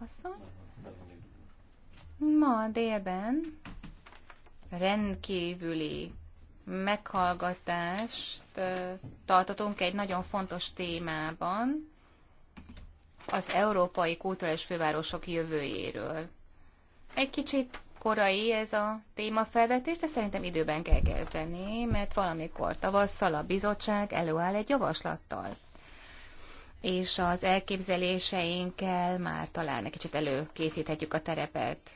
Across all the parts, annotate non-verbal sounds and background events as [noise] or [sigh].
asszony. Ma délben rendkívüli meghallgatást tartatunk egy nagyon fontos témában, az európai kulturális fővárosok jövőjéről. Egy kicsit korai ez a témafelvetés, de szerintem időben kell kezdeni, mert valamikor tavasszal a bizottság előáll egy javaslattal és az elképzeléseinkkel már talán egy kicsit előkészíthetjük a terepet.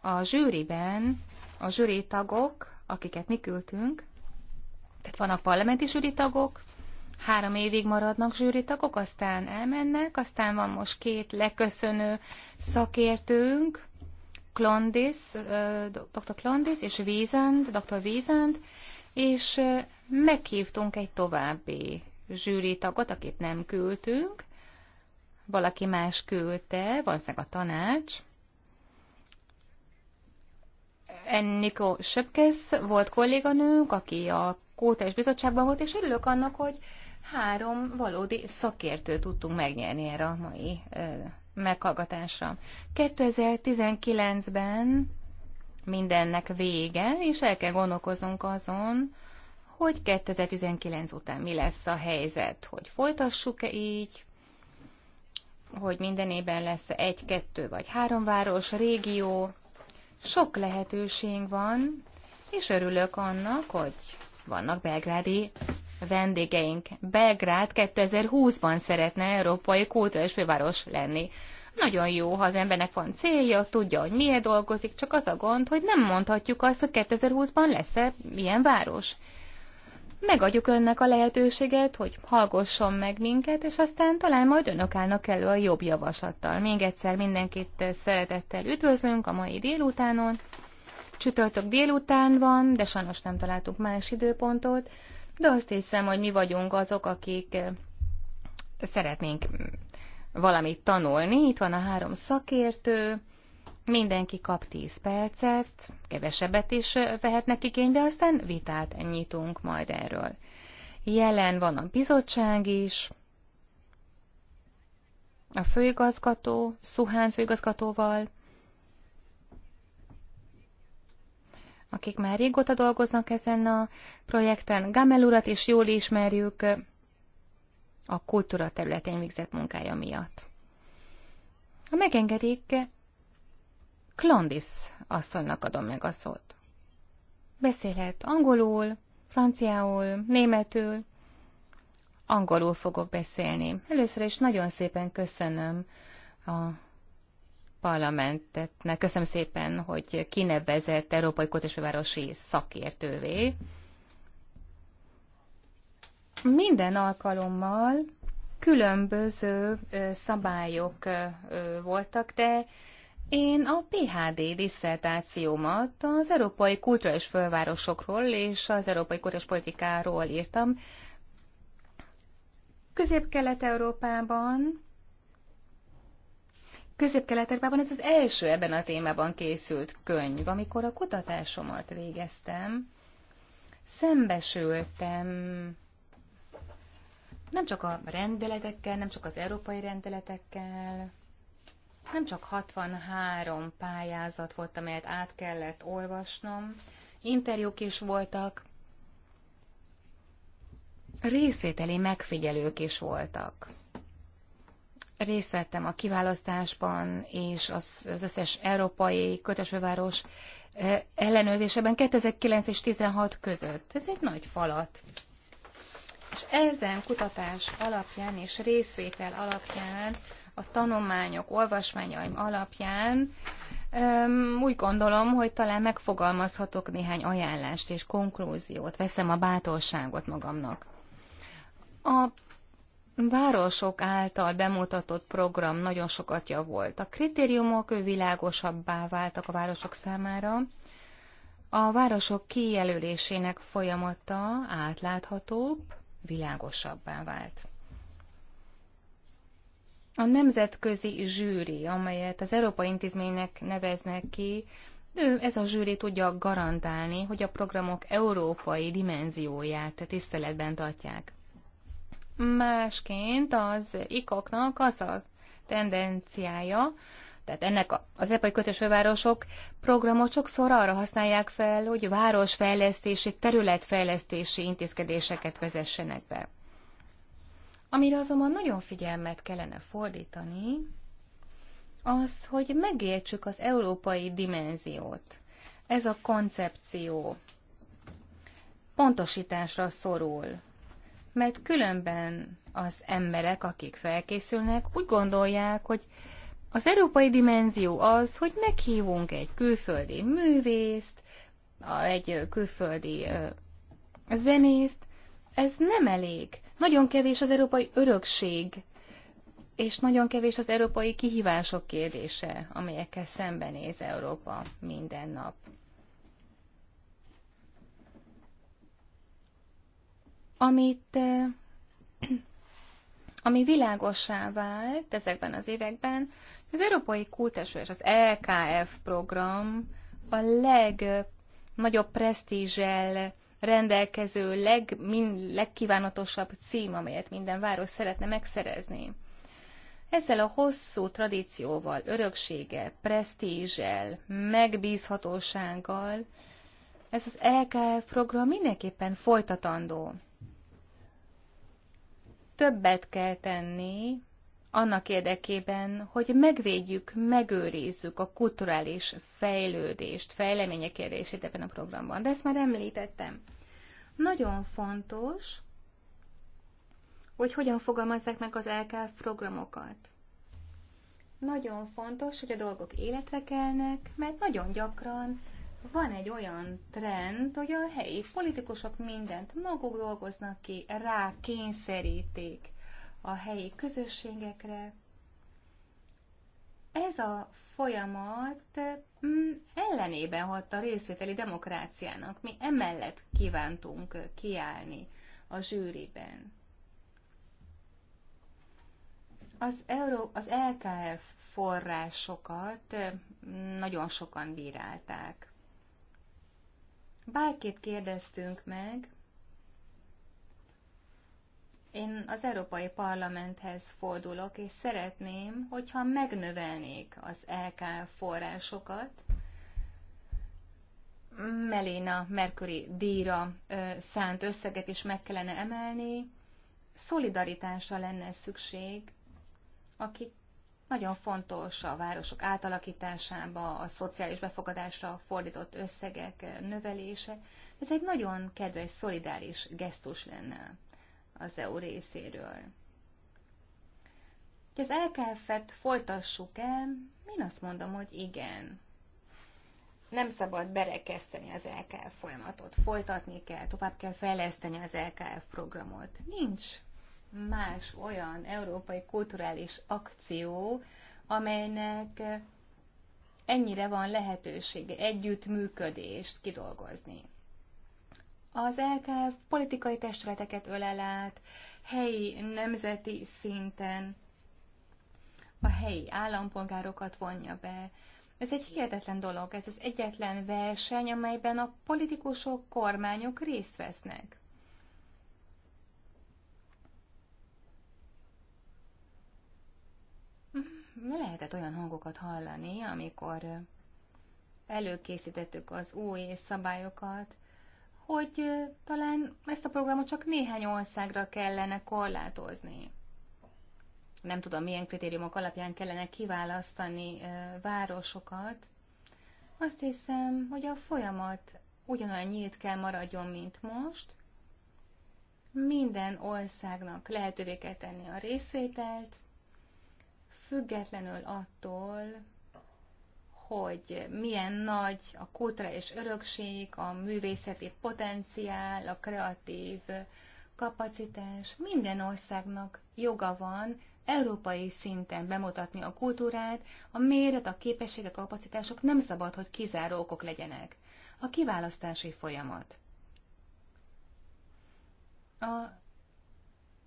A zsűriben a zsűri tagok, akiket mi küldtünk, tehát vannak parlamenti zsűri tagok, három évig maradnak zsűri tagok, aztán elmennek, aztán van most két leköszönő szakértőnk, Klondis, dr. Klondis és Wiesand, dr. Wiesand, és meghívtunk egy további tagot akit nem küldtünk, valaki más küldte, valószínűleg a tanács. Enniko Söpkesz volt kolléganőnk, aki a Kótes Bizottságban volt, és örülök annak, hogy három valódi szakértőt tudtunk megnyerni erre a mai meghallgatásra. 2019-ben mindennek vége, és el kell gondolkozunk azon, hogy 2019 után mi lesz a helyzet, hogy folytassuk-e így, hogy minden évben lesz egy, kettő vagy három város, régió. Sok lehetőség van, és örülök annak, hogy vannak belgrádi vendégeink. Belgrád 2020-ban szeretne európai és főváros lenni. Nagyon jó, ha az embernek van célja, tudja, hogy miért dolgozik, csak az a gond, hogy nem mondhatjuk azt, hogy 2020-ban lesz-e ilyen város megadjuk önnek a lehetőséget, hogy hallgasson meg minket, és aztán talán majd önök állnak elő a jobb javaslattal. Még egyszer mindenkit szeretettel üdvözlünk a mai délutánon. Csütörtök délután van, de sajnos nem találtuk más időpontot, de azt hiszem, hogy mi vagyunk azok, akik eh, szeretnénk mm, valamit tanulni. Itt van a három szakértő, Mindenki kap 10 percet, kevesebbet is vehetnek igénybe, aztán vitát nyitunk majd erről. Jelen van a bizottság is, a főigazgató, Szuhán főigazgatóval, akik már régóta dolgoznak ezen a projekten. Gamel urat is jól ismerjük a kultúra területén végzett munkája miatt. Ha megengedik, Klondis asszonynak adom meg a szót. Beszélhet angolul, franciául, németül. Angolul fogok beszélni. Először is nagyon szépen köszönöm a parlamentetnek. Köszönöm szépen, hogy kinevezett Európai Kotosvárosi szakértővé. Minden alkalommal különböző szabályok voltak, de én a PHD disszertációmat az európai kulturális fővárosokról és az európai kulturális politikáról írtam. Közép-Kelet-Európában Közép-Kelet-Európában ez az első ebben a témában készült könyv. Amikor a kutatásomat végeztem, szembesültem nem csak a rendeletekkel, nem csak az európai rendeletekkel, nem csak 63 pályázat volt, amelyet át kellett olvasnom, interjúk is voltak, részvételi megfigyelők is voltak. Részt vettem a kiválasztásban, és az, az összes európai kötösőváros eh, ellenőrzésében 2009 és 16 között. Ez egy nagy falat. És ezen kutatás alapján és részvétel alapján a tanulmányok, olvasmányaim alapján öm, úgy gondolom, hogy talán megfogalmazhatok néhány ajánlást és konklúziót, veszem a bátorságot magamnak. A városok által bemutatott program nagyon sokat javult. A kritériumok világosabbá váltak a városok számára. A városok kijelölésének folyamata átláthatóbb, világosabbá vált. A nemzetközi zsűri, amelyet az Európai Intézménynek neveznek ki, ő, ez a zsűri tudja garantálni, hogy a programok európai dimenzióját tiszteletben tartják. Másként az ikoknak az a tendenciája, tehát ennek az epai fővárosok programot sokszor arra használják fel, hogy városfejlesztési, területfejlesztési intézkedéseket vezessenek be. Amire azonban nagyon figyelmet kellene fordítani, az, hogy megértsük az európai dimenziót. Ez a koncepció pontosításra szorul, mert különben az emberek, akik felkészülnek, úgy gondolják, hogy az európai dimenzió az, hogy meghívunk egy külföldi művészt, egy külföldi zenészt, ez nem elég. Nagyon kevés az európai örökség, és nagyon kevés az európai kihívások kérdése, amelyekkel szembenéz Európa minden nap. Amit, [clears throat] ami világossá vált ezekben az években, az Európai Kulteső és az LKF program a legnagyobb presztízsel rendelkező leg, min, legkívánatosabb cím, amelyet minden város szeretne megszerezni. Ezzel a hosszú tradícióval, öröksége, presztízsel, megbízhatósággal ez az LKF program mindenképpen folytatandó. Többet kell tenni annak érdekében, hogy megvédjük, megőrizzük a kulturális fejlődést, fejlemények kérdését ebben a programban. De ezt már említettem. Nagyon fontos, hogy hogyan fogalmazzák meg az LKF programokat. Nagyon fontos, hogy a dolgok életre kelnek, mert nagyon gyakran van egy olyan trend, hogy a helyi politikusok mindent maguk dolgoznak ki, rá kényszerítik a helyi közösségekre, ez a folyamat mm, ellenében hat a részvételi demokráciának. Mi emellett kívántunk kiállni a zsűriben. Az, Euró, az LKF forrásokat mm, nagyon sokan bírálták. Bárkit kérdeztünk meg, én az Európai Parlamenthez fordulok, és szeretném, hogyha megnövelnék az LK forrásokat, Melina Mercury díjra szánt összeget is meg kellene emelni, szolidaritásra lenne szükség, akik nagyon fontos a városok átalakításába, a szociális befogadásra fordított összegek növelése. Ez egy nagyon kedves, szolidáris gesztus lenne az EU részéről. Hogy az LKF-et folytassuk el, én azt mondom, hogy igen. Nem szabad berekeszteni az LKF folyamatot, folytatni kell, tovább kell fejleszteni az LKF programot. Nincs más olyan európai kulturális akció, amelynek ennyire van lehetősége együttműködést kidolgozni. Az LKF e politikai testületeket ölel át, helyi, nemzeti szinten a helyi állampolgárokat vonja be. Ez egy hihetetlen dolog, ez az egyetlen verseny, amelyben a politikusok, kormányok részt vesznek. Mhm, lehetett olyan hangokat hallani, amikor előkészítettük az új szabályokat, hogy talán ezt a programot csak néhány országra kellene korlátozni. Nem tudom, milyen kritériumok alapján kellene kiválasztani városokat. Azt hiszem, hogy a folyamat ugyanolyan nyílt kell maradjon, mint most. Minden országnak lehetővé kell tenni a részvételt, függetlenül attól, hogy milyen nagy a kultúra és örökség, a művészeti potenciál, a kreatív kapacitás. Minden országnak joga van európai szinten bemutatni a kultúrát, a méret, a képességek, a kapacitások nem szabad, hogy kizáró okok legyenek. A kiválasztási folyamat. A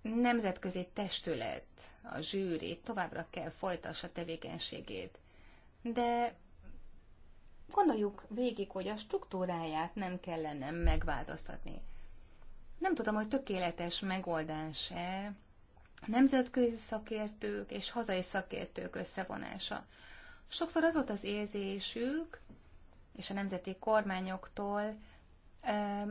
nemzetközi testület, a zsűri továbbra kell folytassa tevékenységét, de Gondoljuk végig, hogy a struktúráját nem kellene megváltoztatni. Nem tudom, hogy tökéletes megoldás-e nemzetközi szakértők és hazai szakértők összevonása. Sokszor az volt az érzésük, és a nemzeti kormányoktól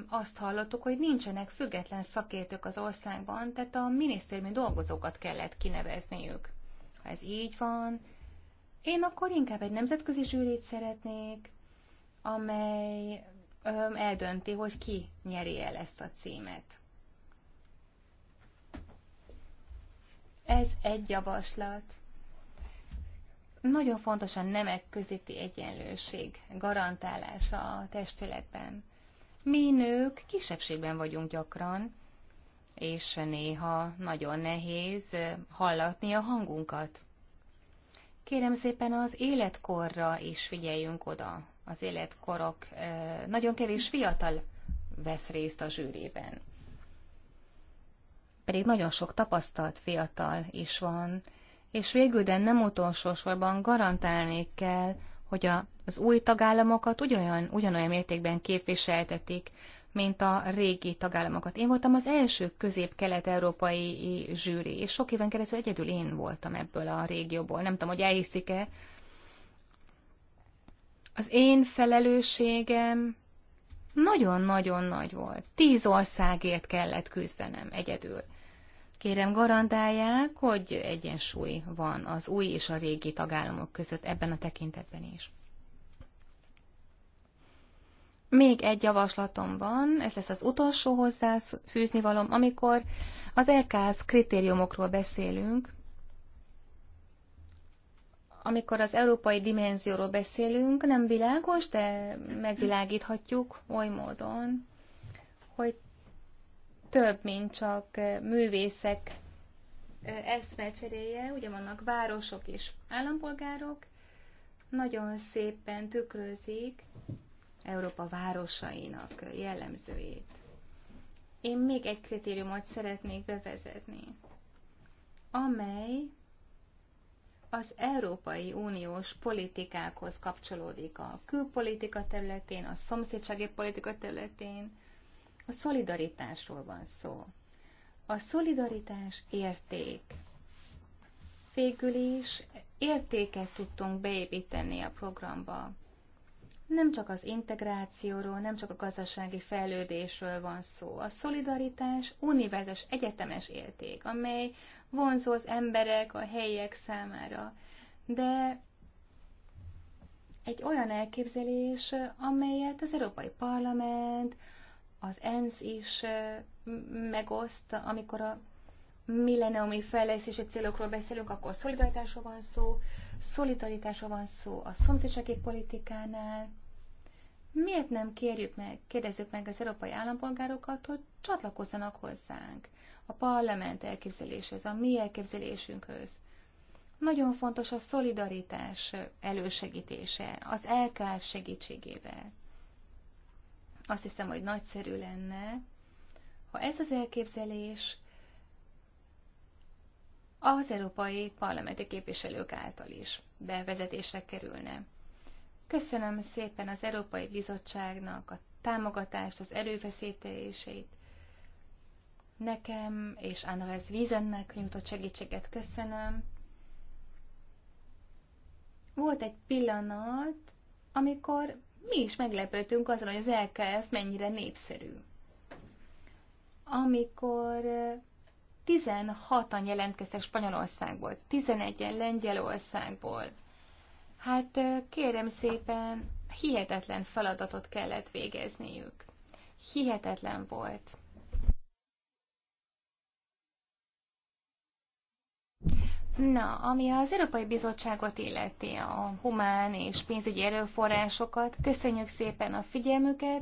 azt hallottuk, hogy nincsenek független szakértők az országban, tehát a minisztériumi dolgozókat kellett kinevezniük. Ha ez így van, én akkor inkább egy nemzetközi zsűrit szeretnék, amely öm, eldönti, hogy ki nyeri el ezt a címet. Ez egy javaslat. Nagyon fontos a nemek közötti egyenlőség garantálása a testületben. Mi nők kisebbségben vagyunk gyakran, és néha nagyon nehéz hallatni a hangunkat. Kérem szépen az életkorra is figyeljünk oda. Az életkorok nagyon kevés fiatal vesz részt a zsűrében. Pedig nagyon sok tapasztalt fiatal is van, és végül, de nem utolsó sorban garantálni kell, hogy az új tagállamokat ugyanolyan, ugyanolyan mértékben képviseltetik mint a régi tagállamokat. Én voltam az első közép-kelet-európai zsűri, és sok éven keresztül egyedül én voltam ebből a régióból. Nem tudom, hogy elhiszik-e. Az én felelősségem nagyon-nagyon nagy volt. Tíz országért kellett küzdenem egyedül. Kérem, garantálják, hogy egyensúly van az új és a régi tagállamok között ebben a tekintetben is. Még egy javaslatom van, ez lesz az utolsó hozzáfűzni valom, amikor az LKF e kritériumokról beszélünk, amikor az európai dimenzióról beszélünk, nem világos, de megvilágíthatjuk oly módon, hogy több, mint csak művészek eszmecseréje, ugye vannak városok és állampolgárok, nagyon szépen tükrözik Európa városainak jellemzőjét. Én még egy kritériumot szeretnék bevezetni, amely az Európai Uniós politikákhoz kapcsolódik a külpolitika területén, a szomszédsági politika területén. A szolidaritásról van szó. A szolidaritás érték. Végül is értéket tudtunk beépíteni a programba nem csak az integrációról, nem csak a gazdasági fejlődésről van szó. A szolidaritás univerzális egyetemes érték, amely vonzó az emberek, a helyiek számára. De egy olyan elképzelés, amelyet az Európai Parlament, az ENSZ is megoszt, amikor a mi fejlesztési célokról beszélünk, akkor szolidaritásról van szó, szolidaritásról van szó a szomszédsági politikánál. Miért nem kérjük meg, kérdezzük meg az európai állampolgárokat, hogy csatlakozzanak hozzánk a parlament elképzeléshez, a mi elképzelésünkhöz. Nagyon fontos a szolidaritás elősegítése, az LKF segítségével. Azt hiszem, hogy nagyszerű lenne, ha ez az elképzelés az európai parlamenti képviselők által is bevezetésre kerülne. Köszönöm szépen az Európai Bizottságnak a támogatást, az erőfeszítését, nekem és András Wiesennek nyújtott segítséget köszönöm. Volt egy pillanat, amikor mi is meglepődtünk azon, hogy az LKF mennyire népszerű. Amikor 16-an jelentkeztek Spanyolországból, 11-en Lengyelországból. Hát kérem szépen, hihetetlen feladatot kellett végezniük. Hihetetlen volt. Na, ami az Európai Bizottságot illeti, a humán és pénzügyi erőforrásokat, köszönjük szépen a figyelmüket.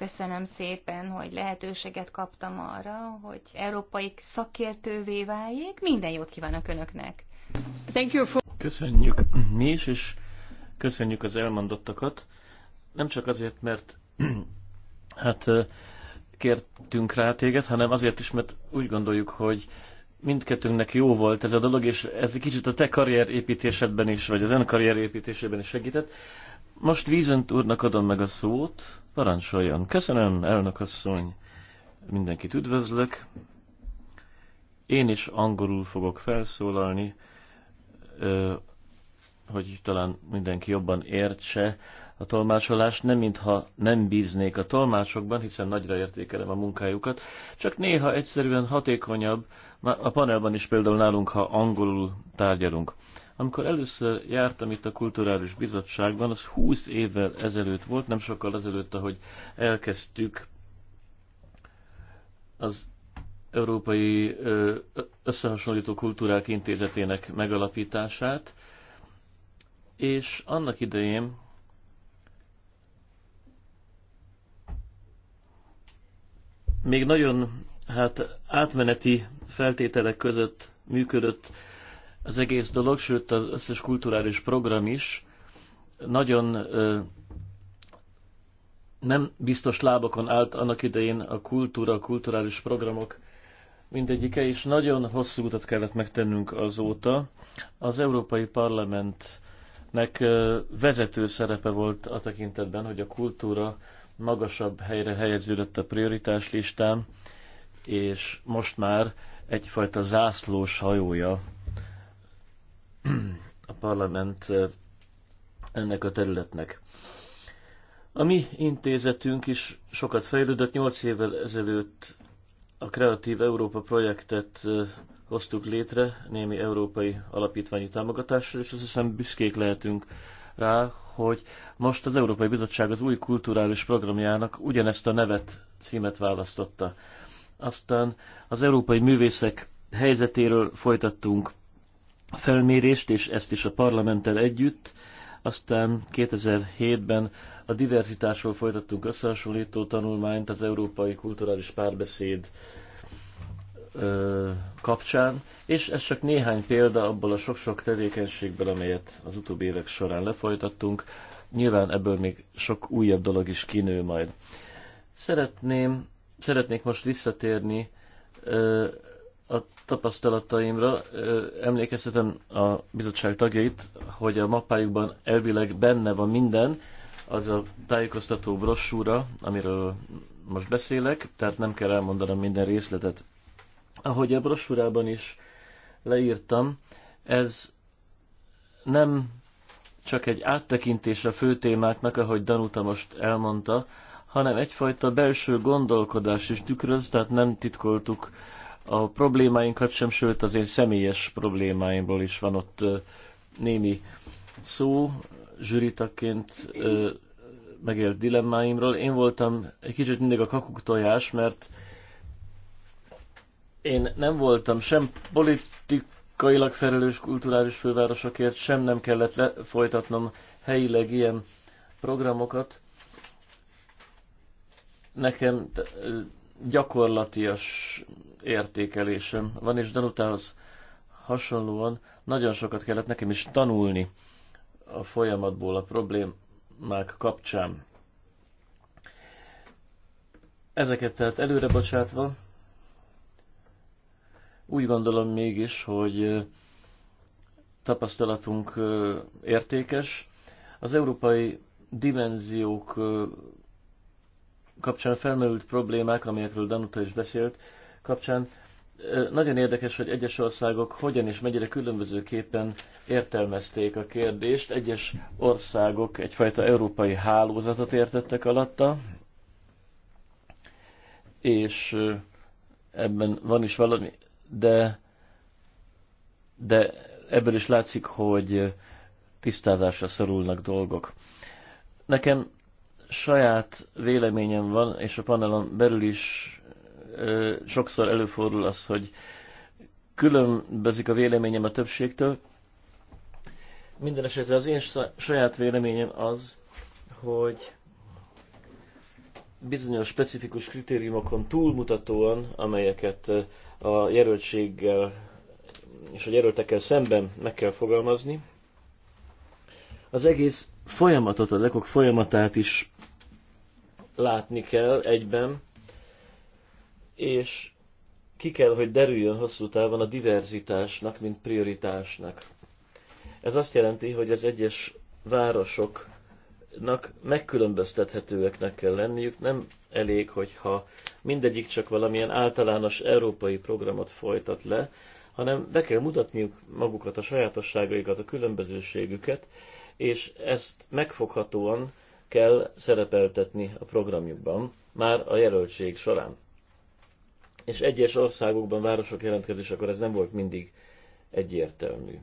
Köszönöm szépen, hogy lehetőséget kaptam arra, hogy európai szakértővé váljék. Minden jót kívánok Önöknek! Thank you for... Köszönjük mi is, és köszönjük az elmondottakat. Nem csak azért, mert [clears throat] hát kértünk rá téged, hanem azért is, mert úgy gondoljuk, hogy mindkettőnknek jó volt ez a dolog, és ez egy kicsit a te karrierépítésedben is, vagy az ön karrierépítésében is segített. Most Vízent úrnak adom meg a szót Parancsoljon. Köszönöm, elnök asszony. Mindenkit üdvözlök. Én is angolul fogok felszólalni, hogy talán mindenki jobban értse a tolmácsolást, nem mintha nem bíznék a tolmácsokban, hiszen nagyra értékelem a munkájukat, csak néha egyszerűen hatékonyabb, a panelban is például nálunk, ha angolul tárgyalunk. Amikor először jártam itt a Kulturális Bizottságban, az 20 évvel ezelőtt volt, nem sokkal ezelőtt, ahogy elkezdtük az Európai Összehasonlító Kultúrák Intézetének megalapítását, és annak idején még nagyon hát átmeneti feltételek között működött az egész dolog, sőt az összes kulturális program is nagyon ö, nem biztos lábakon állt annak idején a kultúra, a kulturális programok mindegyike, és nagyon hosszú utat kellett megtennünk azóta. Az Európai Parlamentnek vezető szerepe volt a tekintetben, hogy a kultúra magasabb helyre helyeződött a prioritás listán, és most már egyfajta zászlós hajója a parlament ennek a területnek. A mi intézetünk is sokat fejlődött. Nyolc évvel ezelőtt a Kreatív Európa projektet hoztuk létre némi európai alapítványi támogatással, és azt hiszem büszkék lehetünk rá, hogy most az Európai Bizottság az új kulturális programjának ugyanezt a nevet, címet választotta. Aztán az európai művészek helyzetéről folytattunk felmérést, és ezt is a parlamenttel együtt. Aztán 2007-ben a diverzitásról folytattunk összehasonlító tanulmányt az Európai Kulturális Párbeszéd kapcsán, és ez csak néhány példa abból a sok-sok tevékenységből, amelyet az utóbbi évek során lefolytattunk. Nyilván ebből még sok újabb dolog is kinő majd. Szeretném, szeretnék most visszatérni a tapasztalataimra emlékeztetem a bizottság tagjait, hogy a mappájukban elvileg benne van minden, az a tájékoztató brossúra, amiről most beszélek, tehát nem kell elmondanom minden részletet. Ahogy a brossúrában is leírtam, ez nem csak egy áttekintés a fő témáknak, ahogy Danuta most elmondta, hanem egyfajta belső gondolkodás is tükröz, tehát nem titkoltuk a problémáinkat sem, sőt az én személyes problémáimból is van ott némi szó, zsűritaként megélt dilemmáimról. Én voltam egy kicsit mindig a tojás, mert én nem voltam sem politikailag felelős kulturális fővárosokért, sem nem kellett folytatnom helyileg ilyen programokat. Nekem gyakorlatias értékelésem van, és Danutához hasonlóan nagyon sokat kellett nekem is tanulni a folyamatból, a problémák kapcsán. Ezeket tehát előre bocsátva, úgy gondolom mégis, hogy tapasztalatunk értékes. Az európai dimenziók kapcsán felmerült problémák, amelyekről Danuta is beszélt, kapcsán nagyon érdekes, hogy egyes országok hogyan és mennyire különbözőképpen értelmezték a kérdést. Egyes országok egyfajta európai hálózatot értettek alatta, és ebben van is valami, de, de ebből is látszik, hogy tisztázásra szorulnak dolgok. Nekem saját véleményem van, és a panelon belül is ö, sokszor előfordul az, hogy különbözik a véleményem a többségtől. Minden esetre az én saját véleményem az, hogy bizonyos specifikus kritériumokon túlmutatóan, amelyeket a jelöltséggel és a jelöltekkel szemben meg kell fogalmazni, az egész folyamatot, az ekok folyamatát is látni kell egyben, és ki kell, hogy derüljön hosszú távon a diverzitásnak, mint prioritásnak. Ez azt jelenti, hogy az egyes városoknak megkülönböztethetőeknek kell lenniük, nem elég, hogyha mindegyik csak valamilyen általános európai programot folytat le, hanem be kell mutatniuk magukat, a sajátosságaikat, a különbözőségüket, és ezt megfoghatóan kell szerepeltetni a programjukban, már a jelöltség során. És egyes országokban, városok jelentkezésekor ez nem volt mindig egyértelmű.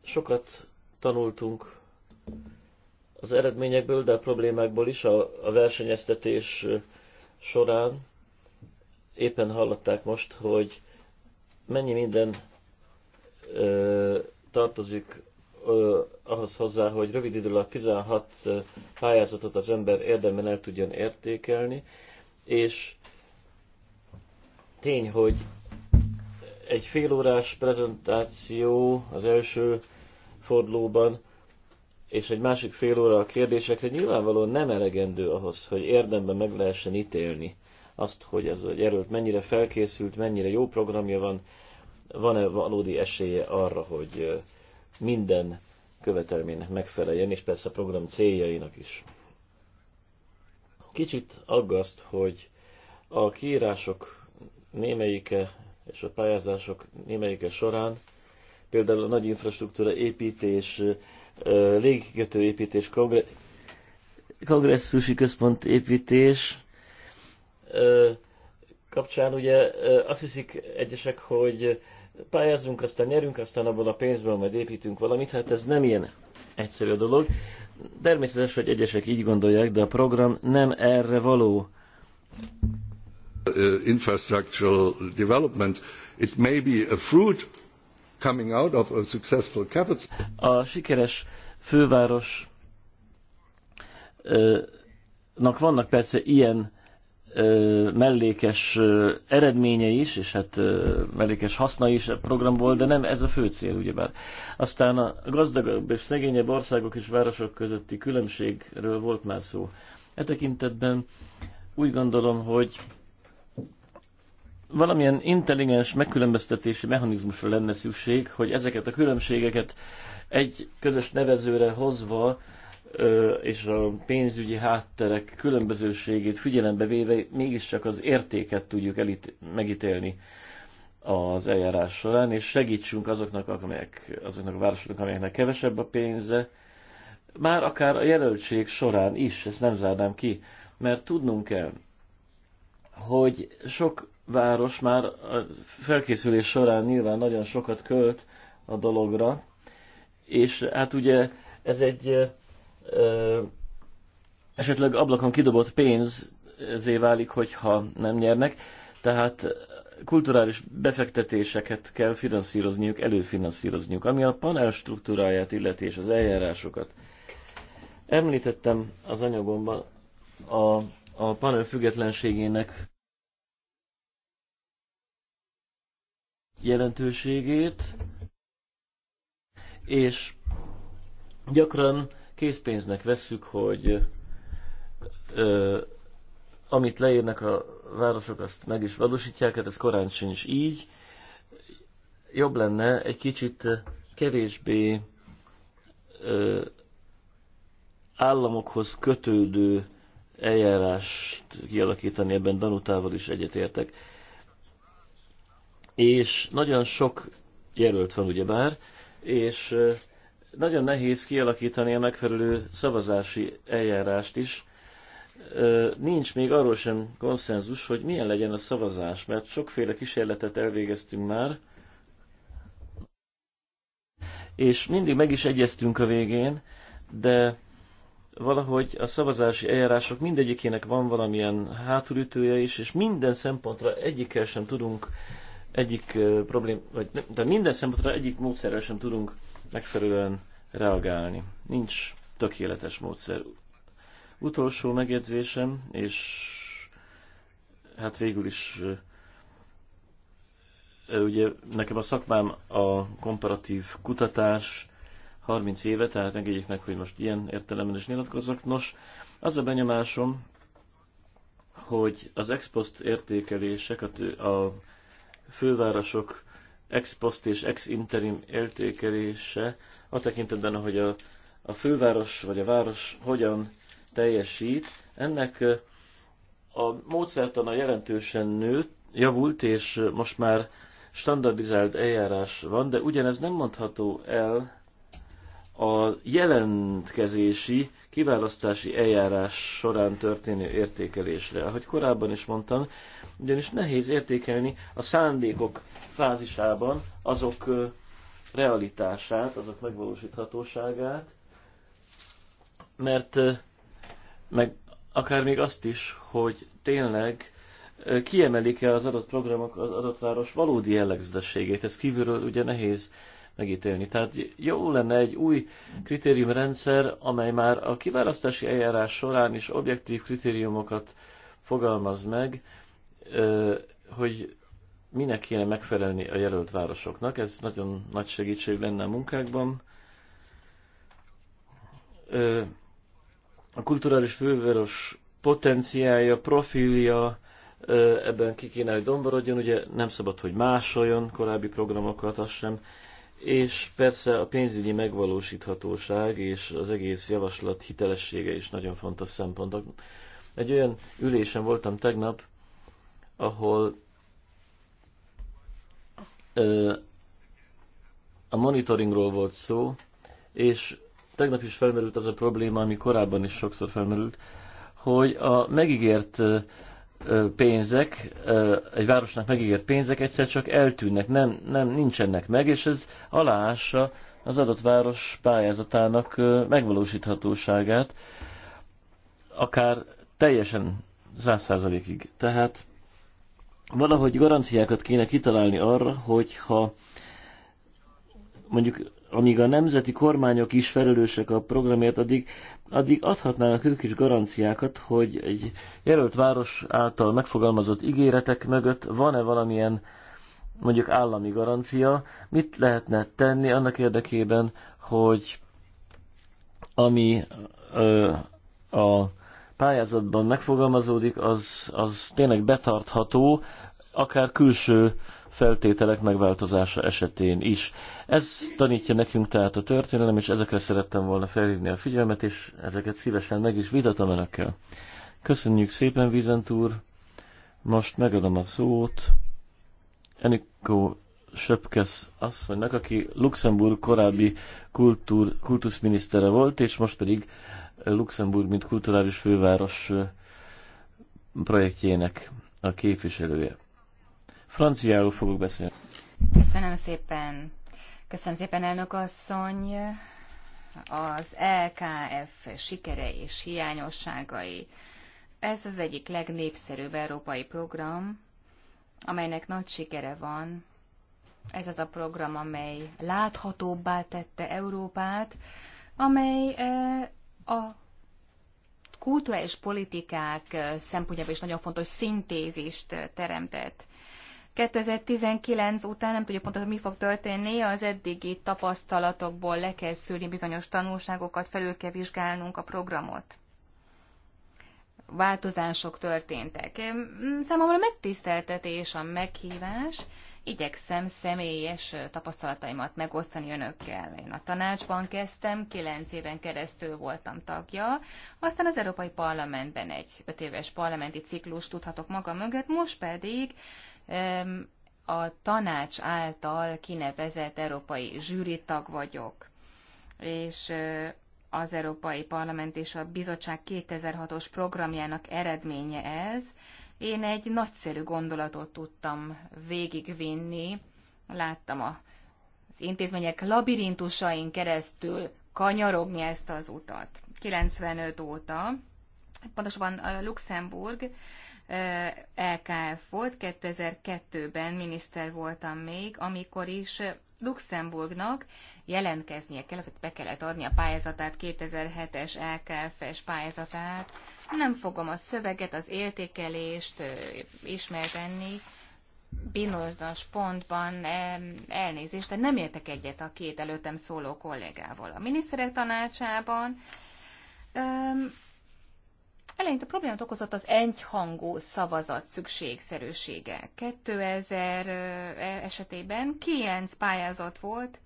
Sokat tanultunk az eredményekből, de a problémákból is a, a versenyeztetés során. Éppen hallották most, hogy mennyi minden ö, tartozik ö, ahhoz hozzá, hogy rövid idő alatt 16 pályázatot az ember érdemben el tudjon értékelni, és tény, hogy egy félórás prezentáció az első fordulóban, és egy másik fél óra a kérdésekre nyilvánvalóan nem elegendő ahhoz, hogy érdemben meg lehessen ítélni azt, hogy ez a gyerőt mennyire felkészült, mennyire jó programja van, van-e valódi esélye arra, hogy minden követelménynek megfeleljen, és persze a program céljainak is. Kicsit aggaszt, hogy a kiírások némelyike és a pályázások némelyike során, például a nagy infrastruktúra építés, légikötő építés, kongresszusi központ építés kapcsán ugye azt hiszik egyesek, hogy Pályázunk aztán nyerünk, aztán abból a pénzből majd építünk valamit, hát ez nem ilyen egyszerű a dolog. Természetes, hogy egyesek így gondolják, de a program nem erre való. Uh, infrastructural development, it may be a fruit coming out of a successful capital. A sikeres főváros uh, nak vannak persze ilyen ö, mellékes ö, eredménye is, és hát ö, mellékes haszna is a programból, de nem ez a fő cél, ugyebár. Aztán a gazdagabb és szegényebb országok és városok közötti különbségről volt már szó. E tekintetben úgy gondolom, hogy valamilyen intelligens megkülönböztetési mechanizmusra lenne szükség, hogy ezeket a különbségeket egy közös nevezőre hozva és a pénzügyi hátterek különbözőségét figyelembe véve mégiscsak az értéket tudjuk elít- megítélni az eljárás során, és segítsünk azoknak, amelyek, azoknak a városoknak, amelyeknek kevesebb a pénze, már akár a jelöltség során is, ezt nem zárnám ki, mert tudnunk kell, hogy sok város már a felkészülés során nyilván nagyon sokat költ a dologra, és hát ugye ez egy esetleg ablakon kidobott zé válik, hogyha nem nyernek. Tehát kulturális befektetéseket kell finanszírozniuk, előfinanszírozniuk, ami a panel struktúráját illeti és az eljárásokat. Említettem az anyagomban a, a panel függetlenségének jelentőségét, és gyakran készpénznek vesszük, hogy ö, amit leírnak a városok, azt meg is valósítják, hát ez korán sincs így. Jobb lenne egy kicsit kevésbé ö, államokhoz kötődő eljárást kialakítani, ebben Danutával is egyetértek. És nagyon sok jelölt van ugyebár, és nagyon nehéz kialakítani a megfelelő szavazási eljárást is. Nincs még arról sem konszenzus, hogy milyen legyen a szavazás, mert sokféle kísérletet elvégeztünk már, és mindig meg is egyeztünk a végén, de valahogy a szavazási eljárások mindegyikének van valamilyen hátulütője is, és minden szempontra egyikkel sem tudunk egyik problém, vagy de minden szempontra egyik módszerrel sem tudunk megfelelően reagálni. Nincs tökéletes módszer. Utolsó megjegyzésem, és hát végül is ugye nekem a szakmám a komparatív kutatás, 30 éve, tehát engedjék meg, hogy most ilyen értelemben is nyilatkozzak. Nos, az a benyomásom, hogy az expost értékelések a, a fővárosok ex post és ex interim értékelése a tekintetben, hogy a, a főváros vagy a város hogyan teljesít. Ennek a módszertana jelentősen nőtt, javult, és most már standardizált eljárás van, de ugyanez nem mondható el a jelentkezési kiválasztási eljárás során történő értékelésre. Ahogy korábban is mondtam, ugyanis nehéz értékelni a szándékok fázisában azok realitását, azok megvalósíthatóságát, mert meg akár még azt is, hogy tényleg kiemelik-e az adott programok az adott város valódi jellegzetességét. Ez kívülről ugye nehéz megítélni. Tehát jó lenne egy új kritériumrendszer, amely már a kiválasztási eljárás során is objektív kritériumokat fogalmaz meg, hogy minek kéne megfelelni a jelölt városoknak. Ez nagyon nagy segítség lenne a munkákban. A kulturális főváros potenciája, profilja, ebben ki kéne, hogy domborodjon, ugye nem szabad, hogy másoljon korábbi programokat, az sem és persze a pénzügyi megvalósíthatóság és az egész javaslat hitelessége is nagyon fontos szempontok. Egy olyan ülésen voltam tegnap, ahol ö, a monitoringról volt szó, és tegnap is felmerült az a probléma, ami korábban is sokszor felmerült, hogy a megígért pénzek, egy városnak megígért pénzek egyszer csak eltűnnek, nem, nem nincsenek meg, és ez aláássa az adott város pályázatának megvalósíthatóságát, akár teljesen 100%-ig. Tehát valahogy garanciákat kéne kitalálni arra, hogyha mondjuk amíg a nemzeti kormányok is felelősek a programért, addig, addig adhatnának ők is garanciákat, hogy egy jelölt város által megfogalmazott ígéretek mögött van-e valamilyen mondjuk állami garancia, mit lehetne tenni annak érdekében, hogy ami ö, a pályázatban megfogalmazódik, az, az tényleg betartható, akár külső feltételek megváltozása esetén is. Ez tanítja nekünk tehát a történelem, és ezekre szerettem volna felhívni a figyelmet, és ezeket szívesen meg is vitatom önökkel. Köszönjük szépen, Vizentúr! Most megadom a szót Enikó Söpkesz asszonynak, aki Luxemburg korábbi kultúr, kultuszminisztere volt, és most pedig Luxemburg, mint kulturális főváros projektjének a képviselője. Franciául fogok beszélni. Köszönöm szépen. Köszönöm szépen, elnök asszony. Az LKF sikere és hiányosságai. Ez az egyik legnépszerűbb európai program, amelynek nagy sikere van. Ez az a program, amely láthatóbbá tette Európát, amely e, a kulturális politikák e, szempontjából is nagyon fontos szintézist e, teremtett. 2019 után nem tudjuk pontosan, mi fog történni, az eddigi tapasztalatokból le kell szűrni bizonyos tanulságokat, felül kell vizsgálnunk a programot. Változások történtek. Hm, számomra megtiszteltetés a meghívás, igyekszem személyes tapasztalataimat megosztani önökkel. Én a tanácsban kezdtem, kilenc éven keresztül voltam tagja, aztán az Európai Parlamentben egy öt éves parlamenti ciklus tudhatok magam mögött, most pedig a tanács által kinevezett európai zsűritag vagyok, és az Európai Parlament és a Bizottság 2006-os programjának eredménye ez. Én egy nagyszerű gondolatot tudtam végigvinni, láttam a, az intézmények labirintusain keresztül kanyarogni ezt az utat. 95 óta, pontosabban Luxemburg Eh, LKF volt, 2002-ben miniszter voltam még, amikor is Luxemburgnak jelentkeznie kellett, be kellett adni a pályázatát, 2007-es LKF-es pályázatát. Nem fogom a szöveget, az értékelést eh, ismerteni. Binozdas pontban elnézést, de nem értek egyet a két előttem szóló kollégával. A miniszterek tanácsában Eleinte problémát okozott az egyhangú szavazat szükségszerűsége. 2000 e, esetében 9 pályázat volt,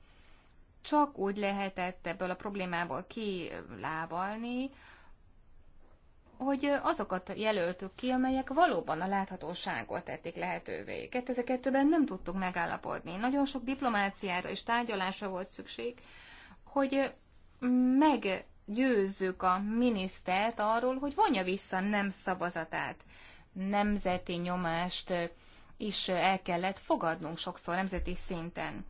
csak úgy lehetett ebből a problémából kilábalni, hogy azokat jelöltük ki, amelyek valóban a láthatóságot tették lehetővé. 2002-ben nem tudtuk megállapodni. Nagyon sok diplomáciára és tárgyalásra volt szükség, hogy meg győzzük a minisztert arról, hogy vonja vissza nem szavazatát. Nemzeti nyomást is el kellett fogadnunk sokszor nemzeti szinten.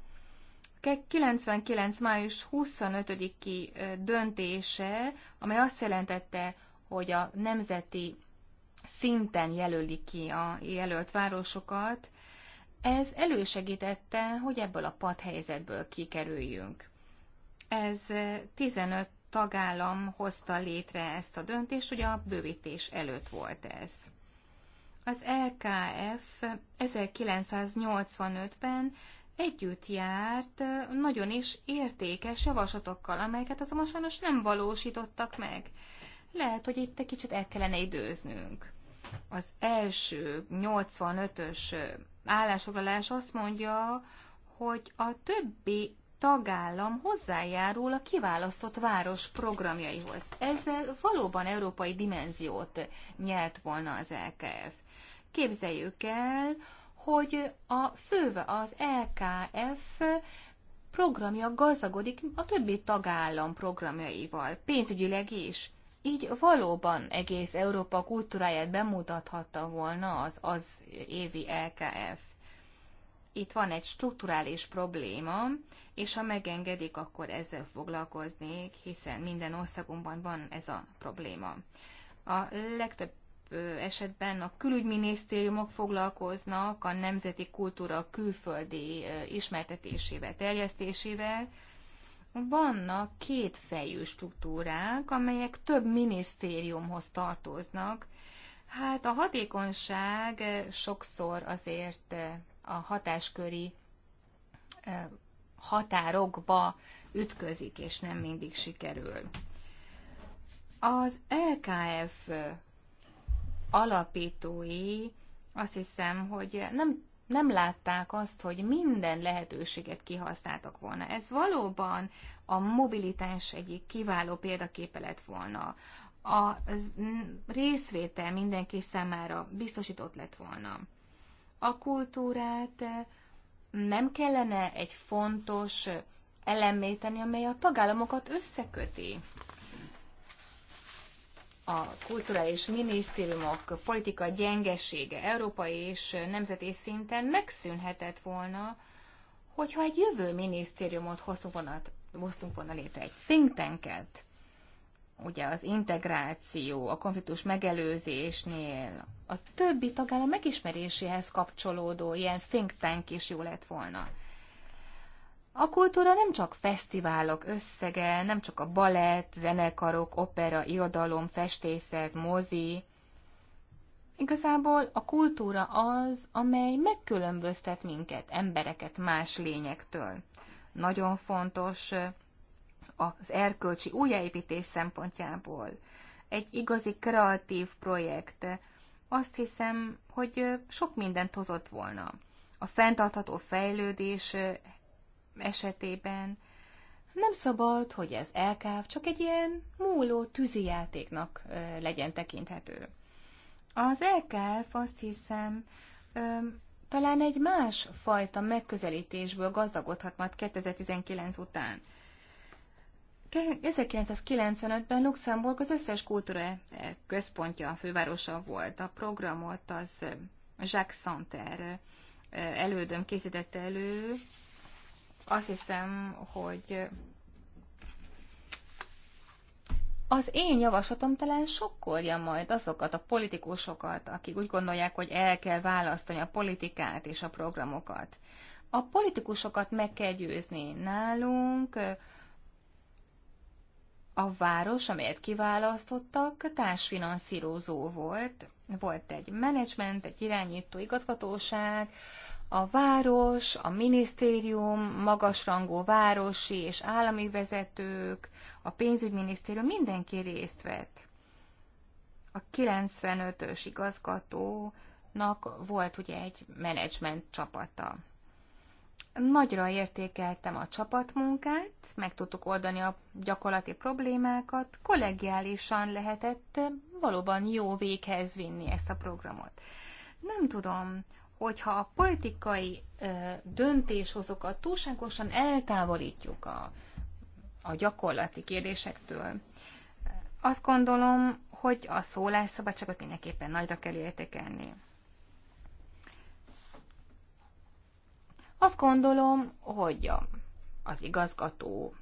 99. május 25-i döntése, amely azt jelentette, hogy a nemzeti szinten jelölik ki a jelölt városokat, ez elősegítette, hogy ebből a padhelyzetből kikerüljünk. Ez 15 tagállam hozta létre ezt a döntést, ugye a bővítés előtt volt ez. Az LKF 1985-ben együtt járt nagyon is értékes javaslatokkal, amelyeket azonban sajnos nem valósítottak meg. Lehet, hogy itt egy kicsit el kellene időznünk. Az első 85-ös állásfoglalás azt mondja, hogy a többi tagállam hozzájárul a kiválasztott város programjaihoz. Ezzel valóban európai dimenziót nyert volna az LKF. Képzeljük el, hogy a főve az LKF programja gazdagodik a többi tagállam programjaival, pénzügyileg is. Így valóban egész Európa kultúráját bemutathatta volna az az évi LKF itt van egy strukturális probléma, és ha megengedik, akkor ezzel foglalkoznék, hiszen minden országunkban van ez a probléma. A legtöbb esetben a külügyminisztériumok foglalkoznak a nemzeti kultúra külföldi ismertetésével, terjesztésével. Vannak fejű struktúrák, amelyek több minisztériumhoz tartoznak. Hát a hatékonyság sokszor azért a hatásköri határokba ütközik, és nem mindig sikerül. Az LKF alapítói azt hiszem, hogy nem, nem látták azt, hogy minden lehetőséget kihasználtak volna. Ez valóban a mobilitás egyik kiváló példaképe lett volna. A részvétel mindenki számára biztosított lett volna a kultúrát nem kellene egy fontos elemméteni, amely a tagállamokat összeköti. A kulturális minisztériumok politika gyengesége európai és nemzeti szinten megszűnhetett volna, hogyha egy jövő minisztériumot hoztunk volna, hoztunk volna létre, egy think tanket, ugye az integráció, a konfliktus megelőzésnél, a többi tagállam megismeréséhez kapcsolódó ilyen think tank is jó lett volna. A kultúra nem csak fesztiválok összege, nem csak a balett, zenekarok, opera, irodalom, festészet, mozi. Igazából a kultúra az, amely megkülönböztet minket, embereket más lényektől. Nagyon fontos az erkölcsi újjáépítés szempontjából. Egy igazi kreatív projekt. Azt hiszem, hogy sok mindent hozott volna. A fenntartható fejlődés esetében nem szabad, hogy ez elkáv, csak egy ilyen múló játéknak legyen tekinthető. Az elkáv azt hiszem, talán egy más fajta megközelítésből gazdagodhat majd 2019 után. 1995-ben Luxemburg az összes kultúra központja, a fővárosa volt. A programot az Jacques Santer elődöm készítette elő. Azt hiszem, hogy az én javaslatom talán sokkolja majd azokat a politikusokat, akik úgy gondolják, hogy el kell választani a politikát és a programokat. A politikusokat meg kell győzni nálunk, a város, amelyet kiválasztottak, társfinanszírozó volt. Volt egy menedzsment, egy irányító igazgatóság, a város, a minisztérium, magasrangú városi és állami vezetők, a pénzügyminisztérium, mindenki részt vett. A 95-ös igazgatónak volt ugye egy menedzsment csapata. Nagyra értékeltem a csapatmunkát, meg tudtuk oldani a gyakorlati problémákat, kollegiálisan lehetett valóban jó véghez vinni ezt a programot. Nem tudom, hogyha a politikai ö, döntéshozókat túlságosan eltávolítjuk a, a gyakorlati kérdésektől, azt gondolom, hogy a szólásszabadságot mindenképpen nagyra kell értékelni. Azt gondolom, hogy az igazgató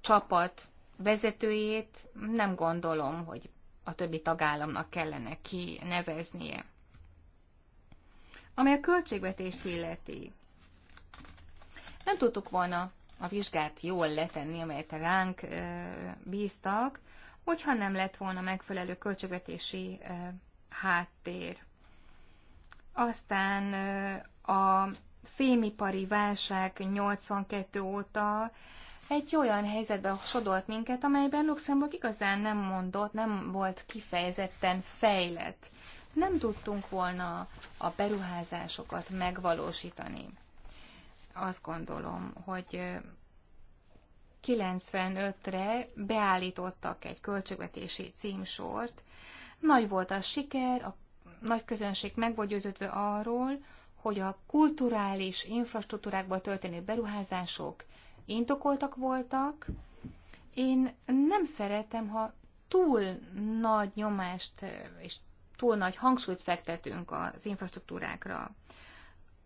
csapat vezetőjét nem gondolom, hogy a többi tagállamnak kellene kineveznie. Ami a költségvetést illeti, nem tudtuk volna a vizsgát jól letenni, amelyet ránk bíztak, hogyha nem lett volna megfelelő költségvetési háttér. Aztán a fémipari válság 82 óta egy olyan helyzetbe sodolt minket, amelyben Luxemburg igazán nem mondott, nem volt kifejezetten fejlett. Nem tudtunk volna a beruházásokat megvalósítani. Azt gondolom, hogy 95-re beállítottak egy költségvetési címsort. Nagy volt a siker, a nagy közönség meg volt győződve arról, hogy a kulturális infrastruktúrákba történő beruházások intokoltak voltak. Én nem szeretem, ha túl nagy nyomást eh, és túl nagy hangsúlyt fektetünk az infrastruktúrákra.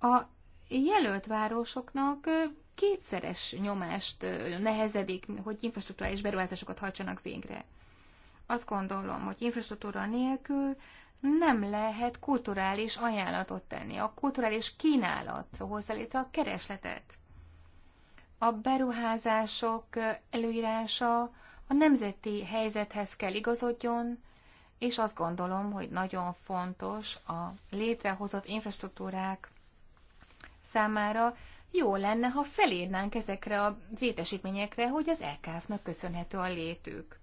A jelölt városoknak eh, kétszeres nyomást eh, nehezedik, hogy infrastruktúrális beruházásokat hajtsanak végre. Azt gondolom, hogy infrastruktúra nélkül nem lehet kulturális ajánlatot tenni. A kulturális kínálat hozzálétre a keresletet. A beruházások előírása a nemzeti helyzethez kell igazodjon, és azt gondolom, hogy nagyon fontos a létrehozott infrastruktúrák számára, jó lenne, ha felírnánk ezekre a létesítményekre, hogy az LKF-nak köszönhető a létük.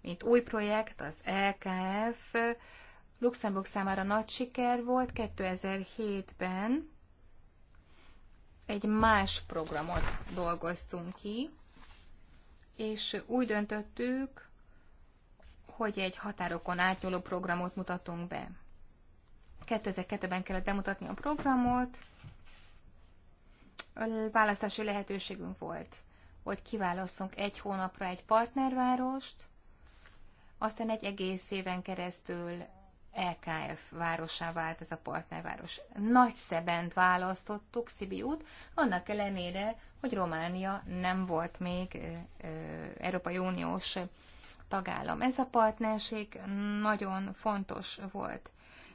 Mint új projekt, az LKF Luxemburg számára nagy siker volt 2007-ben. Egy más programot dolgoztunk ki, és úgy döntöttük, hogy egy határokon átnyúló programot mutatunk be. 2002-ben kellett bemutatni a programot, a választási lehetőségünk volt, hogy kiválasszunk egy hónapra egy partnervárost, aztán egy egész éven keresztül LKF e városá vált ez a partnerváros. Nagy szebent választottuk, Szibiút, annak ellenére, hogy Románia nem volt még Európai Uniós tagállam. Ez a partnerség nagyon fontos volt,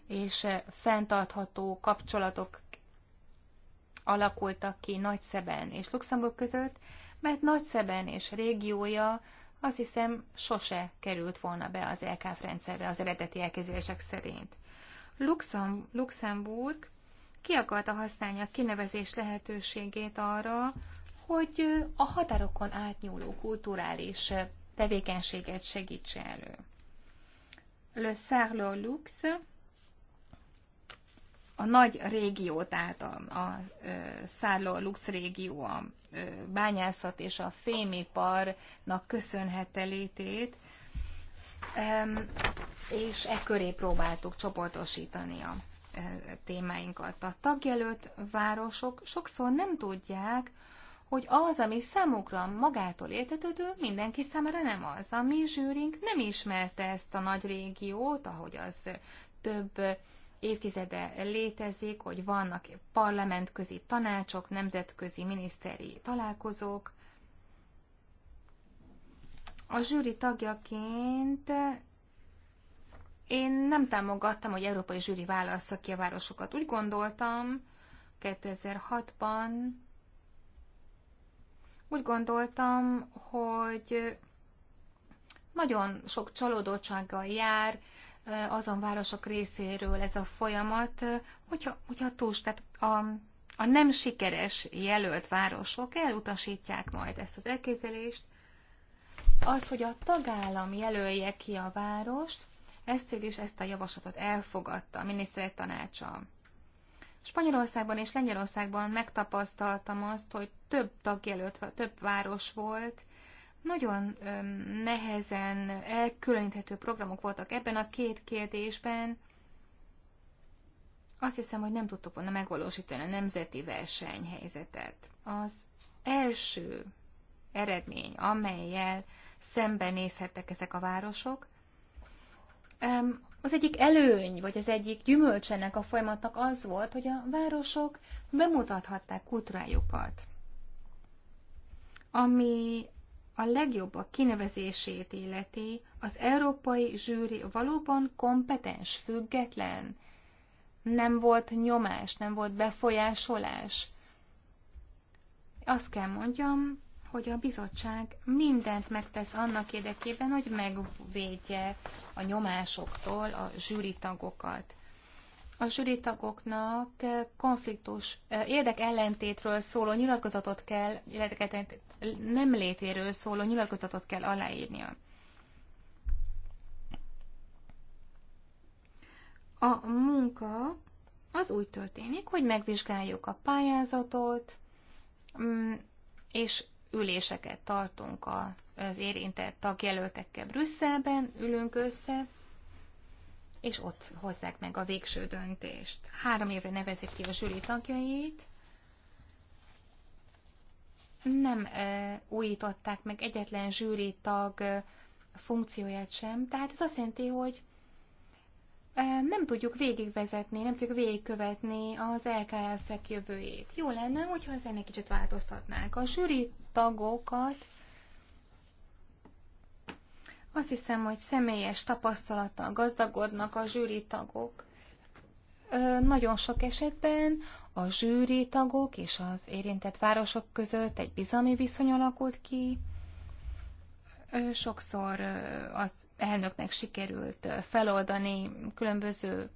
és fenntartható kapcsolatok alakultak ki Nagyszeben és Luxemburg között, mert Nagyszeben és régiója azt hiszem sose került volna be az LKF rendszerbe az eredeti elképzelések szerint. Luxem, Luxemburg ki akarta használni a kinevezés lehetőségét arra, hogy a határokon átnyúló kulturális tevékenységet segítse elő. Le Sarlo Lux a nagy régió, tehát a, a, a Sarlo Lux régió a bányászat és a fémiparnak köszönhette létét, és e köré próbáltuk csoportosítani a e, témáinkat. A tagjelölt városok sokszor nem tudják, hogy az, ami számukra magától értetődő, mindenki számára nem az. A mi zsűrink nem ismerte ezt a nagy régiót, ahogy az több évtizede létezik, hogy vannak parlamentközi tanácsok, nemzetközi miniszteri találkozók. A zsűri tagjaként én nem támogattam, hogy európai zsűri válassza ki a városokat. Úgy gondoltam 2006-ban, úgy gondoltam, hogy nagyon sok csalódottsággal jár, Eh, azon városok részéről ez a folyamat, eh, hogyha, hogyha túl, tehát a, a nem sikeres jelölt városok elutasítják majd ezt az elképzelést. Az, hogy a tagállam jelölje ki a várost, ezt végül is ezt a javaslatot elfogadta a miniszteret tanácsa. Spanyolországban és Lengyelországban megtapasztaltam azt, hogy több tagjelölt, több város volt, nagyon nehezen elkülöníthető programok voltak ebben a két kérdésben. Azt hiszem, hogy nem tudtuk volna megvalósítani a nemzeti versenyhelyzetet. Az első eredmény, amelyel szembenézhettek ezek a városok, az egyik előny, vagy az egyik gyümölcsenek a folyamatnak az volt, hogy a városok bemutathatták kultúrájukat, ami a legjobbak kinevezését illeti, az európai zsűri valóban kompetens, független. Nem volt nyomás, nem volt befolyásolás. Azt kell mondjam, hogy a bizottság mindent megtesz annak érdekében, hogy megvédje a nyomásoktól a tagokat a tagoknak eh, konfliktus, eh, érdekellentétről szóló nyilatkozatot kell, illetve nem létéről szóló nyilatkozatot kell aláírnia. A munka az úgy történik, hogy megvizsgáljuk a pályázatot, mm, és üléseket tartunk az érintett tagjelöltekkel Brüsszelben, ülünk össze, és ott hozzák meg a végső döntést. Három évre nevezik ki a zsűri tagjait, nem e, újították meg egyetlen zsűri tag e, funkcióját sem, tehát ez azt jelenti, hogy e, nem tudjuk végigvezetni, nem tudjuk végigkövetni az LKF-ek jövőjét. Jó lenne, hogyha az egy kicsit változtatnák A zsűri tagokat azt hiszem, hogy személyes tapasztalattal gazdagodnak a zsűri tagok. Nagyon sok esetben a zsűri tagok és az érintett városok között egy bizalmi viszony alakult ki. Sokszor az elnöknek sikerült feloldani különböző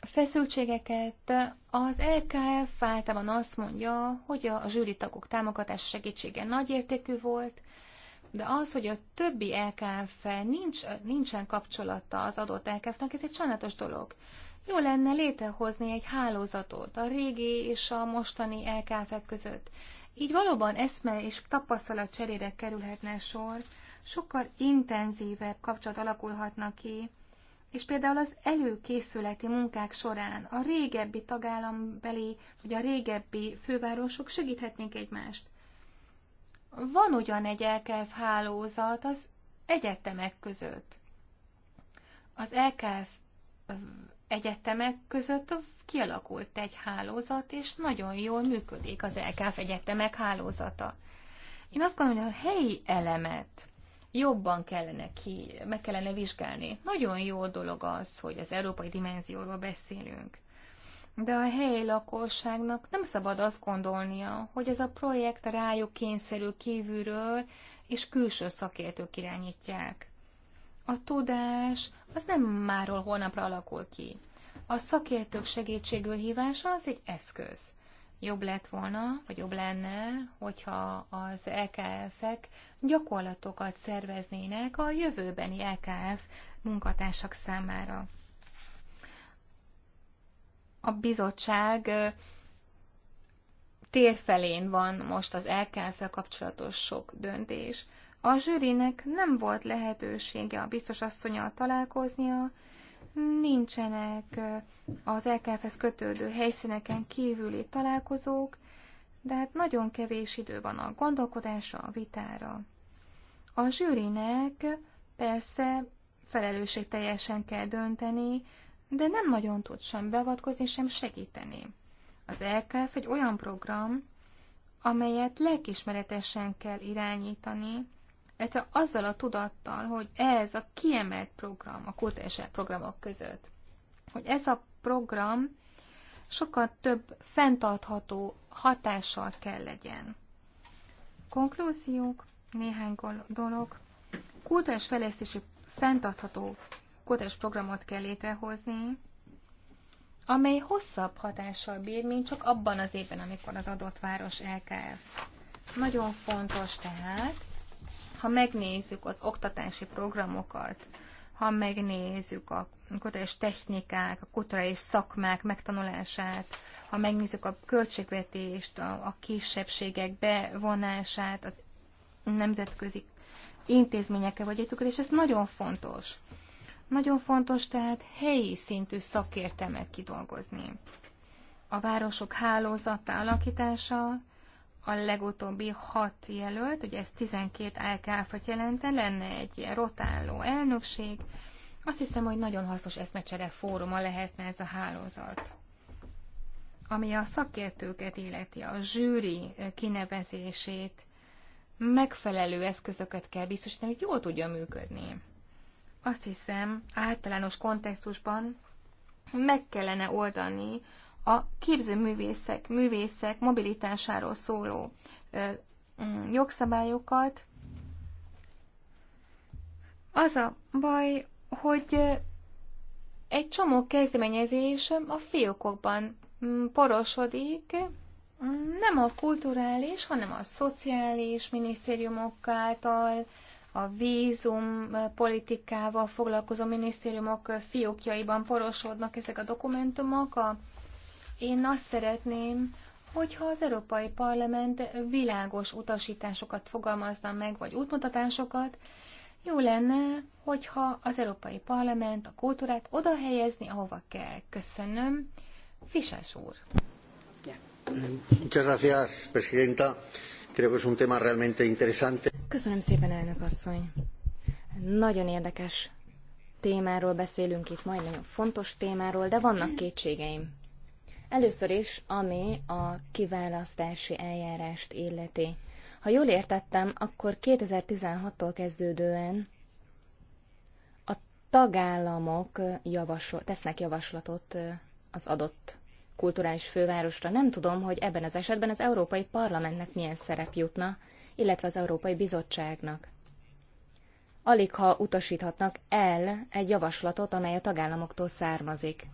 feszültségeket. Az LKF általában azt mondja, hogy a zsűri tagok támogatása segítsége nagyértékű volt, de az, hogy a többi lkf nincs, nincsen kapcsolata az adott LKF-nek, ez egy sajnálatos dolog. Jó lenne létrehozni egy hálózatot a régi és a mostani lkf között. Így valóban eszme és tapasztalat cserére kerülhetne sor, sokkal intenzívebb kapcsolat alakulhatna ki, és például az előkészületi munkák során a régebbi tagállambeli vagy a régebbi fővárosok segíthetnénk egymást. Van ugyan egy LKF hálózat az egyetemek között. Az LKF egyetemek között kialakult egy hálózat, és nagyon jól működik az LKF egyetemek hálózata. Én azt gondolom, hogy a helyi elemet jobban kellene ki, meg kellene vizsgálni. Nagyon jó dolog az, hogy az európai dimenzióról beszélünk de a helyi lakosságnak nem szabad azt gondolnia, hogy ez a projekt rájuk kényszerül kívülről és külső szakértők irányítják. A tudás az nem máról holnapra alakul ki. A szakértők segítségül hívása az egy eszköz. Jobb lett volna, vagy jobb lenne, hogyha az LKF-ek gyakorlatokat szerveznének a jövőbeni LKF munkatársak számára a bizottság térfelén van most az lkf kapcsolatos sok döntés. A zsűrinek nem volt lehetősége a biztos asszonyal találkoznia, nincsenek az lkf kötődő helyszíneken kívüli találkozók, de hát nagyon kevés idő van a gondolkodásra, a vitára. A zsűrinek persze teljesen kell dönteni, de nem nagyon tud sem beavatkozni, sem segíteni. Az LKF egy olyan program, amelyet lelkismeretesen kell irányítani, illetve azzal a tudattal, hogy ez a kiemelt program, a kultúrását programok között, hogy ez a program sokkal több fenntartható hatással kell legyen. Konklúziók, néhány dolog. Kultúrás fejlesztési fenntartható kutatás programot kell létrehozni, amely hosszabb hatással bír, mint csak abban az évben, amikor az adott város LKF. Nagyon fontos tehát, ha megnézzük az oktatási programokat, ha megnézzük a kutatás technikák, a kutatás szakmák megtanulását, ha megnézzük a költségvetést, a, a kisebbségek bevonását, az nemzetközi intézményekkel vagy együtt, és ez nagyon fontos. Nagyon fontos tehát helyi szintű szakértelmet kidolgozni. A városok hálózata alakítása, a legutóbbi hat jelölt, ugye ez 12 LKF-ot jelente, lenne egy ilyen rotáló elnökség. Azt hiszem, hogy nagyon hasznos eszmecsere fóruma lehetne ez a hálózat. Ami a szakértőket illeti, a zsűri kinevezését, megfelelő eszközöket kell biztosítani, hogy jól tudja működni azt hiszem általános kontextusban meg kellene oldani a képzőművészek, művészek mobilitásáról szóló ö, mm, jogszabályokat. Az a baj, hogy egy csomó kezdeményezés a fiókokban mm, porosodik, mm, nem a kulturális, hanem a szociális minisztériumok által a vízum politikával foglalkozó minisztériumok fiókjaiban porosodnak ezek a dokumentumok. A, én azt szeretném, hogyha az Európai Parlament világos utasításokat fogalmazna meg, vagy útmutatásokat, jó lenne, hogyha az Európai Parlament a kultúrát oda helyezni, ahova kell. Köszönöm. Fisás úr. Muchas gracias, presidenta. Creo que es un tema realmente interesante. Köszönöm szépen, elnök asszony. Nagyon érdekes témáról beszélünk itt, majd nagyon fontos témáról, de vannak kétségeim. Először is, ami a kiválasztási eljárást illeti. Ha jól értettem, akkor 2016-tól kezdődően a tagállamok javasol, tesznek javaslatot az adott kulturális fővárosra. Nem tudom, hogy ebben az esetben az Európai Parlamentnek milyen szerep jutna, illetve az Európai Bizottságnak. Alig ha utasíthatnak el egy javaslatot, amely a tagállamoktól származik.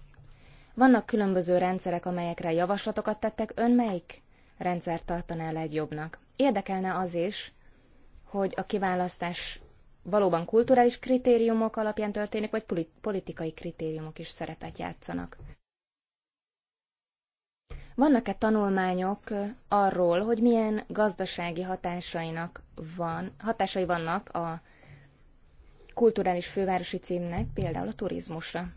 Vannak különböző rendszerek, amelyekre javaslatokat tettek, ön melyik rendszer tartaná a legjobbnak? Érdekelne az is, hogy a kiválasztás valóban kulturális kritériumok alapján történik, vagy politikai kritériumok is szerepet játszanak. Vannak-e tanulmányok arról, hogy milyen gazdasági hatásainak van, hatásai vannak a kulturális fővárosi címnek, például a turizmusra?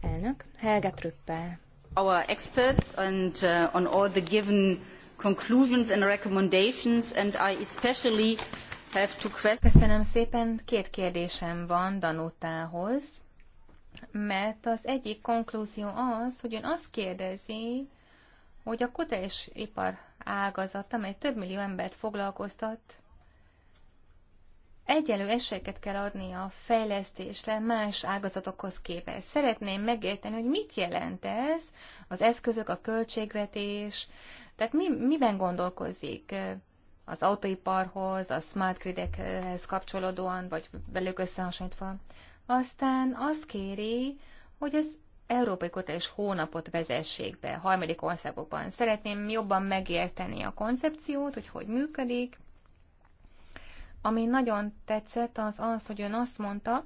Elnök, Helga Trüppel. Our experts and uh, on all the given conclusions and recommendations, and I especially have to question... Köszönöm szépen, két kérdésem van Danutához mert az egyik konklúzió az, hogy ön azt kérdezi, hogy a kutatás ipar ágazat, amely több millió embert foglalkoztat, egyelő esélyeket kell adni a fejlesztésre más ágazatokhoz képest. Szeretném megérteni, hogy mit jelent ez, az eszközök, a költségvetés, tehát mi, miben gondolkozik az autóiparhoz, a smart gridekhez kapcsolódóan, vagy velük összehasonlítva. Aztán azt kéri, hogy az európai és hónapot vezessék be harmadik országokban. Szeretném jobban megérteni a koncepciót, hogy hogy működik. Ami nagyon tetszett, az az, hogy ön azt mondta,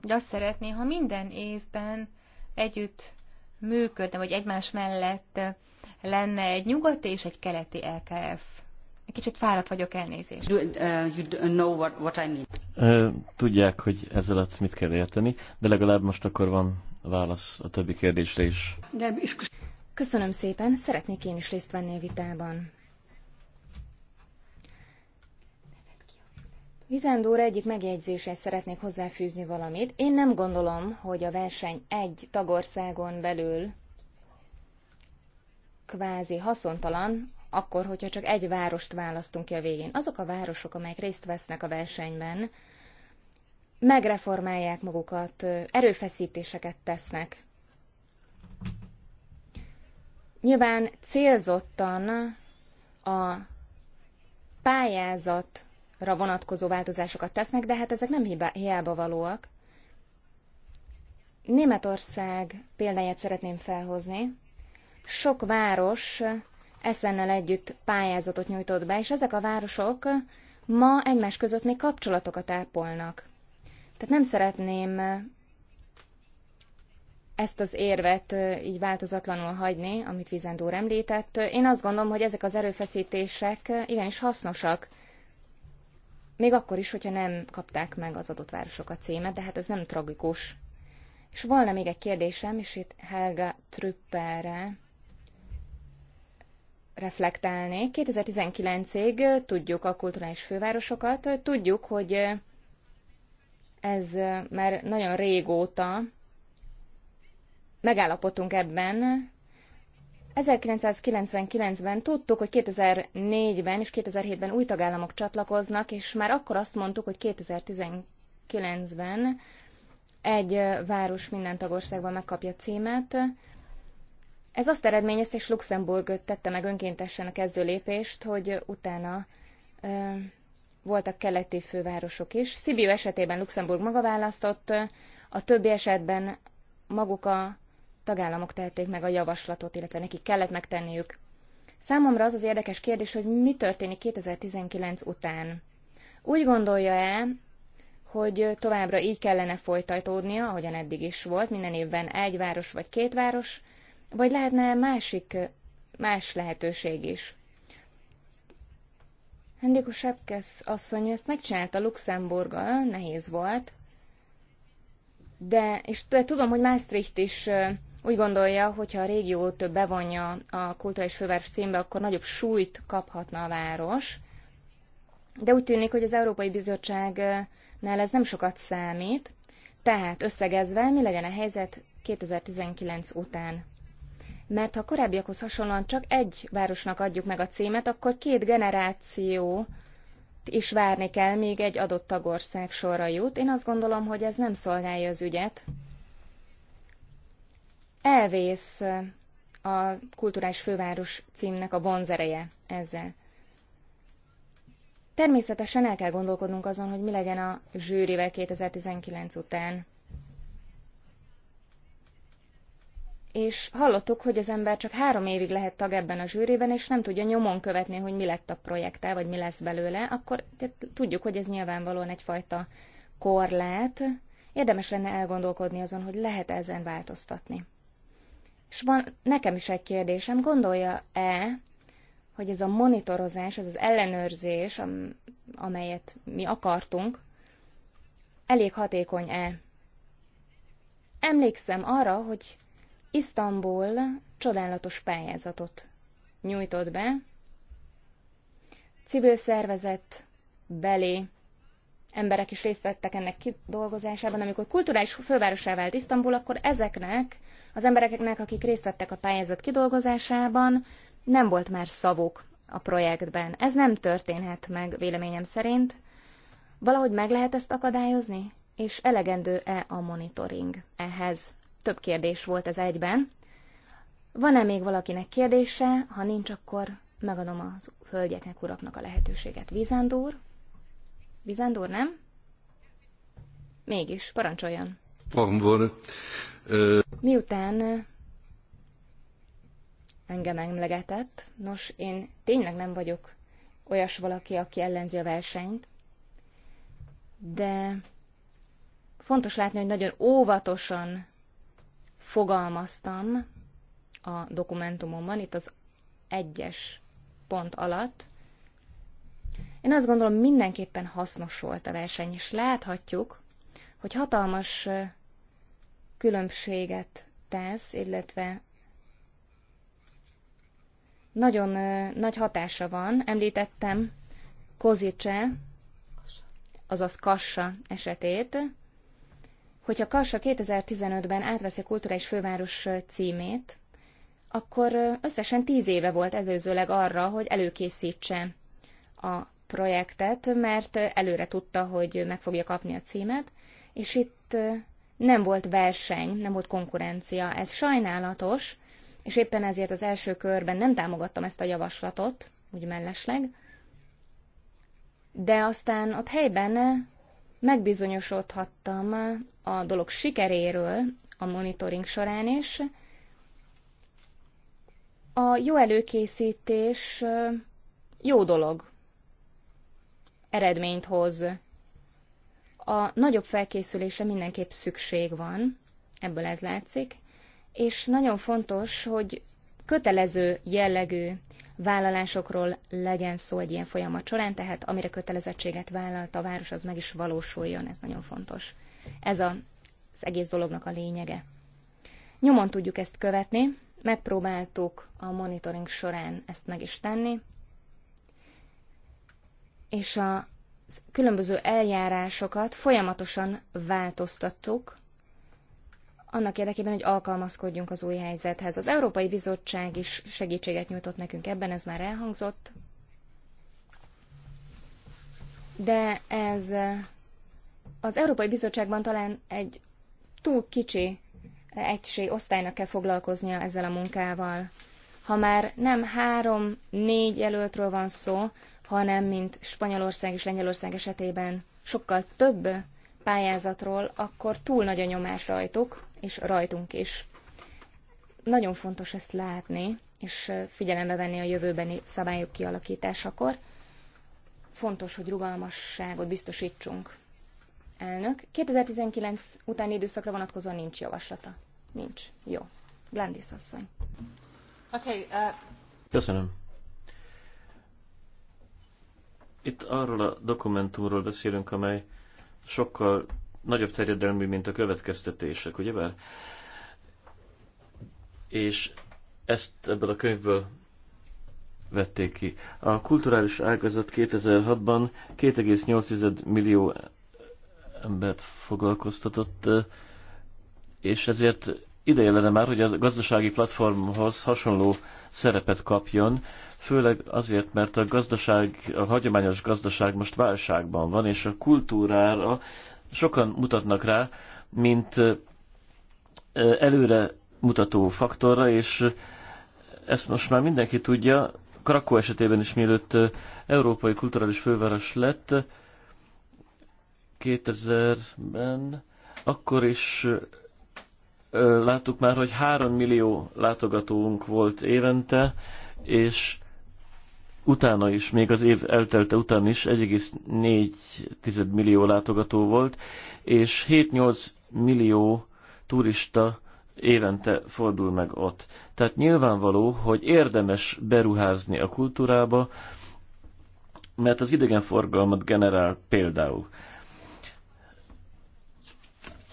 hogy azt szeretné, ha minden évben együtt működne, vagy egymás mellett lenne egy nyugati és egy keleti LKF egy kicsit fáradt vagyok, elnézést. Do, uh, you know what, what I mean. Tudják, hogy ezzel mit kell érteni, de legalább most akkor van válasz a többi kérdésre is. Köszönöm szépen, szeretnék én is részt venni a vitában. Vizándóra egyik megjegyzéshez szeretnék hozzáfűzni valamit. Én nem gondolom, hogy a verseny egy tagországon belül kvázi haszontalan, akkor, hogyha csak egy várost választunk ki a végén. Azok a városok, amelyek részt vesznek a versenyben, megreformálják magukat, erőfeszítéseket tesznek. Nyilván célzottan a pályázatra vonatkozó változásokat tesznek, de hát ezek nem hiába valóak. Németország példáját szeretném felhozni. Sok város Eszennel együtt pályázatot nyújtott be, és ezek a városok ma egymás között még kapcsolatokat ápolnak. Tehát nem szeretném ezt az érvet így változatlanul hagyni, amit Vizendúr említett. Én azt gondolom, hogy ezek az erőfeszítések igenis hasznosak, még akkor is, hogyha nem kapták meg az adott városok a címet, de hát ez nem tragikus. És volna még egy kérdésem, és itt Helga Trüppelre reflektálnék. 2019-ig tudjuk a kulturális fővárosokat, tudjuk, hogy ez már nagyon régóta megállapodtunk ebben. 1999-ben tudtuk, hogy 2004-ben és 2007-ben új tagállamok csatlakoznak, és már akkor azt mondtuk, hogy 2019-ben egy város minden tagországban megkapja címet. Ez azt eredményezte, és Luxemburg tette meg önkéntesen a kezdő lépést, hogy utána ö, voltak keleti fővárosok is. Szibiu esetében Luxemburg maga választott, a többi esetben maguk a tagállamok tehették meg a javaslatot, illetve nekik kellett megtenniük. Számomra az az érdekes kérdés, hogy mi történik 2019 után. Úgy gondolja-e, hogy továbbra így kellene folytatódnia, ahogyan eddig is volt, minden évben egy város vagy két város, vagy lehetne másik, más lehetőség is? Hendiko Sepkesz asszony ezt megcsinálta Luxemburggal, nehéz volt, de, és de tudom, hogy Maastricht is úgy gondolja, hogyha a régiót bevonja a kulturális főváros címbe, akkor nagyobb súlyt kaphatna a város. De úgy tűnik, hogy az Európai Bizottságnál ez nem sokat számít. Tehát összegezve, mi legyen a helyzet 2019 után? mert ha korábbiakhoz hasonlóan csak egy városnak adjuk meg a címet, akkor két generáció is várni kell, még egy adott tagország sorra jut. Én azt gondolom, hogy ez nem szolgálja az ügyet. Elvész a kulturális főváros címnek a vonzereje ezzel. Természetesen el kell gondolkodnunk azon, hogy mi legyen a zsűrivel 2019 után. és hallottuk, hogy az ember csak három évig lehet tag ebben a zsűriben, és nem tudja nyomon követni, hogy mi lett a projekte, vagy mi lesz belőle, akkor tudjuk, hogy ez nyilvánvalóan egyfajta korlát. Érdemes lenne elgondolkodni azon, hogy lehet -e ezen változtatni. És van nekem is egy kérdésem, gondolja-e, hogy ez a monitorozás, ez az ellenőrzés, amelyet mi akartunk, elég hatékony-e? Emlékszem arra, hogy Isztambul csodálatos pályázatot nyújtott be, civil szervezet belé emberek is részt vettek ennek kidolgozásában. Amikor kulturális fővárosá vált Isztambul, akkor ezeknek, az embereknek, akik részt vettek a pályázat kidolgozásában, nem volt már szavuk a projektben. Ez nem történhet meg véleményem szerint. Valahogy meg lehet ezt akadályozni? És elegendő-e a monitoring ehhez? több kérdés volt ez egyben. Van-e még valakinek kérdése? Ha nincs, akkor megadom az hölgyeknek, uraknak a lehetőséget. Vizándúr? Vizándúr, nem? Mégis, parancsoljon. Pambor. Miután engem emlegetett, nos, én tényleg nem vagyok olyas valaki, aki ellenzi a versenyt, de fontos látni, hogy nagyon óvatosan fogalmaztam a dokumentumomban, itt az egyes pont alatt. Én azt gondolom, mindenképpen hasznos volt a verseny, és láthatjuk, hogy hatalmas különbséget tesz, illetve nagyon nagy hatása van. Említettem Kozice, azaz Kassa esetét, hogyha Kassa 2015-ben átveszi a kulturális főváros címét, akkor összesen tíz éve volt előzőleg arra, hogy előkészítse a projektet, mert előre tudta, hogy meg fogja kapni a címet, és itt nem volt verseny, nem volt konkurencia. Ez sajnálatos, és éppen ezért az első körben nem támogattam ezt a javaslatot, úgy mellesleg, de aztán ott helyben megbizonyosodhattam a dolog sikeréről a monitoring során is. A jó előkészítés jó dolog, eredményt hoz. A nagyobb felkészülésre mindenképp szükség van, ebből ez látszik, és nagyon fontos, hogy kötelező jellegű vállalásokról legyen szó egy ilyen folyamat során, tehát amire kötelezettséget vállalt a város, az meg is valósuljon, ez nagyon fontos. Ez a, az egész dolognak a lényege. Nyomon tudjuk ezt követni, megpróbáltuk a monitoring során ezt meg is tenni, és a különböző eljárásokat folyamatosan változtattuk, annak érdekében, hogy alkalmazkodjunk az új helyzethez. Az Európai Bizottság is segítséget nyújtott nekünk ebben, ez már elhangzott. De ez az Európai Bizottságban talán egy túl kicsi egység osztálynak kell foglalkoznia ezzel a munkával. Ha már nem három-négy jelöltről van szó, hanem mint Spanyolország és Lengyelország esetében sokkal több pályázatról, akkor túl nagy a nyomás rajtuk, és rajtunk is. Nagyon fontos ezt látni, és figyelembe venni a jövőbeni szabályok kialakításakor. Fontos, hogy rugalmasságot biztosítsunk. Elnök, 2019 utáni időszakra vonatkozóan nincs javaslata. Nincs. Jó. Glendis asszony. Okay, uh... Köszönöm. Itt arról a dokumentumról beszélünk, amely sokkal nagyobb terjedelmű, mint a következtetések, ugye bár? És ezt ebből a könyvből vették ki. A kulturális ágazat 2006-ban 2,8 millió embert foglalkoztatott, és ezért ideje lenne már, hogy a gazdasági platformhoz hasonló szerepet kapjon, főleg azért, mert a gazdaság, a hagyományos gazdaság most válságban van, és a kultúrára sokan mutatnak rá, mint előre mutató faktorra, és ezt most már mindenki tudja, Krakó esetében is mielőtt európai kulturális főváros lett, 2000-ben, akkor is láttuk már, hogy 3 millió látogatónk volt évente, és utána is, még az év eltelte után is 1,4 millió látogató volt, és 7-8 millió turista évente fordul meg ott. Tehát nyilvánvaló, hogy érdemes beruházni a kultúrába, mert az idegenforgalmat generál például.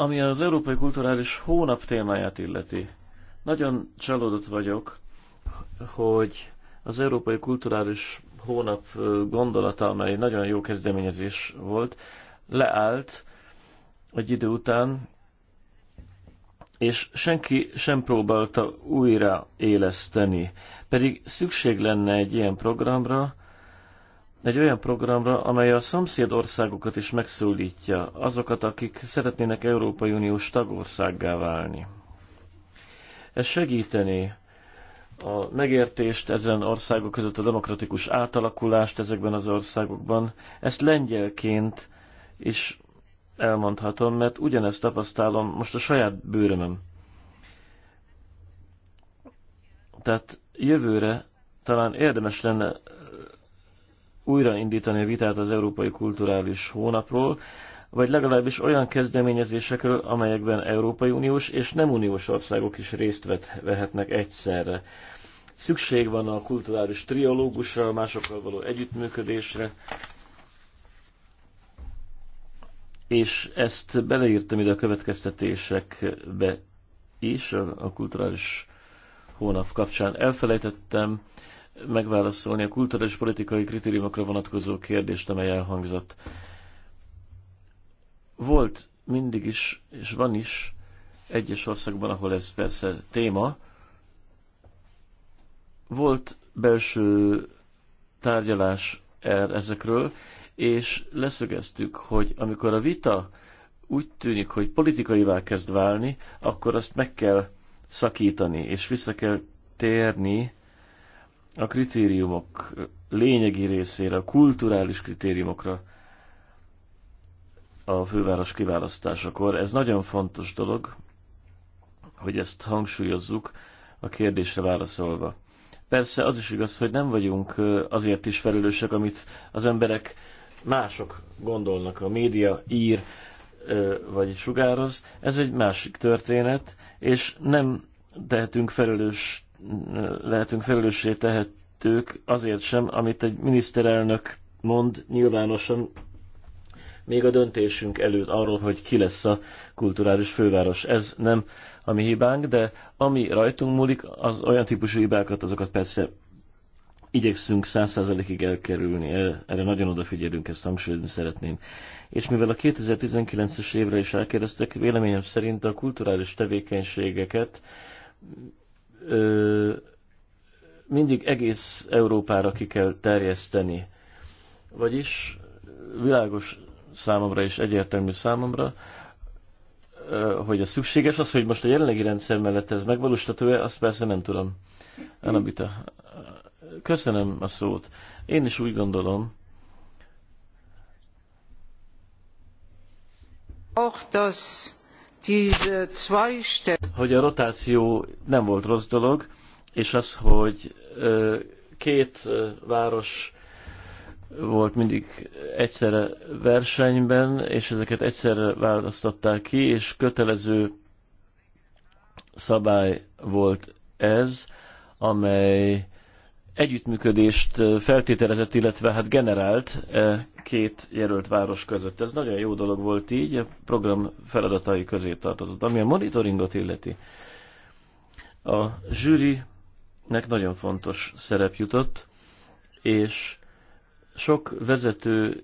Ami az Európai Kulturális Hónap témáját illeti, nagyon csalódott vagyok, hogy az Európai Kulturális Hónap gondolata, amely nagyon jó kezdeményezés volt, leállt egy idő után, és senki sem próbálta újra éleszteni. Pedig szükség lenne egy ilyen programra, egy olyan programra, amely a szomszéd országokat is megszólítja, azokat, akik szeretnének Európai Uniós tagországgá válni. Ez segíteni a megértést ezen országok között, a demokratikus átalakulást ezekben az országokban. Ezt lengyelként is elmondhatom, mert ugyanezt tapasztalom most a saját bőrömön. Tehát jövőre talán érdemes lenne újraindítani a vitát az Európai Kulturális Hónapról, vagy legalábbis olyan kezdeményezésekről, amelyekben Európai Uniós és nem uniós országok is részt vehetnek egyszerre. Szükség van a kulturális triológusra, másokkal való együttműködésre, és ezt beleírtam ide a következtetésekbe is, a kulturális hónap kapcsán elfelejtettem megválaszolni a kulturális politikai kritériumokra vonatkozó kérdést, amely elhangzott. Volt mindig is, és van is egyes országban, ahol ez persze téma, volt belső tárgyalás er ezekről, és leszögeztük, hogy amikor a vita úgy tűnik, hogy politikaivá kezd válni, akkor azt meg kell szakítani, és vissza kell térni a kritériumok lényegi részére, a kulturális kritériumokra a főváros kiválasztásakor. Ez nagyon fontos dolog, hogy ezt hangsúlyozzuk a kérdésre válaszolva. Persze az is igaz, hogy nem vagyunk azért is felelősek, amit az emberek mások gondolnak, a média ír vagy sugároz. Ez egy másik történet, és nem tehetünk felelős lehetünk felelőssé tehetők azért sem, amit egy miniszterelnök mond nyilvánosan még a döntésünk előtt arról, hogy ki lesz a kulturális főváros. Ez nem a mi hibánk, de ami rajtunk múlik, az olyan típusú hibákat, azokat persze igyekszünk száz százalékig elkerülni. Erre nagyon odafigyelünk, ezt hangsúlyozni szeretném. És mivel a 2019-es évre is elkérdeztek, véleményem szerint a kulturális tevékenységeket ö, mindig egész Európára ki kell terjeszteni. Vagyis világos számomra és egyértelmű számomra, hogy ez szükséges, az, hogy most a jelenlegi rendszer mellett ez megvalósítható-e, azt persze nem tudom. Anabita, köszönöm a szót. Én is úgy gondolom, auch, das hogy a rotáció nem volt rossz dolog, és az, hogy két város volt mindig egyszerre versenyben, és ezeket egyszerre választották ki, és kötelező szabály volt ez, amely együttműködést feltételezett, illetve hát generált e, két jelölt város között. Ez nagyon jó dolog volt így, a program feladatai közé tartozott. Ami a monitoringot illeti, a zsűrinek nagyon fontos szerep jutott, és sok vezető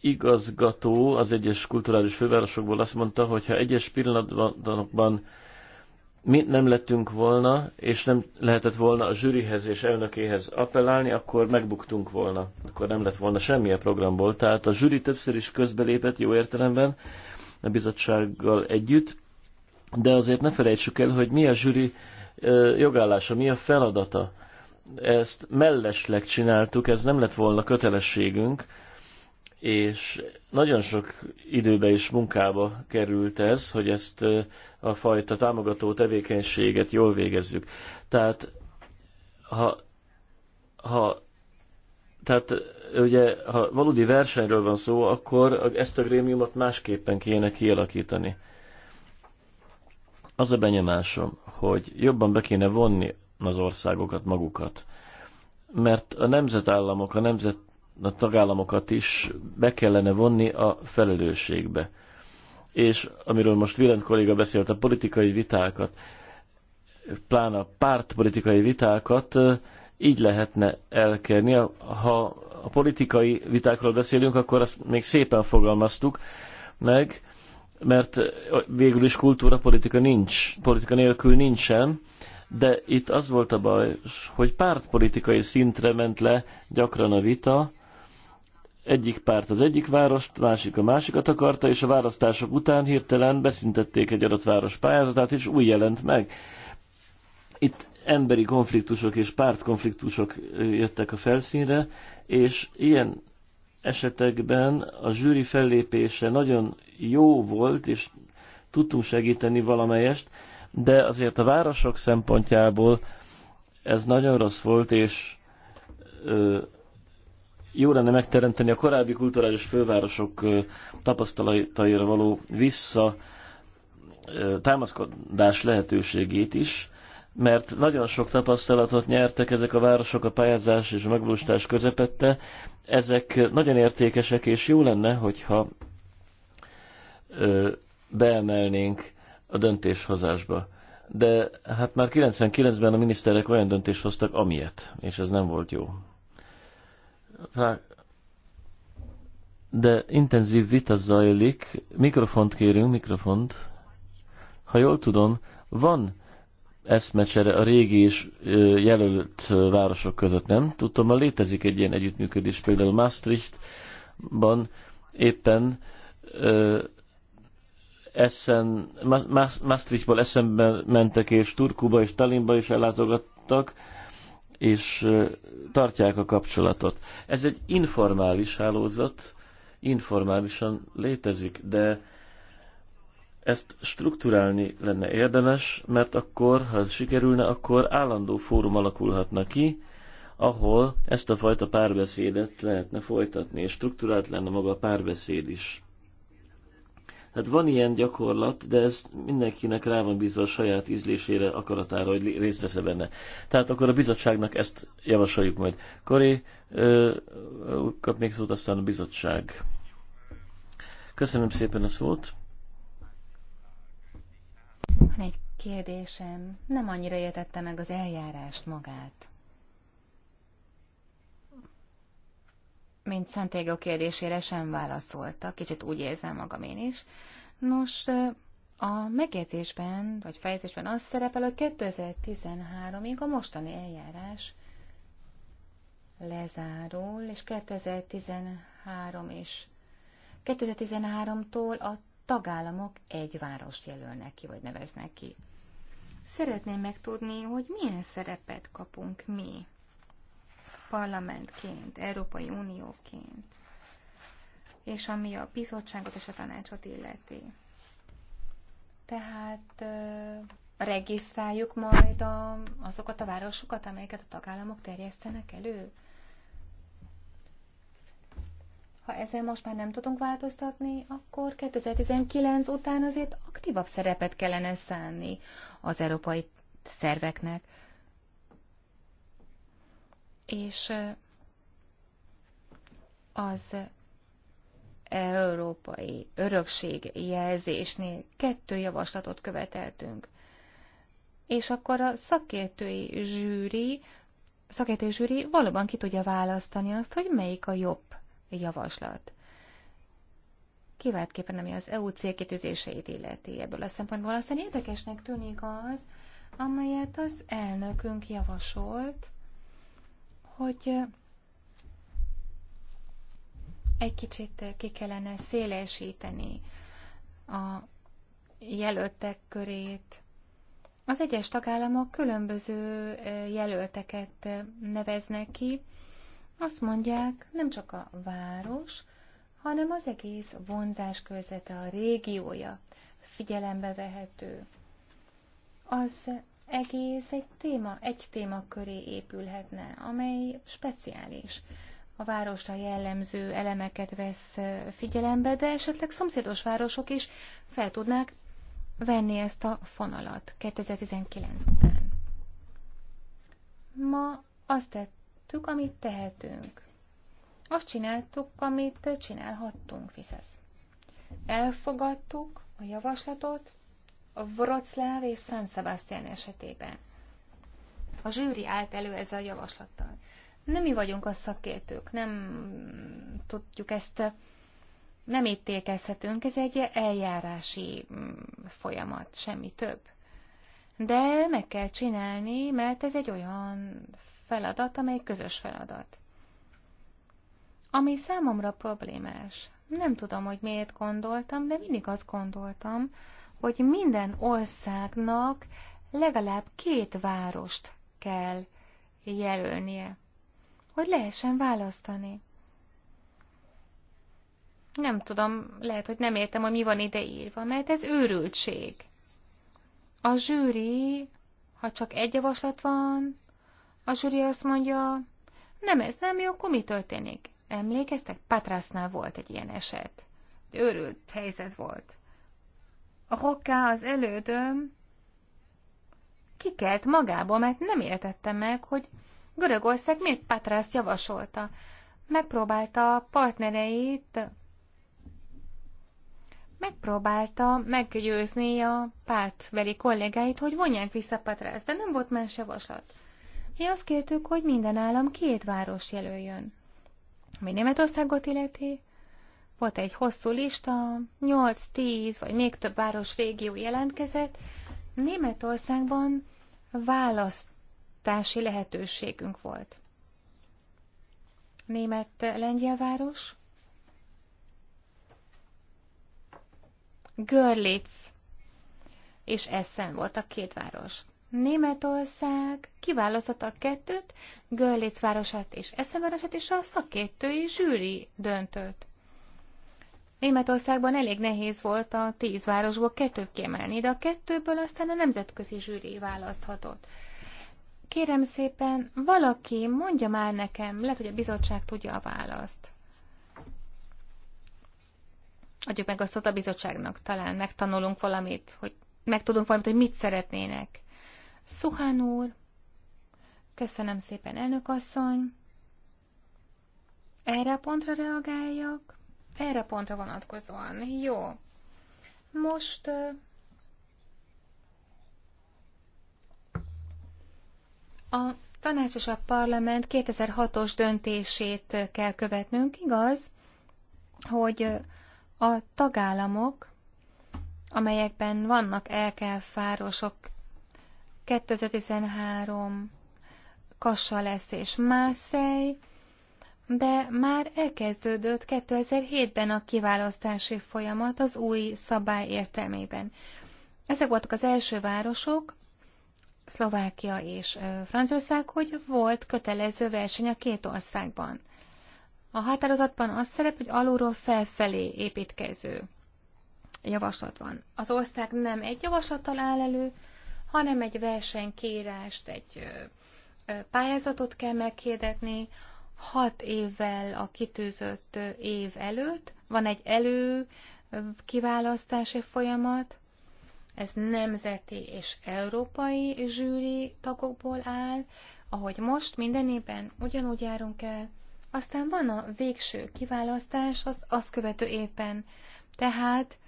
igazgató az egyes kulturális fővárosokból azt mondta, hogy ha egyes pillanatban mi nem lettünk volna, és nem lehetett volna a zsűrihez és elnökéhez appellálni, akkor megbuktunk volna. Akkor nem lett volna semmi a programból. Tehát a zsűri többször is közbelépett jó értelemben a bizottsággal együtt, de azért ne felejtsük el, hogy mi a zsűri jogállása, mi a feladata. Ezt mellesleg csináltuk, ez nem lett volna kötelességünk, és nagyon sok időbe és munkába került ez, hogy ezt a fajta támogató tevékenységet jól végezzük. Tehát, ha, ha tehát ugye, ha valódi versenyről van szó, akkor ezt a grémiumot másképpen kéne kialakítani. Az a benyomásom, hogy jobban be kéne vonni az országokat magukat. Mert a nemzetállamok, a nemzet a tagállamokat is be kellene vonni a felelősségbe. És amiről most Vilent kolléga beszélt, a politikai vitákat, plán a pártpolitikai vitákat így lehetne elkerni. Ha a politikai vitákról beszélünk, akkor azt még szépen fogalmaztuk meg, mert végül is kultúra politika nincs, politika nélkül nincsen, de itt az volt a baj, hogy pártpolitikai szintre ment le gyakran a vita, egyik párt az egyik várost, másik a másikat akarta, és a választások után hirtelen beszüntették egy adott város pályázatát, és új jelent meg. Itt emberi konfliktusok és pártkonfliktusok jöttek a felszínre, és ilyen esetekben a zsűri fellépése nagyon jó volt, és tudtunk segíteni valamelyest, de azért a városok szempontjából ez nagyon rossz volt, és jó lenne megteremteni a korábbi kulturális fővárosok tapasztalataira való vissza támaszkodás lehetőségét is, mert nagyon sok tapasztalatot nyertek ezek a városok a pályázás és a megvalósítás közepette. Ezek nagyon értékesek, és jó lenne, hogyha beemelnénk a döntéshozásba. De hát már 99-ben a miniszterek olyan döntést hoztak, amilyet, és ez nem volt jó de intenzív vita zajlik. Mikrofont kérünk, mikrofont. Ha jól tudom, van eszmecsere a régi és jelölt városok között, nem? tudom már létezik egy ilyen együttműködés, például Maastrichtban éppen ö, Essen, Maastrichtból eszembe mentek, és Turkuba és Tallinnba is ellátogattak, és tartják a kapcsolatot. Ez egy informális hálózat, informálisan létezik, de ezt strukturálni lenne érdemes, mert akkor, ha ez sikerülne, akkor állandó fórum alakulhatna ki, ahol ezt a fajta párbeszédet lehetne folytatni, és struktúrált lenne maga a párbeszéd is. Hát van ilyen gyakorlat, de ez mindenkinek rá van bízva a saját ízlésére, akaratára, hogy részt vesz benne. Tehát akkor a bizottságnak ezt javasoljuk majd. Kori, kap még szót, aztán a bizottság. Köszönöm szépen a szót. Van egy kérdésem. Nem annyira értette meg az eljárást magát. mint Santiago kérdésére sem válaszolta, kicsit úgy érzem magam én is. Nos, a megjegyzésben, vagy fejezésben az szerepel, hogy 2013-ig a mostani eljárás lezárul, és 2013 is 2013-tól a tagállamok egy várost jelölnek ki, vagy neveznek ki. Szeretném megtudni, hogy milyen szerepet kapunk mi parlamentként, Európai Unióként, és ami a bizottságot és a tanácsot illeti. Tehát regisztráljuk majd a, azokat a városokat, amelyeket a tagállamok terjesztenek elő. Ha ezzel most már nem tudunk változtatni, akkor 2019 után azért aktívabb szerepet kellene szánni az európai szerveknek és az európai örökség jelzésnél kettő javaslatot követeltünk. És akkor a szakértői zsűri, szakértői zsűri valóban ki tudja választani azt, hogy melyik a jobb javaslat. Kiváltképpen, ami az EU célkitűzéseit illeti ebből a szempontból, aztán érdekesnek tűnik az, amelyet az elnökünk javasolt, hogy egy kicsit ki kellene szélesíteni a jelöltek körét. Az egyes tagállamok különböző jelölteket neveznek ki. Azt mondják, nem csak a város, hanem az egész vonzás körzete, a régiója figyelembe vehető. Az egész egy téma, egy téma köré épülhetne, amely speciális. A városra jellemző elemeket vesz figyelembe, de esetleg szomszédos városok is fel tudnák venni ezt a fonalat 2019 ben Ma azt tettük, amit tehetünk. Azt csináltuk, amit csinálhattunk, viszesz. Elfogadtuk a javaslatot, Wroclaw és San Sebastian esetében. A zsűri állt elő ezzel a javaslattal. Nem mi vagyunk a szakértők, nem tudjuk ezt, nem ítélkezhetünk, ez egy eljárási mm, folyamat, semmi több. De meg kell csinálni, mert ez egy olyan feladat, amely közös feladat. Ami számomra problémás. Nem tudom, hogy miért gondoltam, de mindig azt gondoltam, hogy minden országnak legalább két várost kell jelölnie, hogy lehessen választani. Nem tudom, lehet, hogy nem értem, hogy mi van ide írva, mert ez őrültség. A zsűri, ha csak egy javaslat van, a zsűri azt mondja, nem ez nem jó, akkor mi történik? Emlékeztek? Patrasznál volt egy ilyen eset. Őrült helyzet volt. Rokká az elődöm kikelt magába, mert nem értette meg, hogy Görögország miért Patrász javasolta. Megpróbálta a partnereit, megpróbálta meggyőzni a pártbeli kollégáit, hogy vonják vissza Patrász, de nem volt más javaslat. Mi azt kértük, hogy minden állam két város jelöljön. Mi Németországot illeti, volt egy hosszú lista, 8-10 vagy még több város régió jelentkezett. Németországban választási lehetőségünk volt. Német lengyelváros, Görlitz és Essen volt a két város. Németország kiválasztotta a kettőt, Görlitz városát és Essen városát, és a szakértői zsűri döntött. Németországban elég nehéz volt a tíz városból kettőt kiemelni, de a kettőből aztán a nemzetközi zsűri választhatott. Kérem szépen, valaki mondja már nekem, lehet, hogy a bizottság tudja a választ. Adjuk meg a szót a bizottságnak, talán megtanulunk valamit, hogy megtudunk valamit, hogy mit szeretnének. Szuhán úr, köszönöm szépen, elnök asszony. Erre a pontra reagáljak? erre pontra vonatkozóan. Jó. Most a tanács és a parlament 2006-os döntését kell követnünk, igaz, hogy a tagállamok, amelyekben vannak fárosok, 2013 Kassa lesz és Mászej, de már elkezdődött 2007-ben a kiválasztási folyamat az új szabály értelmében. Ezek voltak az első városok, Szlovákia és Franciaország, hogy volt kötelező verseny a két országban. A határozatban az szerep, hogy alulról felfelé építkező javaslat van. Az ország nem egy javaslattal áll elő, hanem egy versenykérást, egy pályázatot kell meghirdetni, hat évvel a kitűzött év előtt. Van egy elő kiválasztási folyamat, ez nemzeti és európai zsűri tagokból áll, ahogy most mindenében ugyanúgy járunk el, aztán van a végső kiválasztás az azt követő évben. Tehát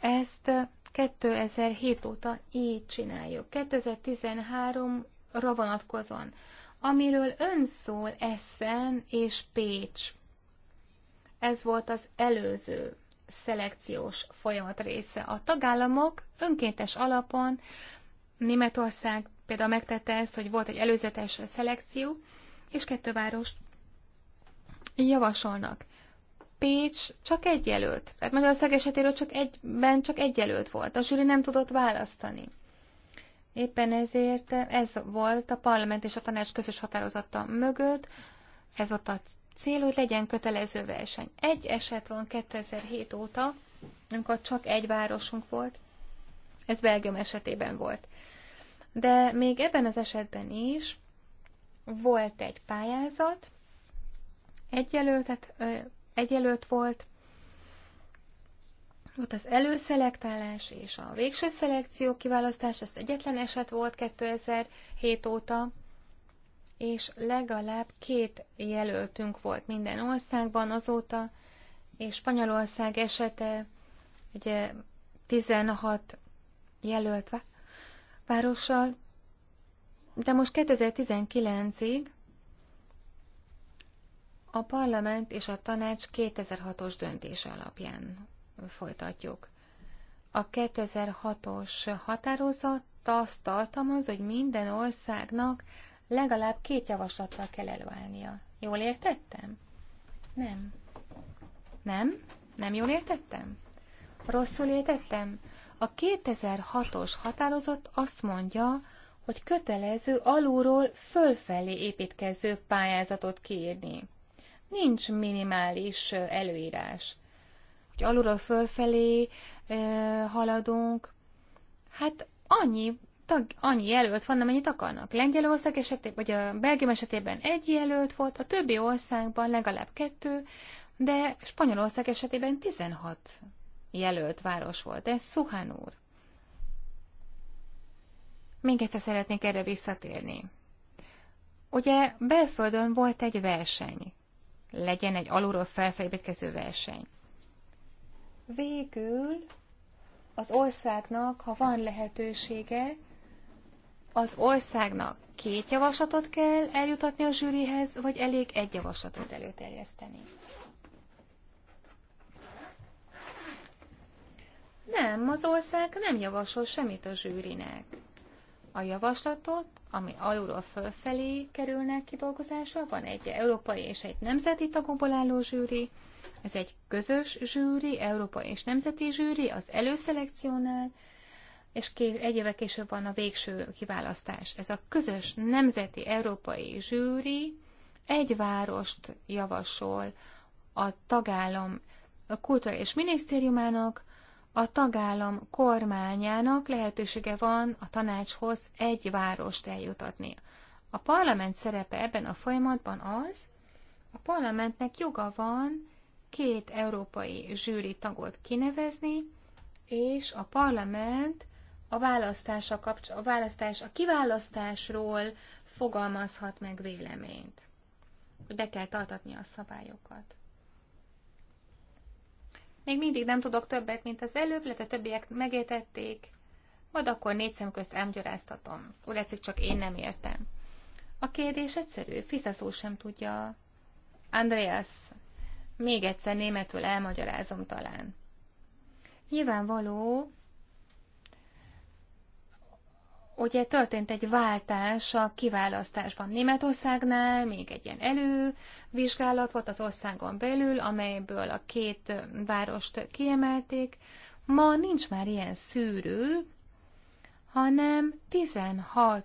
ezt 2007 óta így csináljuk. 2013-ra vonatkozóan amiről ön szól Essen és Pécs. Ez volt az előző szelekciós folyamat része. A tagállamok önkéntes alapon, Németország például megtette ezt, hogy volt egy előzetes szelekció, és kettő várost javasolnak. Pécs csak egy jelölt. Tehát Magyarország esetéről csak egyben csak egy jelölt volt. A zsűri nem tudott választani. Éppen ezért ez volt a parlament és a tanács közös határozata mögött, ez volt a cél, hogy legyen kötelező verseny. Egy eset van 2007 óta, amikor csak egy városunk volt, ez Belgium esetében volt. De még ebben az esetben is volt egy pályázat, egy jelölt, egy volt, ott az előszelektálás és a végső szelekció kiválasztás, ez egyetlen eset volt 2007 óta, és legalább két jelöltünk volt minden országban azóta, és Spanyolország esete ugye 16 jelölt várossal, de most 2019-ig a parlament és a tanács 2006-os döntése alapján folytatjuk. A 2006-os határozat azt tartalmaz, hogy minden országnak legalább két javaslattal kell előállnia. Jól értettem? Nem. Nem? Nem jól értettem? Rosszul értettem? A 2006-os határozat azt mondja, hogy kötelező alulról fölfelé építkező pályázatot kiírni. Nincs minimális előírás hogy alulról fölfelé haladunk. Hát annyi, tag, annyi jelölt van, amennyit akarnak. Lengyelország esetében, vagy a Belgium esetében egy jelölt volt, a többi országban legalább kettő, de Spanyolország esetében 16 jelölt város volt. Ez Szuhán úr. Még egyszer szeretnék erre visszatérni. Ugye belföldön volt egy verseny. Legyen egy alulról felfelé verseny. Végül az országnak, ha van lehetősége, az országnak két javaslatot kell eljutatni a zsűrihez, vagy elég egy javaslatot előterjeszteni? Nem, az ország nem javasol semmit a zsűrinek. A javaslatot, ami alulról fölfelé kerülnek kidolgozásra, van egy európai és egy nemzeti tagokból álló zsűri, ez egy közös zsűri, európai és nemzeti zsűri, az előszelekcionál, és egy éve később van a végső kiválasztás. Ez a közös nemzeti európai zsűri egy várost javasol a tagállam a és minisztériumának, a tagállam kormányának lehetősége van a tanácshoz egy várost eljutatni. A parlament szerepe ebben a folyamatban az, a parlamentnek joga van két európai zsűri tagot kinevezni, és a parlament a, választása kapcs- a, választás, a kiválasztásról fogalmazhat meg véleményt. Be kell tartatni a szabályokat. Még mindig nem tudok többet, mint az előbb, lehet a többiek megértették, majd akkor négy szem közt elmagyaráztatom. Úgy látszik, csak én nem értem. A kérdés egyszerű, Fiszaszó sem tudja. Andreas még egyszer németül elmagyarázom talán. Nyilvánvaló, ugye történt egy váltás a kiválasztásban Németországnál, még egy ilyen elővizsgálat volt az országon belül, amelyből a két várost kiemelték. Ma nincs már ilyen szűrő, hanem 16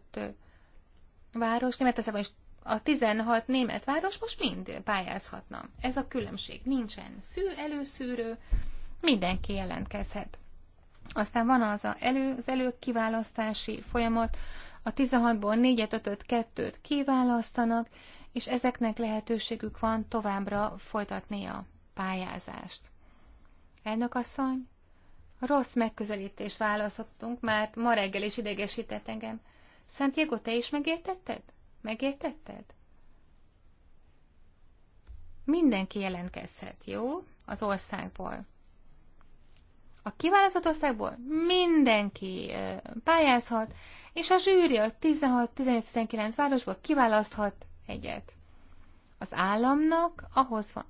város, Németországban is a 16 német város most mind pályázhatna. Ez a különbség. Nincsen szű, előszűrő, mindenki jelentkezhet. Aztán van az, a elő, az előkiválasztási folyamat, a 16-ból 4-et, 5 2-t kiválasztanak, és ezeknek lehetőségük van továbbra folytatni a pályázást. Elnök asszony, rossz megközelítést választottunk, mert ma reggel is idegesített engem. Santiago, te is megértetted? Megértetted? Mindenki jelentkezhet, jó? Az országból. A kiválasztott országból mindenki pályázhat, és a zsűri a 16-18-19 városból kiválaszthat egyet. Az államnak ahhoz van,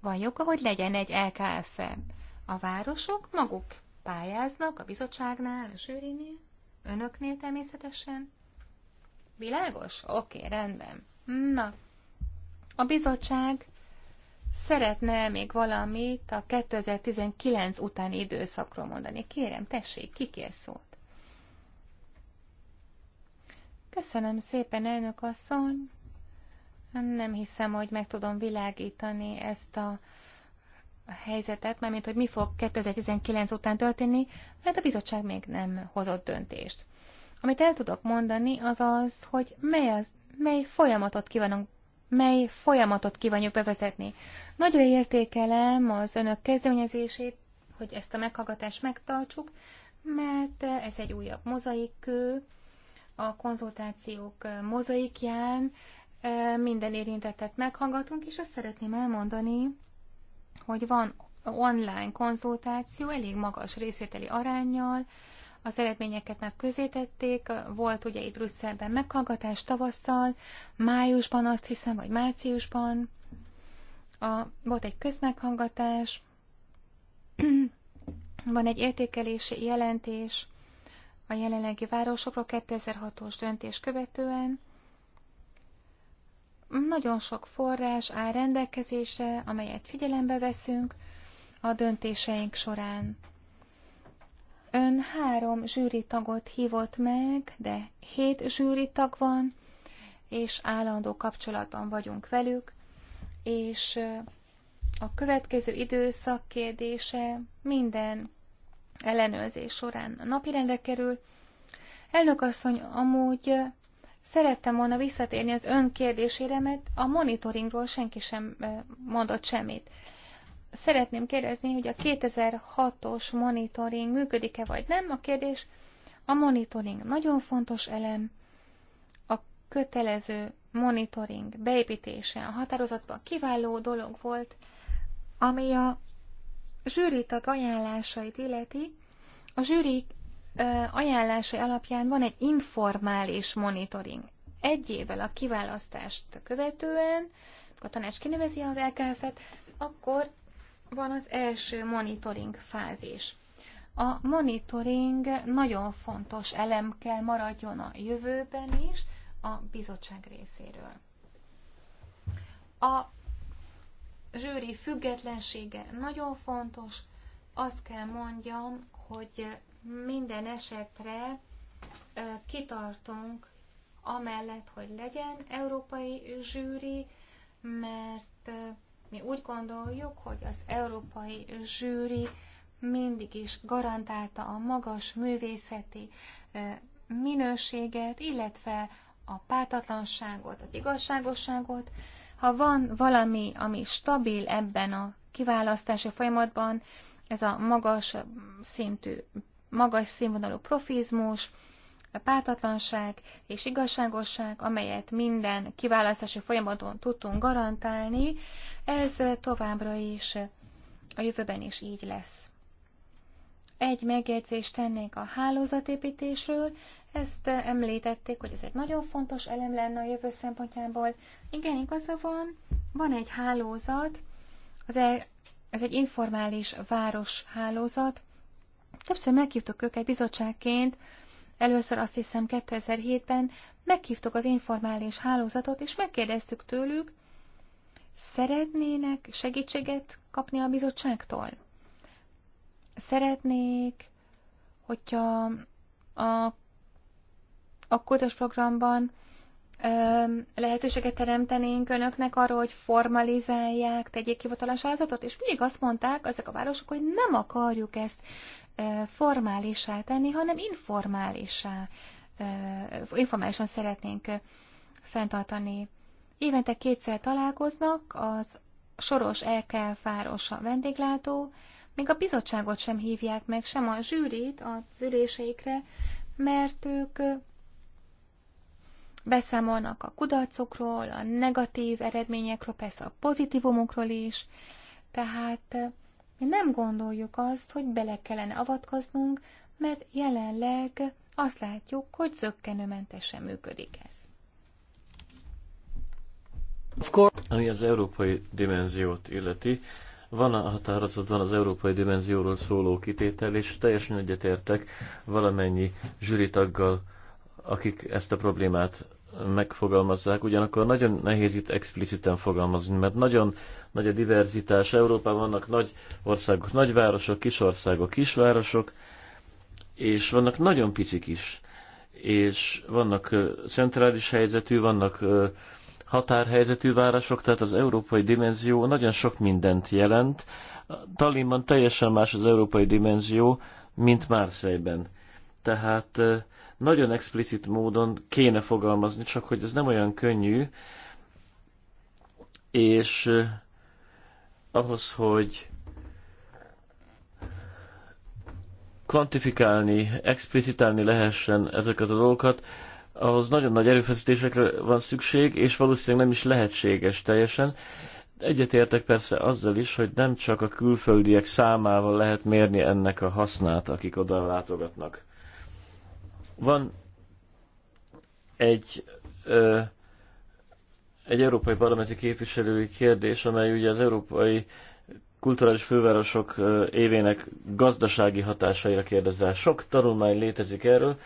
van joga, hogy legyen egy LKF-e. A városok maguk pályáznak a bizottságnál, a zsűrinél, önöknél természetesen. Világos? Oké, rendben. Na, a bizottság szeretne még valamit a 2019 utáni időszakról mondani. Kérem, tessék, kér szót. Köszönöm szépen, elnök asszony. Nem hiszem, hogy meg tudom világítani ezt a helyzetet, mármint hogy mi fog 2019 után történni, mert a bizottság még nem hozott döntést. Amit el tudok mondani, az az, hogy mely, az, mely folyamatot kívánunk mely folyamatot kívánjuk bevezetni. Nagyra értékelem az önök kezdeményezését, hogy ezt a meghallgatást megtartsuk, mert ez egy újabb mozaikkő, a konzultációk mozaikján e, minden érintettet meghallgatunk, és azt szeretném elmondani, hogy van online konzultáció elég magas részvételi arányjal, az eredményeket már közétették, volt ugye itt Brüsszelben meghallgatás tavasszal, májusban azt hiszem, vagy márciusban. A, volt egy közmeghallgatás, [clears throat] van egy értékelési jelentés a jelenlegi városokról 2006-os döntés követően, nagyon sok forrás áll rendelkezésre, amelyet figyelembe veszünk a döntéseink során. Ön három zsűritagot hívott meg, de hét zsűritag van, és állandó kapcsolatban vagyunk velük, és a következő időszak kérdése minden ellenőrzés során napirendre kerül. Elnök asszony, amúgy szerettem volna visszatérni az ön kérdésére, mert a monitoringról senki sem mondott semmit szeretném kérdezni, hogy a 2006-os monitoring működik-e vagy nem. A kérdés, a monitoring nagyon fontos elem, a kötelező monitoring beépítése a határozatban kiváló dolog volt, ami a zsűritag ajánlásait illeti. A zsűri ajánlásai alapján van egy informális monitoring. Egy évvel a kiválasztást követően, a tanács kinevezi az LKF-et, akkor van az első monitoring fázis. A monitoring nagyon fontos elem kell maradjon a jövőben is a bizottság részéről. A zsűri függetlensége nagyon fontos. Azt kell mondjam, hogy minden esetre kitartunk amellett, hogy legyen európai zsűri, mert mi úgy gondoljuk, hogy az európai zsűri mindig is garantálta a magas művészeti minőséget, illetve a pártatlanságot, az igazságosságot. Ha van valami, ami stabil ebben a kiválasztási folyamatban, ez a magas szintű, magas színvonalú profizmus, a pártatlanság és igazságosság, amelyet minden kiválasztási folyamaton tudtunk garantálni, ez továbbra is, a jövőben is így lesz. Egy megjegyzést tennék a hálózatépítésről, ezt említették, hogy ez egy nagyon fontos elem lenne a jövő szempontjából. Igen, igaza van, van egy hálózat, e- ez egy informális város hálózat. Többször meghívtuk őket bizottságként, először azt hiszem 2007-ben meghívtuk az informális hálózatot, és megkérdeztük tőlük, szeretnének segítséget kapni a bizottságtól? Szeretnék, hogyha a, a kódos programban ö, lehetőséget teremtenénk önöknek arra, hogy formalizálják, tegyék hivatalos alázatot, és mindig azt mondták ezek a városok, hogy nem akarjuk ezt ö, formálisá tenni, hanem informálisá, ö, informálisan szeretnénk fenntartani Évente kétszer találkoznak az soros lkf fáros a vendéglátó, még a bizottságot sem hívják meg, sem a zsűrit az üléseikre, mert ők beszámolnak a kudarcokról, a negatív eredményekről, persze a pozitívumokról is, tehát mi nem gondoljuk azt, hogy bele kellene avatkoznunk, mert jelenleg azt látjuk, hogy zöggenőmentesen működik ez. Ami az európai dimenziót illeti, van a határozatban az európai dimenzióról szóló kitétel, és teljesen egyetértek valamennyi zsűritaggal, akik ezt a problémát megfogalmazzák, ugyanakkor nagyon nehéz itt expliciten fogalmazni, mert nagyon nagy a diverzitás. Európában vannak nagy országok, nagyvárosok, kisországok, kisvárosok, és vannak nagyon picik is. És vannak centrális helyzetű, vannak határhelyzetű városok, tehát az európai dimenzió nagyon sok mindent jelent. Tallinnban teljesen más az európai dimenzió, mint Márszejben. Tehát nagyon explicit módon kéne fogalmazni, csak hogy ez nem olyan könnyű, és ahhoz, hogy kvantifikálni, explicitálni lehessen ezeket a dolgokat, ahhoz nagyon nagy erőfeszítésekre van szükség, és valószínűleg nem is lehetséges teljesen. Egyetértek persze azzal is, hogy nem csak a külföldiek számával lehet mérni ennek a hasznát, akik oda látogatnak. Van egy, ö, egy európai parlamenti képviselői kérdés, amely ugye az európai ö, kulturális fővárosok évének gazdasági hatásaira kérdezzel. Sok tanulmány létezik erről.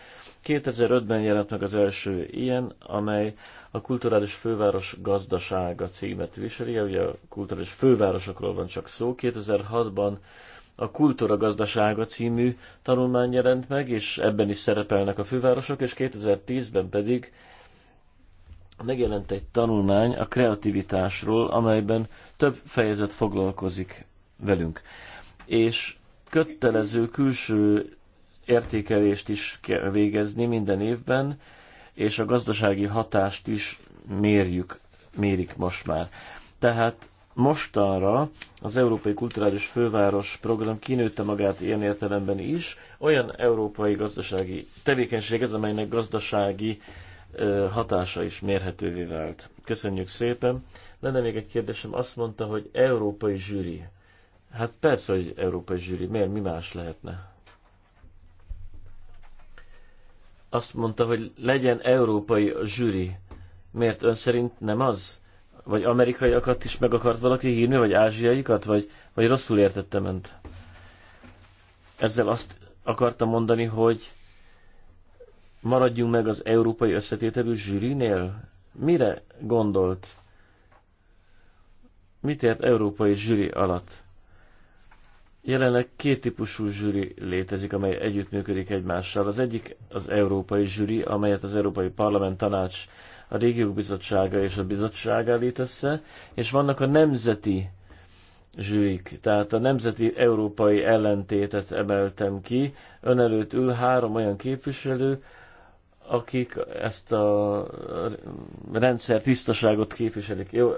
2005-ben jelent meg az első ilyen, amely a kulturális főváros gazdasága címet viseli, ugye a kulturális fővárosokról van csak szó. 2006-ban a Kultúra gazdasága című tanulmány jelent meg, és ebben is szerepelnek a fővárosok, és 2010-ben pedig megjelent egy tanulmány a kreativitásról, amelyben több fejezet foglalkozik velünk. És kötelező külső értékelést is kell végezni minden évben, és a gazdasági hatást is mérjük, mérik most már. Tehát mostanra az Európai Kulturális Főváros program kinőtte magát ilyen értelemben is. Olyan európai gazdasági tevékenység ez, amelynek gazdasági uh, hatása is mérhetővé vált. Köszönjük szépen. Lenne még egy kérdésem, azt mondta, hogy európai zsűri. Hát persze, hogy európai zsűri, miért mi más lehetne? Azt mondta, hogy legyen európai zsűri. Miért ön szerint nem az? Vagy amerikaiakat is meg akart valaki hírni, vagy ázsiaikat, vagy, vagy rosszul értettem önt? Ezzel azt akarta mondani, hogy maradjunk meg az európai összetételű zsűrinél? Mire gondolt? Mit ért európai zsűri alatt? Jelenleg két típusú zsűri létezik, amely együttműködik egymással. Az egyik az európai zsűri, amelyet az Európai Parlament Tanács, a Régiók Bizottsága és a Bizottság állít össze, és vannak a nemzeti zsűrik. Tehát a nemzeti európai ellentétet emeltem ki. Ön előtt ül három olyan képviselő, akik ezt a rendszer tisztaságot képviselik. Jó,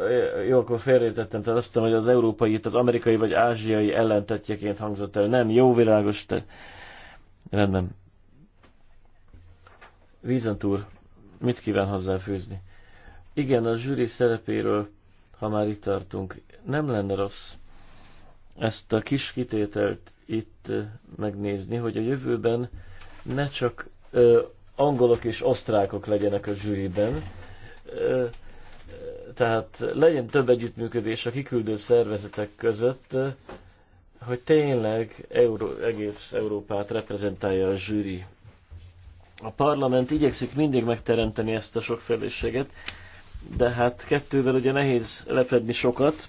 jó akkor félrejtettem, tehát azt hiszem, hogy az európai, az amerikai vagy ázsiai ellentetjeként hangzott el. Nem, jó világos, te... Rendben. Vízentúr, mit kíván hozzáfűzni? Igen, a zsűri szerepéről, ha már itt tartunk, nem lenne rossz ezt a kis kitételt itt megnézni, hogy a jövőben ne csak angolok és osztrákok legyenek a zsűriben. Tehát legyen több együttműködés a kiküldő szervezetek között, hogy tényleg Euró, egész Európát reprezentálja a zsűri. A parlament igyekszik mindig megteremteni ezt a sokféleséget, de hát kettővel ugye nehéz lefedni sokat,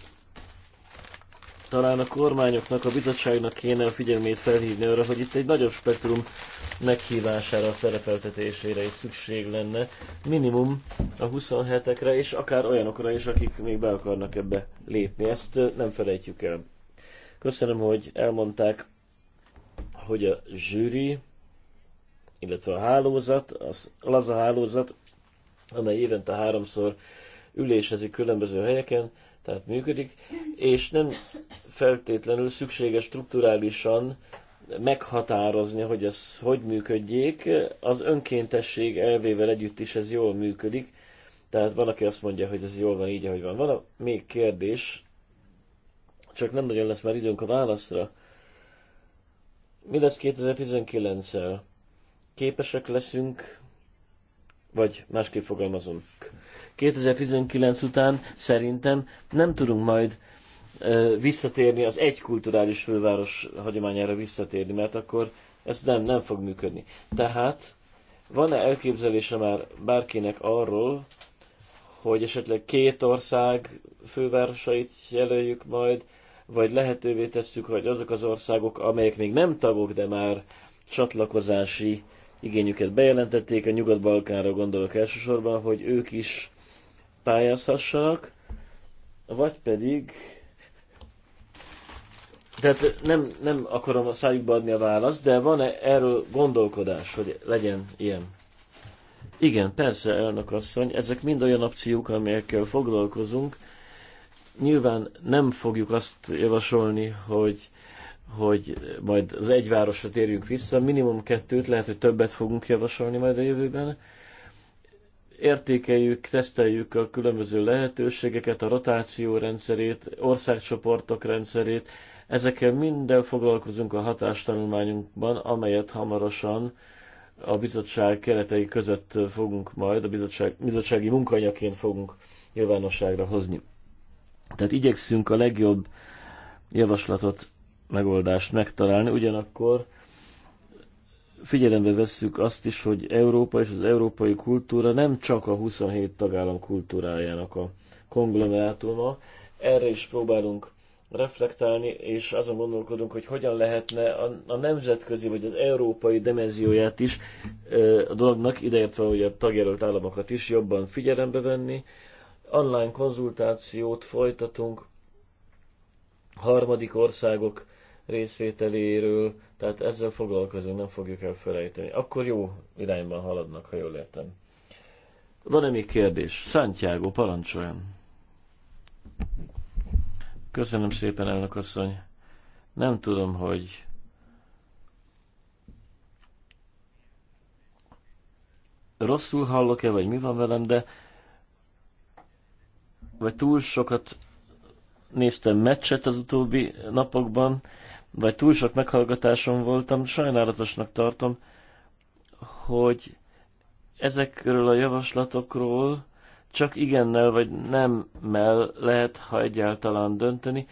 talán a kormányoknak, a bizottságnak kéne a figyelmét felhívni arra, hogy itt egy nagyobb spektrum meghívására, szerepeltetésére is szükség lenne, minimum a 27-ekre, és akár olyanokra is, akik még be akarnak ebbe lépni. Ezt nem felejtjük el. Köszönöm, hogy elmondták, hogy a zsűri, illetve a hálózat, az laza hálózat, amely évente háromszor ülésezik különböző helyeken, tehát működik, és nem feltétlenül szükséges strukturálisan meghatározni, hogy ez hogy működjék. Az önkéntesség elvével együtt is ez jól működik, tehát van, aki azt mondja, hogy ez jól van így, ahogy van. Van még kérdés, csak nem nagyon lesz már időnk a válaszra. Mi lesz 2019-el? Képesek leszünk vagy másképp fogalmazom, 2019 után szerintem nem tudunk majd visszatérni, az egy kulturális főváros hagyományára visszatérni, mert akkor ez nem, nem fog működni. Tehát van-e elképzelése már bárkinek arról, hogy esetleg két ország fővárosait jelöljük majd, vagy lehetővé tesszük, hogy azok az országok, amelyek még nem tagok, de már csatlakozási uh, igényüket bejelentették, a Nyugat-Balkánra gondolok elsősorban, hogy ők is pályázhassanak, vagy pedig tehát nem, nem akarom a szájukba adni a választ, de van-e erről gondolkodás, hogy legyen ilyen? Igen, persze, elnök asszony, ezek mind olyan opciók, amelyekkel foglalkozunk. Nyilván nem fogjuk azt javasolni, hogy hogy majd az egy városra térjünk vissza, minimum kettőt, lehet, hogy többet fogunk javasolni majd a jövőben. Értékeljük, teszteljük a különböző lehetőségeket, a rotáció rendszerét, országcsoportok rendszerét. Ezekkel minden foglalkozunk a hatástanulmányunkban, amelyet hamarosan a bizottság keretei között fogunk majd, a bizottság, bizottsági munkanyaként fogunk nyilvánosságra hozni. Tehát igyekszünk a legjobb javaslatot megoldást megtalálni, ugyanakkor figyelembe vesszük azt is, hogy Európa és az európai kultúra nem csak a 27 tagállam kultúrájának a konglomerátuma, erre is próbálunk reflektálni, és azon gondolkodunk, hogy hogyan lehetne a, a nemzetközi vagy az európai dimenzióját is e, a dolognak, ideértve hogy a tagjelölt államokat is jobban figyelembe venni. Online konzultációt folytatunk harmadik országok részvételéről, tehát ezzel foglalkozunk, nem fogjuk elfelejteni. Akkor jó irányban haladnak, ha jól értem. Van-e még kérdés? Santiago, parancsoljon! Köszönöm szépen, elnök asszony. Nem tudom, hogy rosszul hallok-e, vagy mi van velem, de vagy túl sokat néztem meccset az utóbbi napokban, vagy túl sok meghallgatáson voltam, sajnálatosnak tartom, hogy ezekről a javaslatokról csak igennel vagy nemmel lehet, ha egyáltalán dönteni.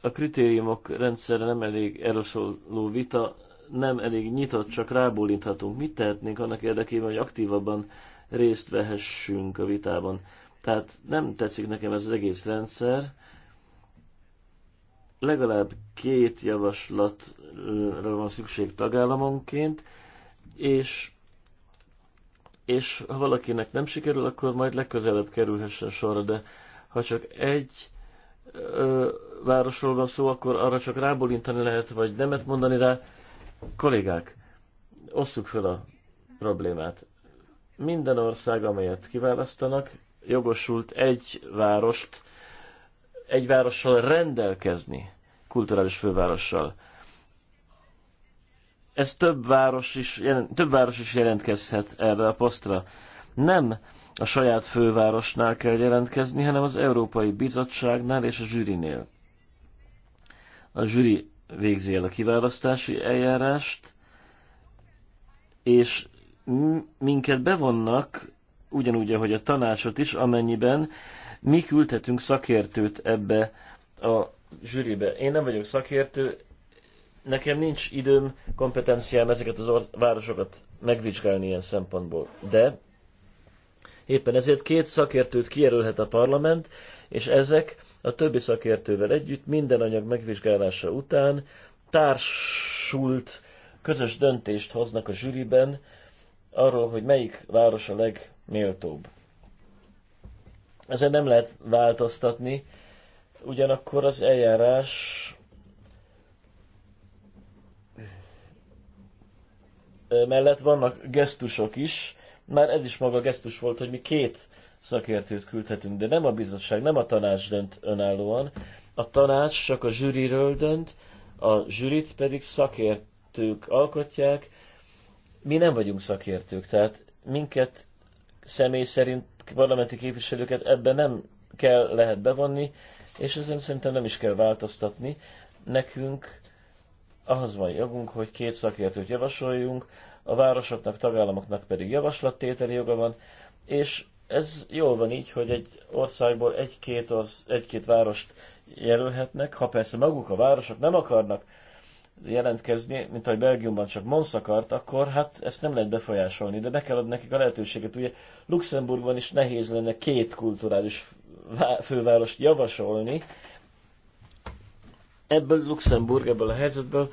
A kritériumok rendszerre nem elég erosoló vita, nem elég nyitott, csak rábólinthatunk. Mit tehetnénk annak érdekében, hogy aktívabban részt vehessünk a vitában? Tehát nem tetszik nekem ez az egész rendszer, legalább két javaslatra van szükség tagállamonként, és, és ha valakinek nem sikerül, akkor majd legközelebb kerülhessen sorra, de ha csak egy ö, városról van szó, akkor arra csak rábólintani lehet, vagy nemet mondani rá. Kollégák, osszuk fel a problémát. Minden ország, amelyet kiválasztanak, jogosult egy várost egy várossal rendelkezni, kulturális fővárossal. Ez több város is, jelent, több város is jelentkezhet erre a posztra. Nem a saját fővárosnál kell jelentkezni, hanem az Európai Bizottságnál és a zsűrinél. A zsűri végzi el a kiválasztási eljárást, és minket bevonnak, ugyanúgy, ahogy a tanácsot is, amennyiben mi küldhetünk szakértőt ebbe a zsűribe. Én nem vagyok szakértő, nekem nincs időm, kompetenciám ezeket az or- városokat megvizsgálni ilyen szempontból. De éppen ezért két szakértőt kijelölhet a parlament, és ezek a többi szakértővel együtt minden anyag megvizsgálása után társult közös döntést hoznak a zsűriben arról, hogy melyik város a legméltóbb. Ezen nem lehet változtatni, ugyanakkor az eljárás mellett vannak gesztusok is, már ez is maga gesztus volt, hogy mi két szakértőt küldhetünk, de nem a bizottság, nem a tanács dönt önállóan, a tanács csak a zsűriről dönt, a zsűrit pedig szakértők alkotják, mi nem vagyunk szakértők, tehát minket személy szerint parlamenti képviselőket ebben nem kell, lehet bevonni, és ezen szerintem nem is kell változtatni. Nekünk ahhoz van jogunk, hogy két szakértőt javasoljunk, a városoknak, tagállamoknak pedig javaslattételi joga van, és ez jól van így, hogy egy országból egy-két, orsz, egy-két várost jelölhetnek, ha persze maguk a városok nem akarnak jelentkezni, mint ahogy Belgiumban csak Mons akart, akkor hát ezt nem lehet befolyásolni, de be kell adni nekik a lehetőséget. Ugye Luxemburgban is nehéz lenne két kulturális fővárost javasolni. Ebből Luxemburg, ebből a helyzetből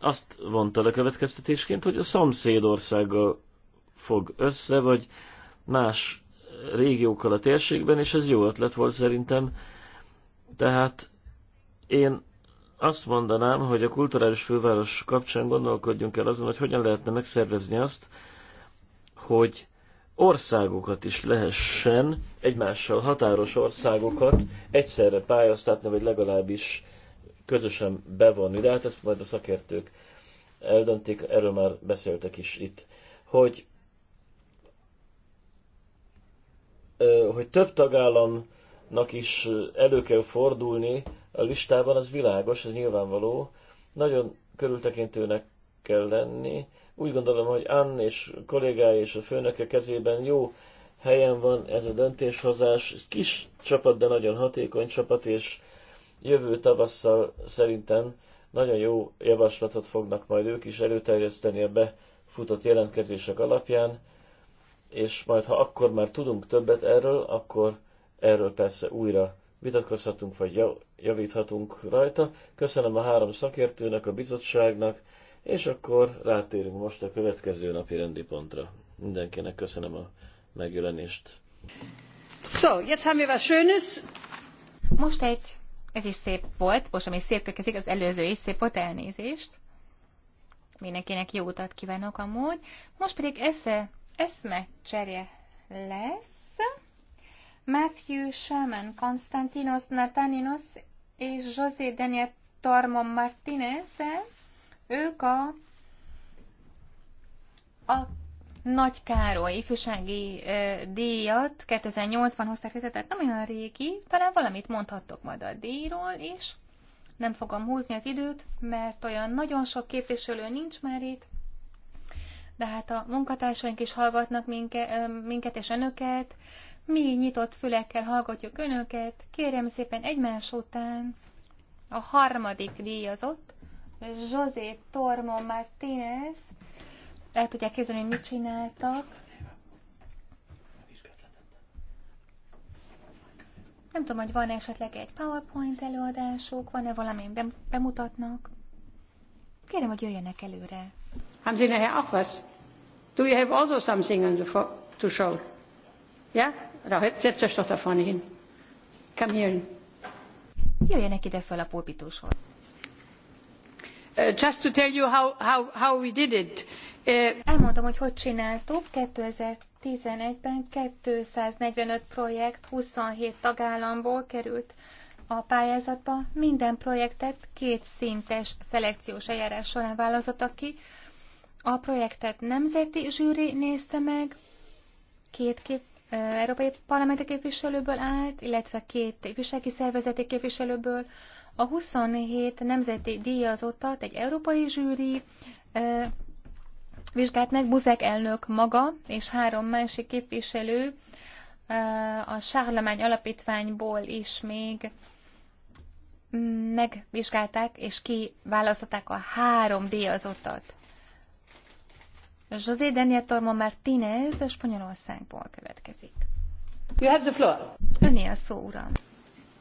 azt vonta le következtetésként, hogy a szomszédországgal fog össze, vagy más régiókkal a térségben, és ez jó ötlet volt szerintem. Tehát én azt mondanám, hogy a kulturális főváros kapcsán gondolkodjunk el azon, hogy hogyan lehetne megszervezni azt, hogy országokat is lehessen, egymással határos országokat egyszerre pályáztatni, vagy legalábbis közösen bevonni. De hát ezt majd a szakértők eldöntik, erről már beszéltek is itt, hogy hogy több tagállamnak is elő kell fordulni a listában, az világos, ez nyilvánvaló. Nagyon körültekintőnek kell lenni. Úgy gondolom, hogy Ann és kollégái és a főnöke kezében jó helyen van ez a döntéshozás. Ez kis csapat, de nagyon hatékony csapat, és jövő tavasszal szerintem nagyon jó javaslatot fognak majd ők is előterjeszteni a befutott jelentkezések alapján, és majd ha akkor már tudunk többet erről, akkor erről persze újra vitatkozhatunk, vagy javíthatunk rajta. Köszönöm a három szakértőnek, a bizottságnak, és akkor rátérünk most a következő napi rendi pontra. Mindenkinek köszönöm a megjelenést. So, jetzt haben wir was Schönes. Most egy, ez is szép volt, most ami szép kökezik, az előző is szép volt, elnézést. Mindenkinek jó utat kívánok amúgy. Most pedig esze, eszme cserje lesz. Matthew Sherman, Konstantinos Nataninos és José Daniel Tarma martinez ők a, a Nagy Károly ifjúsági ö, díjat 2008-ban hozták létre, tehát nem olyan régi, talán valamit mondhattok majd a díjról is. Nem fogom húzni az időt, mert olyan nagyon sok képviselő nincs már itt, de hát a munkatársaink is hallgatnak minket, minket és önöket, mi nyitott fülekkel hallgatjuk önöket, kérem szépen egymás után a harmadik díjazott, José Tormo Martínez, el tudják kézdeni, hogy mit csináltak. Nem tudom, hogy van esetleg egy PowerPoint előadásuk, van-e valami bemutatnak. Kérem, hogy jöjjenek előre. Haben Sie nachher auch was? Do you have also something on the to show? Yeah? Come here. Jöjjenek ide fel a pulpitushoz. Uh, just to tell you how, how, how we did it. Uh, Elmondom, hogy hogy csináltuk. 2011-ben 245 projekt 27 tagállamból került a pályázatba. Minden projektet két szintes szelekciós eljárás során választottak ki. A projektet nemzeti zsűri nézte meg, két, kép, európai parlamenti képviselőből állt, illetve két ifjúsági szervezeti képviselőből. A 27 nemzeti díjazottat egy európai zsűri vizsgált meg, Buzek elnök maga és három másik képviselő a Sárlemány Alapítványból is még megvizsgálták és kiválasztották a három díjazottat. José Daniel Tormo Martínez Spanyolországból következik. You have the floor. Öné a szó, uram.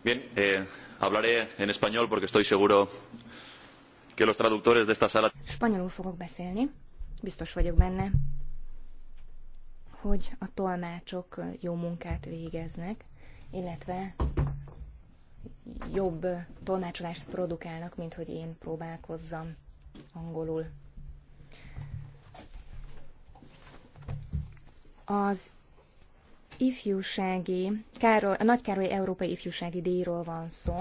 Bien, eh, hablaré en español porque estoy seguro que los traductores de esta sala... Spanyolul fogok beszélni. Biztos vagyok benne, hogy a tolmácsok eh, jó munkát végeznek, illetve jobb tolmácsolást produkálnak, mint hogy én próbálkozzam angolul. Az ifjúsági, Károly, a Nagykároly Európai Ifjúsági Díjról van szó.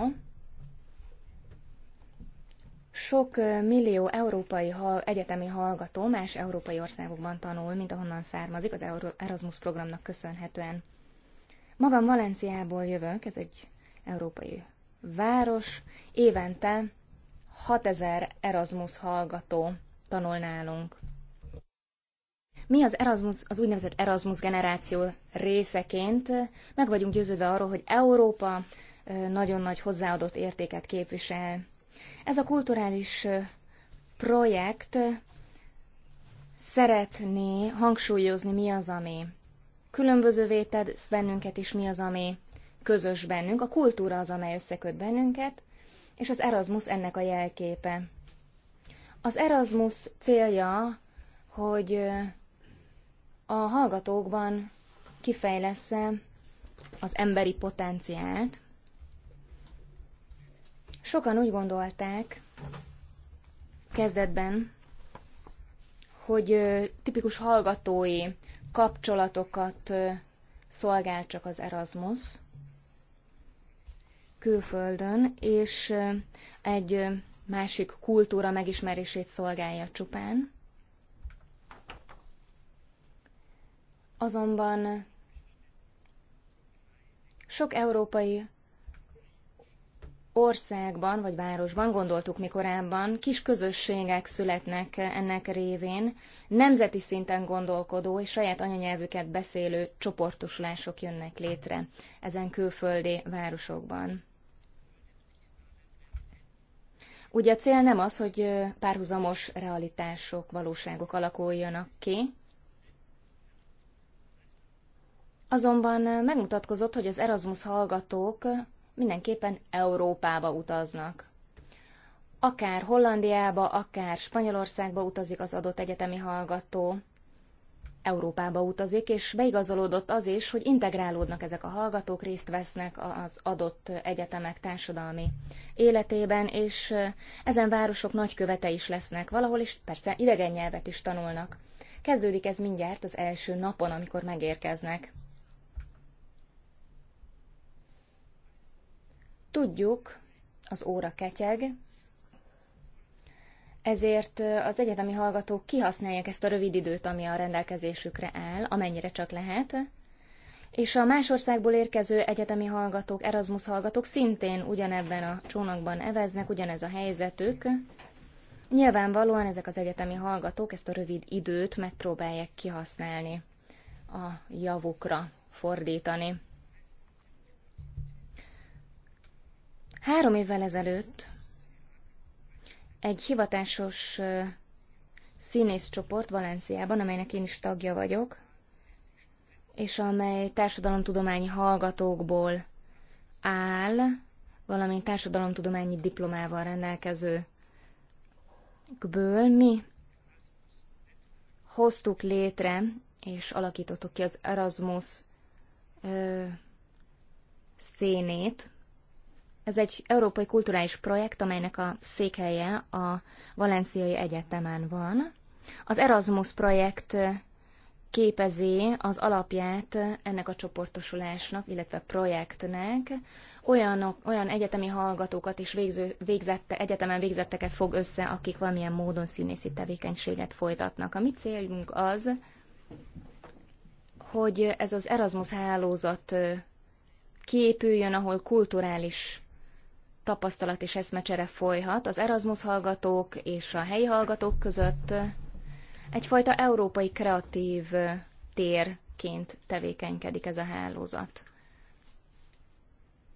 Sok millió európai egyetemi hallgató más európai országokban tanul, mint ahonnan származik az Erasmus programnak köszönhetően. Magam Valenciából jövök, ez egy európai város. Évente 6000 Erasmus hallgató tanul nálunk. Mi az Erasmus, az úgynevezett Erasmus generáció részeként meg vagyunk győződve arról, hogy Európa nagyon nagy hozzáadott értéket képvisel. Ez a kulturális projekt szeretné hangsúlyozni, mi az, ami különbözővé véted bennünket, és mi az, ami közös bennünk. A kultúra az, amely összeköt bennünket, és az Erasmus ennek a jelképe. Az Erasmus célja, hogy a hallgatókban kifejlesz az emberi potenciált. Sokan úgy gondolták kezdetben, hogy tipikus hallgatói kapcsolatokat szolgál csak az Erasmus külföldön, és egy másik kultúra megismerését szolgálja csupán. Azonban sok európai országban vagy városban, gondoltuk mi korábban, kis közösségek születnek ennek révén, nemzeti szinten gondolkodó és saját anyanyelvüket beszélő csoportosulások jönnek létre ezen külföldi városokban. Ugye a cél nem az, hogy párhuzamos realitások, valóságok alakuljanak ki, Azonban megmutatkozott, hogy az Erasmus hallgatók mindenképpen Európába utaznak. Akár Hollandiába, akár Spanyolországba utazik az adott egyetemi hallgató, Európába utazik, és beigazolódott az is, hogy integrálódnak ezek a hallgatók, részt vesznek az adott egyetemek társadalmi életében, és ezen városok nagykövete is lesznek valahol, és persze idegen nyelvet is tanulnak. Kezdődik ez mindjárt az első napon, amikor megérkeznek. Tudjuk, az óra ketyeg, ezért az egyetemi hallgatók kihasználják ezt a rövid időt, ami a rendelkezésükre áll, amennyire csak lehet, és a más országból érkező egyetemi hallgatók, Erasmus hallgatók szintén ugyanebben a csónakban eveznek, ugyanez a helyzetük. Nyilvánvalóan ezek az egyetemi hallgatók ezt a rövid időt megpróbálják kihasználni, a javukra fordítani. Három évvel ezelőtt egy hivatásos színészcsoport Valenciában, amelynek én is tagja vagyok, és amely társadalomtudományi hallgatókból áll, valamint társadalomtudományi diplomával rendelkezőkből mi hoztuk létre és alakítottuk ki az Erasmus ö, szénét, ez egy európai kulturális projekt, amelynek a székhelye a Valenciai Egyetemen van. Az Erasmus projekt képezi az alapját ennek a csoportosulásnak, illetve projektnek. Olyanok, olyan egyetemi hallgatókat és végző, végzette, egyetemen végzetteket fog össze, akik valamilyen módon színészi tevékenységet folytatnak. A mi célunk az, hogy ez az Erasmus hálózat képüljön, ahol kulturális tapasztalat és eszmecsere folyhat az Erasmus hallgatók és a helyi hallgatók között. Egyfajta európai kreatív térként tevékenykedik ez a hálózat.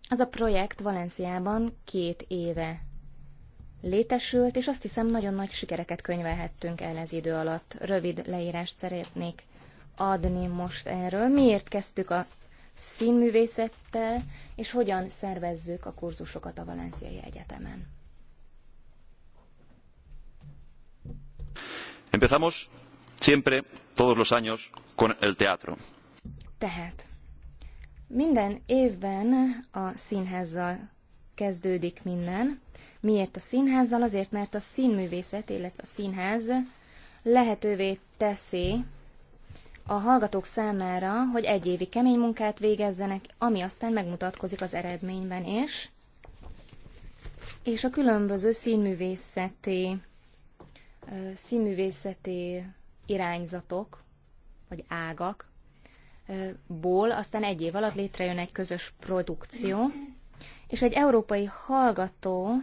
Az a projekt Valenciában két éve létesült, és azt hiszem nagyon nagy sikereket könyvelhettünk el ez idő alatt. Rövid leírást szeretnék adni most erről. Miért kezdtük a színművészettel, és hogyan szervezzük a kurzusokat a Valenciai Egyetemen. Empezamos siempre, todos los años, con el teatro. Tehát, minden évben a színházzal kezdődik minden. Miért a színházzal? Azért, mert a színművészet, illetve a színház lehetővé teszi a hallgatók számára, hogy egy évi kemény munkát végezzenek, ami aztán megmutatkozik az eredményben is, és a különböző színművészeti, színművészeti irányzatok, vagy ágak, ból aztán egy év alatt létrejön egy közös produkció, és egy európai hallgató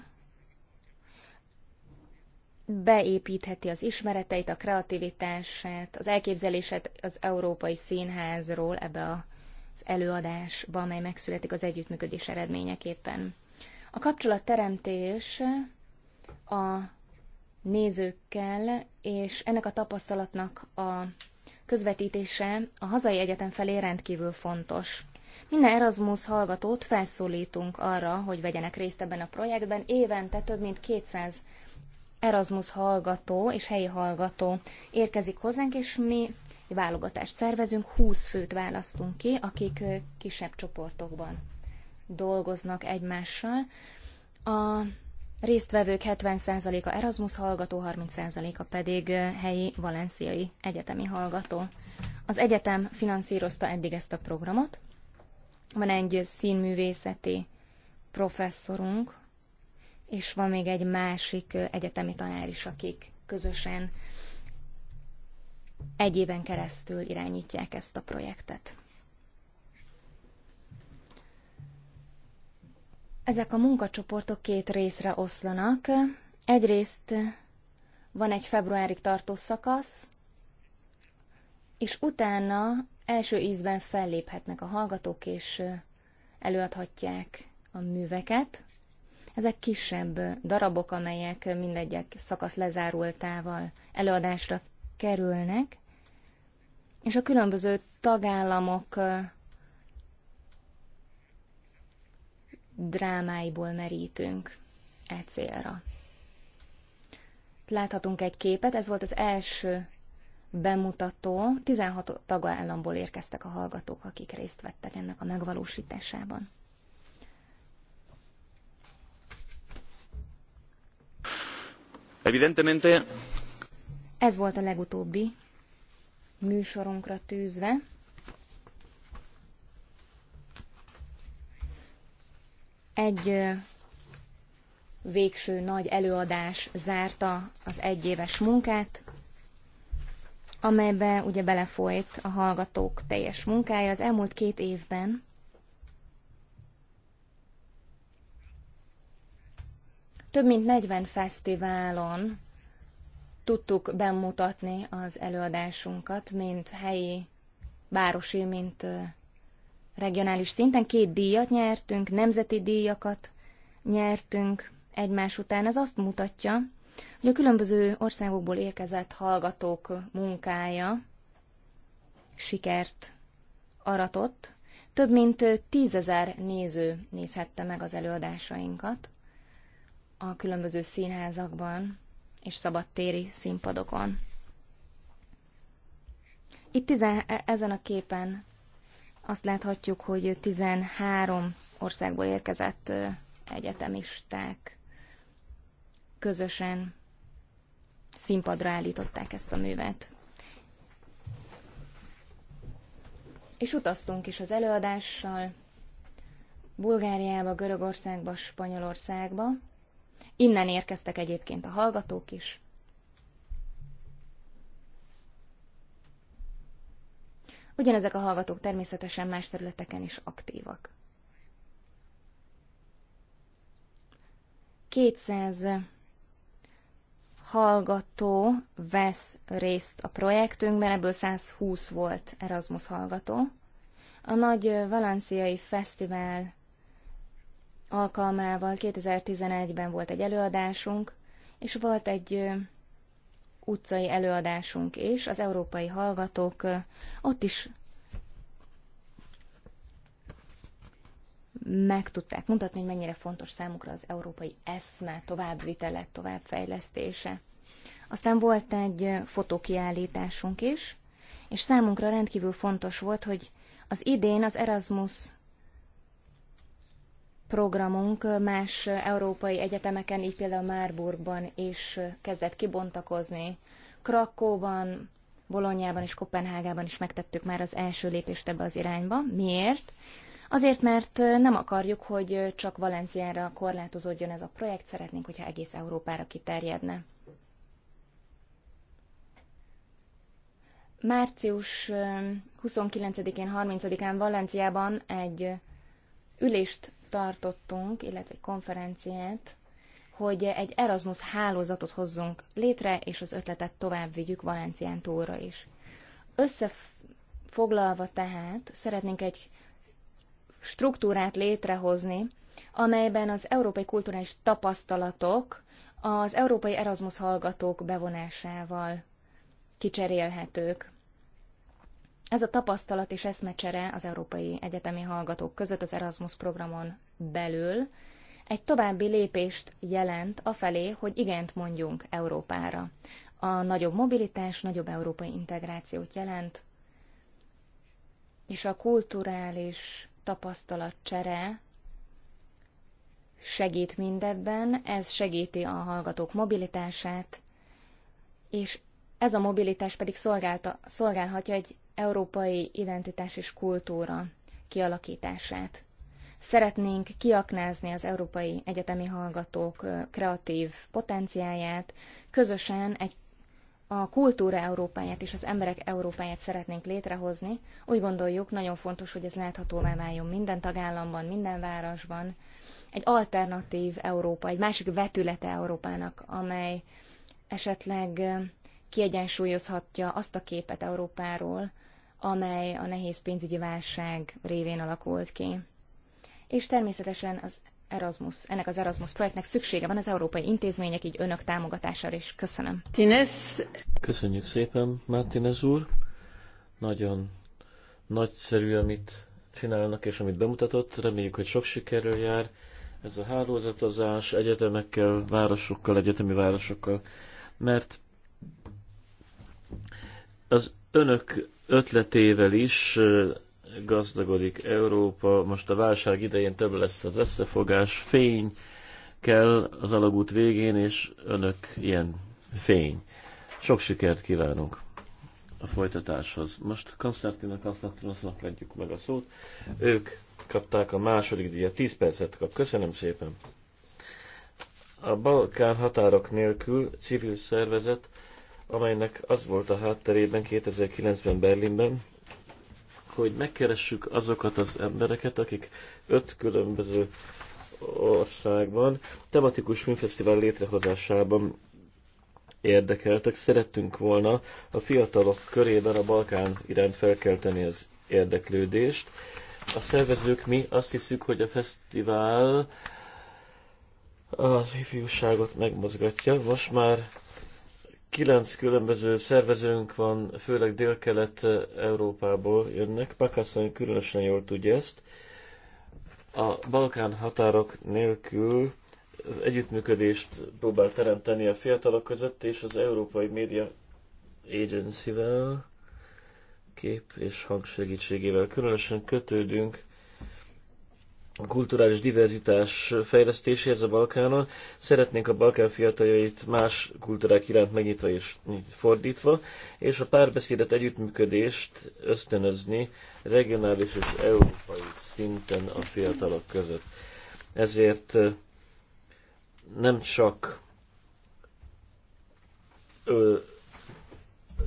beépítheti az ismereteit, a kreativitását, az elképzelését az Európai Színházról ebbe az előadásba, amely megszületik az együttműködés eredményeképpen. A kapcsolatteremtés a nézőkkel, és ennek a tapasztalatnak a közvetítése a hazai egyetem felé rendkívül fontos. Minden Erasmus hallgatót felszólítunk arra, hogy vegyenek részt ebben a projektben. Évente több mint 200 Erasmus hallgató és helyi hallgató érkezik hozzánk, és mi válogatást szervezünk, 20 főt választunk ki, akik kisebb csoportokban dolgoznak egymással. A résztvevők 70%-a Erasmus hallgató, 30%-a pedig helyi valenciai egyetemi hallgató. Az egyetem finanszírozta eddig ezt a programot. Van egy színművészeti professzorunk, és van még egy másik egyetemi tanár is, akik közösen egy éven keresztül irányítják ezt a projektet. Ezek a munkacsoportok két részre oszlanak. Egyrészt van egy februárig tartó szakasz, és utána első ízben felléphetnek a hallgatók, és előadhatják a műveket. Ezek kisebb darabok, amelyek mindegyek szakasz lezárultával előadásra kerülnek, és a különböző tagállamok drámáiból merítünk e célra. Láthatunk egy képet, ez volt az első bemutató. 16 tagállamból érkeztek a hallgatók, akik részt vettek ennek a megvalósításában. Evidentemente... Ez volt a legutóbbi műsorunkra tűzve. Egy végső nagy előadás zárta az egyéves munkát, amelybe ugye belefolyt a hallgatók teljes munkája. Az elmúlt két évben Több mint 40 fesztiválon tudtuk bemutatni az előadásunkat, mint helyi, városi, mint regionális szinten. Két díjat nyertünk, nemzeti díjakat nyertünk egymás után. Ez azt mutatja, hogy a különböző országokból érkezett hallgatók munkája sikert aratott. Több mint tízezer néző nézhette meg az előadásainkat a különböző színházakban és szabadtéri színpadokon. Itt tizen, e, ezen a képen azt láthatjuk, hogy 13 országból érkezett egyetemisták közösen színpadra állították ezt a művet. És utaztunk is az előadással Bulgáriába, Görögországba, Spanyolországba, Innen érkeztek egyébként a hallgatók is. Ugyanezek a hallgatók természetesen más területeken is aktívak. 200 hallgató vesz részt a projektünkben, ebből 120 volt Erasmus hallgató. A nagy valenciai fesztivál alkalmával 2011-ben volt egy előadásunk, és volt egy utcai előadásunk is, az európai hallgatók ott is meg tudták mutatni, hogy mennyire fontos számukra az európai eszme továbbvitele, továbbfejlesztése. Aztán volt egy fotókiállításunk is, és számunkra rendkívül fontos volt, hogy az idén az Erasmus programunk más európai egyetemeken, így például Márburgban is kezdett kibontakozni. Krakóban, Bolonyában és Kopenhágában is megtettük már az első lépést ebbe az irányba. Miért? Azért, mert nem akarjuk, hogy csak Valenciára korlátozódjon ez a projekt, szeretnénk, hogyha egész Európára kiterjedne. Március 29-én, eh, 30-án Valenciában egy ülést tartottunk, illetve egy konferenciát, hogy egy Erasmus hálózatot hozzunk létre, és az ötletet tovább vigyük Valencián túlra is. Összefoglalva tehát szeretnénk egy struktúrát létrehozni, amelyben az európai kulturális tapasztalatok az európai Erasmus hallgatók bevonásával kicserélhetők. Ez a tapasztalat és eszmecsere az európai egyetemi hallgatók között az Erasmus programon belül egy további lépést jelent afelé, hogy igent mondjunk Európára. A nagyobb mobilitás nagyobb európai integrációt jelent, és a kulturális tapasztalatcsere segít mindebben, ez segíti a hallgatók mobilitását, és ez a mobilitás pedig szolgálta, szolgálhatja egy európai identitás és kultúra kialakítását. Szeretnénk kiaknázni az európai egyetemi hallgatók kreatív potenciáját, közösen egy a kultúra Európáját és az emberek Európáját szeretnénk létrehozni. Úgy gondoljuk, nagyon fontos, hogy ez láthatóvá váljon minden tagállamban, minden városban. Egy alternatív Európa, egy másik vetülete Európának, amely esetleg kiegyensúlyozhatja azt a képet Európáról, amely a nehéz pénzügyi válság révén alakult ki. És természetesen az Erasmus, ennek az Erasmus projektnek szüksége van az európai intézmények, így önök támogatására is köszönöm. Tines. Köszönjük szépen, Mártinez úr. Nagyon nagyszerű, amit csinálnak és amit bemutatott. Reméljük, hogy sok sikerrel jár. Ez a hálózatozás egyetemekkel, városokkal, egyetemi városokkal, mert az önök ötletével is gazdagodik Európa, most a válság idején több lesz az összefogás, fény kell az alagút végén, és önök ilyen fény. Sok sikert kívánunk a folytatáshoz. Most Konstantin Konstantinosnak adjuk meg a szót. Ők kapták a második díjat, 10 percet kap. Köszönöm szépen. A Balkán határok nélkül civil szervezet amelynek az volt a hátterében 2009-ben Berlinben, hogy megkeressük azokat az embereket, akik öt különböző országban tematikus filmfesztivál létrehozásában érdekeltek. Szerettünk volna a fiatalok körében a Balkán iránt felkelteni az érdeklődést. A szervezők mi azt hiszük, hogy a fesztivál az ifjúságot megmozgatja. Most már Kilenc különböző szervezőnk van, főleg Dél-Kelet-Európából eh, jönnek. Pakasztán különösen jól tudja ezt. A Balkán határok nélkül együttműködést próbál teremteni a fiatalok között és az Európai Média Agency-vel, kép és hang segítségével. Különösen kötődünk kulturális diverzitás fejlesztéséhez a Balkánon. Szeretnénk a Balkán fiataljait más kultúrák iránt megnyitva és fordítva, és a párbeszédet, együttműködést ösztönözni regionális és európai szinten a fiatalok között. Ezért nem csak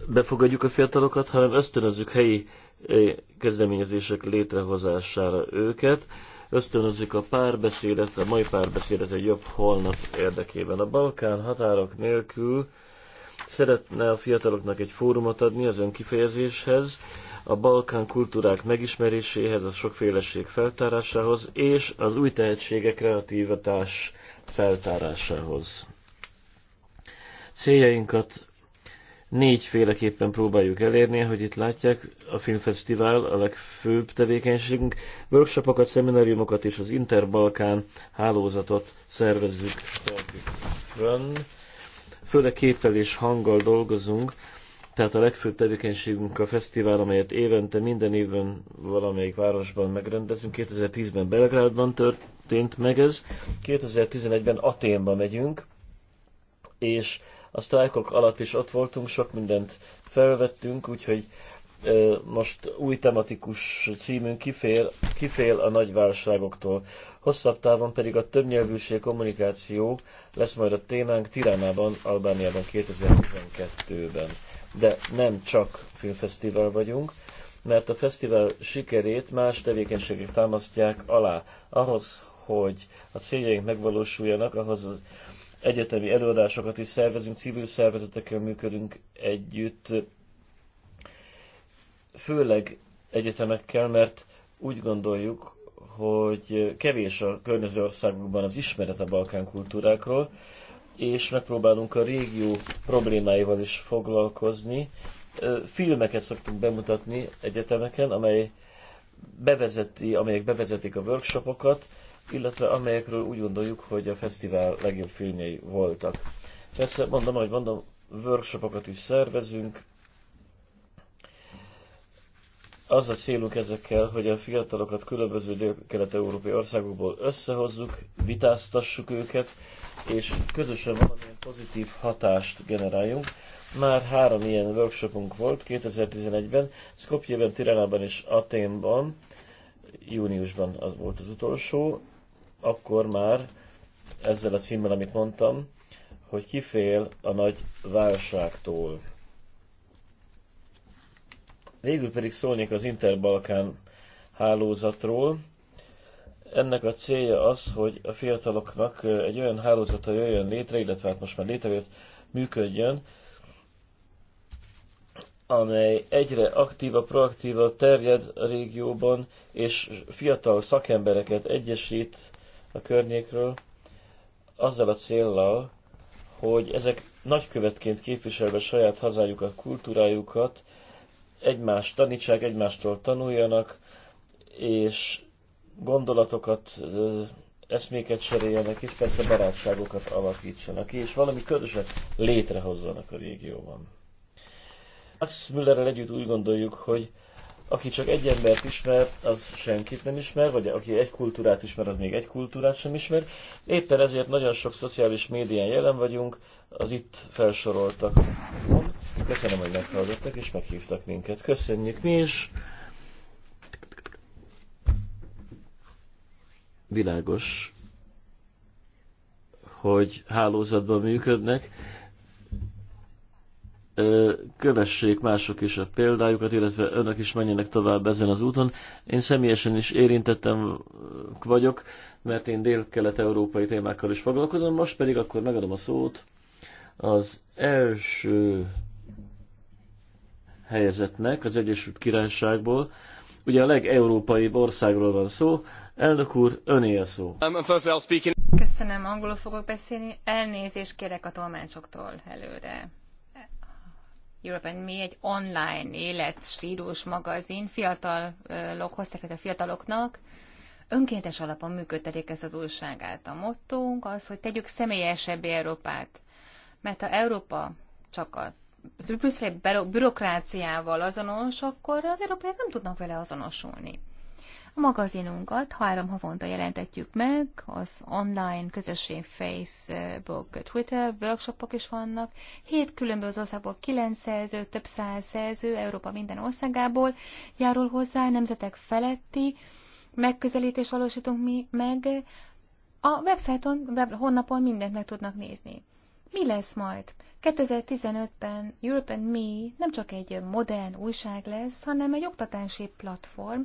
befogadjuk a fiatalokat, hanem ösztönözzük helyi kezdeményezések létrehozására őket, ösztönözzük a párbeszédet, a mai párbeszédet egy jobb holnap érdekében. A Balkán határok nélkül szeretne a fiataloknak egy fórumot adni az önkifejezéshez, a Balkán kultúrák megismeréséhez, a sokféleség feltárásához és az új tehetségek kreativitás feltárásához. Céljainkat Négyféleképpen próbáljuk elérni, hogy itt látják, a filmfesztivál a legfőbb tevékenységünk. Workshopokat, szemináriumokat és az Interbalkán hálózatot szervezzük Főleg képpel és hanggal dolgozunk, tehát a legfőbb tevékenységünk a fesztivál, amelyet évente, minden évben valamelyik városban megrendezünk. 2010-ben Belgrádban történt meg ez, 2011-ben Aténba megyünk, és a sztrájkok alatt is ott voltunk, sok mindent felvettünk, úgyhogy most új tematikus címünk kifél, kifél a nagy válságoktól. Hosszabb távon pedig a többnyelvűség kommunikáció lesz majd a témánk Tiránában, Albániában 2012-ben. De nem csak filmfesztivál vagyunk, mert a fesztivál sikerét más tevékenységek támasztják alá. Ahhoz, hogy a céljaink megvalósuljanak, ahhoz az egyetemi előadásokat is szervezünk, civil szervezetekkel működünk együtt, főleg egyetemekkel, mert úgy gondoljuk, hogy kevés a környező országokban az ismeret a balkán kultúrákról, és megpróbálunk a régió problémáival is foglalkozni. Filmeket szoktunk bemutatni egyetemeken, amely bevezeti, amelyek bevezetik a workshopokat, illetve amelyekről úgy gondoljuk, hogy a fesztivál legjobb filmjei voltak. Persze mondom, hogy mondom, workshopokat is szervezünk. Az a célunk ezekkel, hogy a fiatalokat különböző kelet európai országokból összehozzuk, vitáztassuk őket, és közösen valamilyen pozitív hatást generáljunk. Már három ilyen workshopunk volt 2011-ben, Skopjében, Tiránában és Aténban, júniusban az volt az utolsó, akkor már ezzel a címmel, amit mondtam, hogy kifél a nagy válságtól. Végül pedig szólnék az Interbalkán hálózatról. Ennek a célja az, hogy a fiataloknak egy olyan hálózata jöjjön létre, illetve hát most már létrejött, működjön, amely egyre aktívabb, proaktívabb terjed a régióban, és fiatal szakembereket egyesít, a környékről, azzal a céllal, hogy ezek nagykövetként képviselve saját hazájukat, kultúrájukat, egymást tanítsák, egymástól tanuljanak, és gondolatokat, eszméket cseréljenek, és persze barátságokat alakítsanak, és valami közöset létrehozzanak a régióban. Max Müllerrel együtt úgy gondoljuk, hogy aki csak egy embert ismer, az senkit nem ismer, vagy aki egy kultúrát ismer, az még egy kultúrát sem ismer. Éppen ezért nagyon sok szociális médián jelen vagyunk, az itt felsoroltak. Köszönöm, hogy meghallgattak és meghívtak minket. Köszönjük mi is. Világos, hogy hálózatban működnek kövessék mások is a példájukat, illetve önök is menjenek tovább ezen az úton. Én személyesen is érintettem vagyok, mert én dél-kelet-európai témákkal is foglalkozom, most pedig akkor megadom a szót az első helyezetnek az Egyesült Királyságból. Ugye a legeurópaibb országról van szó. Elnök úr, öné a szó. Um, Köszönöm, angolul fogok beszélni. Elnézést kérek a tolmácsoktól előre. Europe and Me egy online életstílus magazin, fiatalok hozták a fiataloknak, önkéntes alapon működtetik ezt az újságát. A mottónk az, hogy tegyük személyesebb Európát. Mert ha Európa csak a plusz bürokráciával azonos, akkor az európaiak nem tudnak vele azonosulni. A magazinunkat három havonta jelentetjük meg, az online közösség Facebook, Twitter, workshopok is vannak. Hét különböző országból kilenc szerző, több száz szerző Európa minden országából járul hozzá, nemzetek feletti megközelítés valósítunk mi meg. A websájton, web, honnapon mindent meg tudnak nézni. Mi lesz majd? 2015-ben Europe and Me nem csak egy modern újság lesz, hanem egy oktatási platform,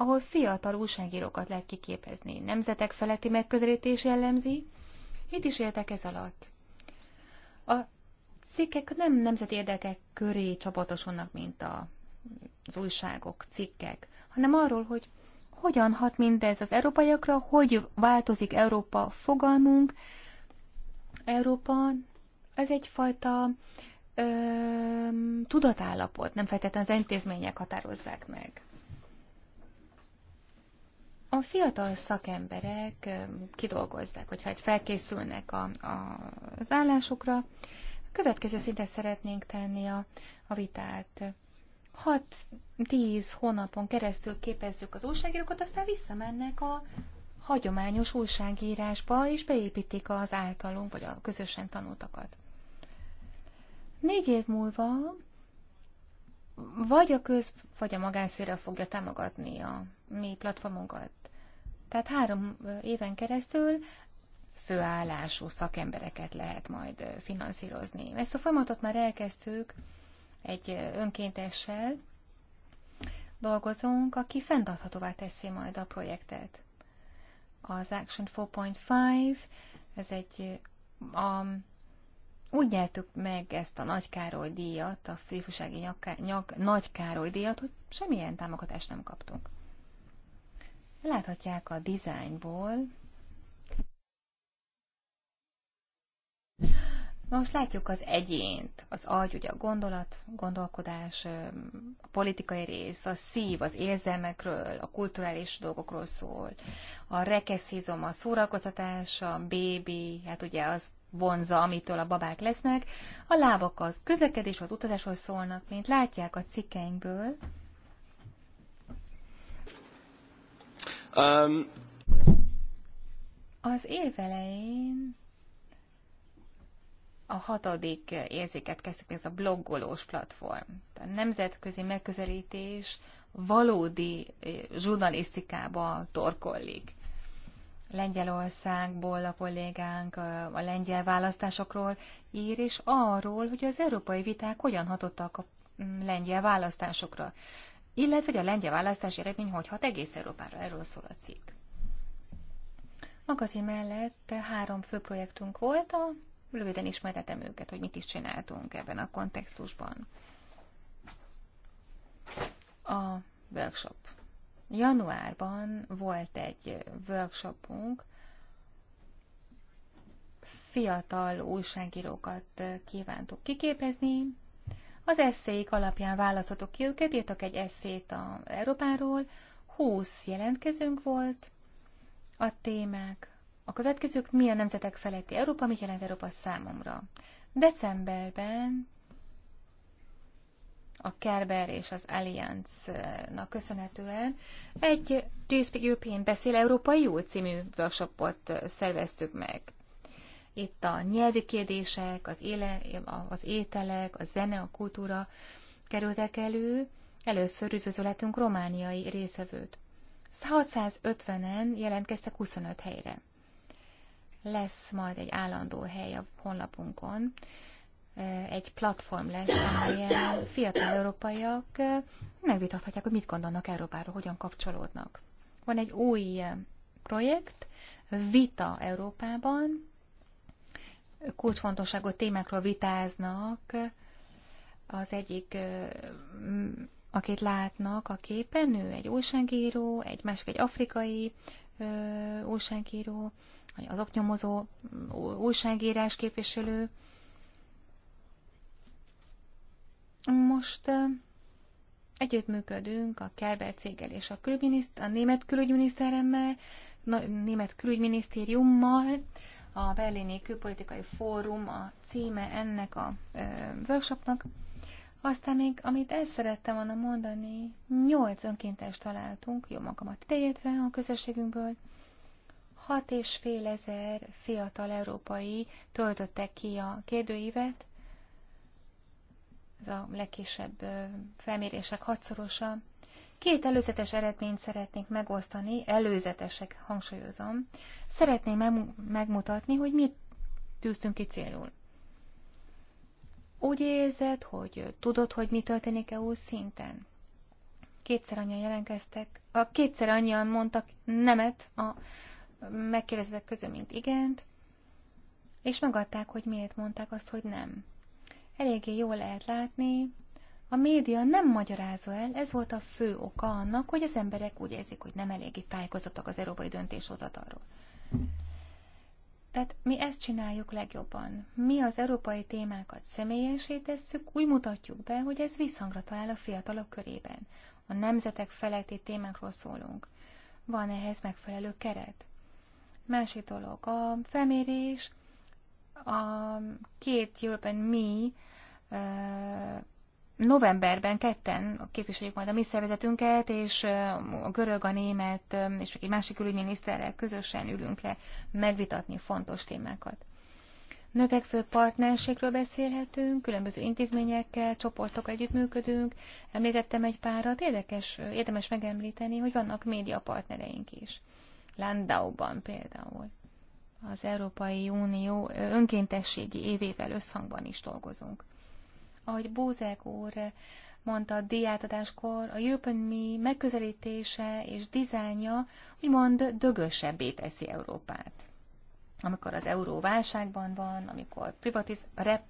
ahol fiatal újságírókat lehet kiképezni. Nemzetek feletti megközelítés jellemzi. Mit is éltek ez alatt? A cikkek nem nemzeti érdekek köré csapatosulnak, mint a, az újságok, cikkek, hanem arról, hogy hogyan hat mindez az európaiakra, hogy változik Európa fogalmunk. Európa ez egyfajta ö, tudatállapot, nem feltétlenül az intézmények határozzák meg a fiatal szakemberek kidolgozzák, hogy felkészülnek a, a, az állásukra. A következő szinten szeretnénk tenni a, a vitát. 6-10 hónapon keresztül képezzük az újságírókat, aztán visszamennek a hagyományos újságírásba, és beépítik az általunk, vagy a közösen tanultakat. Négy év múlva vagy a köz, vagy a magánszféra fogja támogatni a mi platformunkat. Tehát három éven keresztül főállású szakembereket lehet majd finanszírozni. Ezt a folyamatot már elkezdtük egy önkéntessel, dolgozunk, aki fenntarthatóvá teszi majd a projektet. Az Action 4.5, ez egy a, úgy nyertük meg ezt a Nagy Károly díjat, a Fifusági nyak, nyak, Nagy Károly díjat, hogy semmilyen támogatást nem kaptunk. Láthatják a dizájnból. Most látjuk az egyént, az agy, ugye a gondolat, gondolkodás, a politikai rész, a szív, az érzelmekről, a kulturális dolgokról szól, a rekeszizom, a szórakoztatás, a bébi, hát ugye az vonza, amitől a babák lesznek, a lábak az közlekedés, az utazásról szólnak, mint látják a cikkeinkből, Um... Az év elején a hatodik érzéket kezdtük, ez a bloggolós platform. A nemzetközi megközelítés valódi eh, zsurnalisztikába torkollik. Lengyelországból a kollégánk eh, a lengyel választásokról ír, és arról, hogy az európai viták hogyan hatottak a mm, lengyel választásokra illetve hogy a lengyel választás eredmény hogy hat egész Európára, erről szól a cikk. Magazin mellett három fő projektünk volt, a röviden ismertetem őket, hogy mit is csináltunk ebben a kontextusban. A workshop. Januárban volt egy workshopunk, fiatal újságírókat kívántuk kiképezni, az eszéik alapján választhatok ki őket, írtak egy eszét a Európáról, 20 jelentkezőnk volt, a témák. A következők milyen nemzetek feletti Európa, mit jelent Európa számomra. Decemberben a Kerber és az Alliance-nak köszönhetően egy Do You Speak European Beszél Európai Jó című workshopot szerveztük meg. Itt a nyelvi kérdések, az, éle, az ételek, a zene, a kultúra kerültek elő. Először üdvözöletünk romániai részvevőt. 650-en jelentkeztek 25 helyre. Lesz majd egy állandó hely a honlapunkon, egy platform lesz, amelyen fiatal európaiak megvitathatják, hogy mit gondolnak Európáról, hogyan kapcsolódnak. Van egy új projekt, Vita Európában, kulcsfontosságú témákról vitáznak. Az egyik, akit látnak a képen, ő egy újságíró, egy másik egy afrikai újságíró, az oknyomozó újságírás képviselő. Most együttműködünk a Kerber céggel és a, külügyminiszter, a német külügyminiszteremmel, a német külügyminisztériummal, a berlini külpolitikai fórum a címe ennek a ö, workshopnak. Aztán még, amit el szerettem volna mondani, nyolc önkéntes találtunk, jó magamat idejétve a közösségünkből, hat és fél ezer fiatal európai töltötte ki a kérdőívet, ez a legkisebb felmérések hatszorosa, Két előzetes eredményt szeretnék megosztani, előzetesek hangsúlyozom. Szeretném megmutatni, hogy mit tűztünk ki célul. Úgy érzed, hogy tudod, hogy mi történik EU szinten? Kétszer annyian jelentkeztek, a kétszer annyian mondtak nemet a megkérdezettek közül, mint igent, és megadták, hogy miért mondták azt, hogy nem. Eléggé jól lehet látni, a média nem magyarázza el, ez volt a fő oka annak, hogy az emberek úgy érzik, hogy nem eléggé tájékozottak az európai döntéshozatalról. Tehát mi ezt csináljuk legjobban. Mi az európai témákat személyesé tesszük, úgy mutatjuk be, hogy ez visszhangra talál a fiatalok körében. A nemzetek feletti témákról szólunk. Van ehhez megfelelő keret? Másik dolog, a felmérés, a két European Me novemberben ketten képviseljük majd a mi szervezetünket, és a görög, a német és egy másik külügyminiszterrel közösen ülünk le megvitatni fontos témákat. Növekvő partnerségről beszélhetünk, különböző intézményekkel, csoportok együttműködünk. Említettem egy párat, érdekes, érdemes megemlíteni, hogy vannak média partnereink is. Landauban például. Az Európai Unió önkéntességi évével összhangban is dolgozunk ahogy Bózek úr mondta a díjátadáskor, a European Me megközelítése és dizájnja úgymond dögösebbé teszi Európát. Amikor az euró válságban van, amikor privatiz- rep-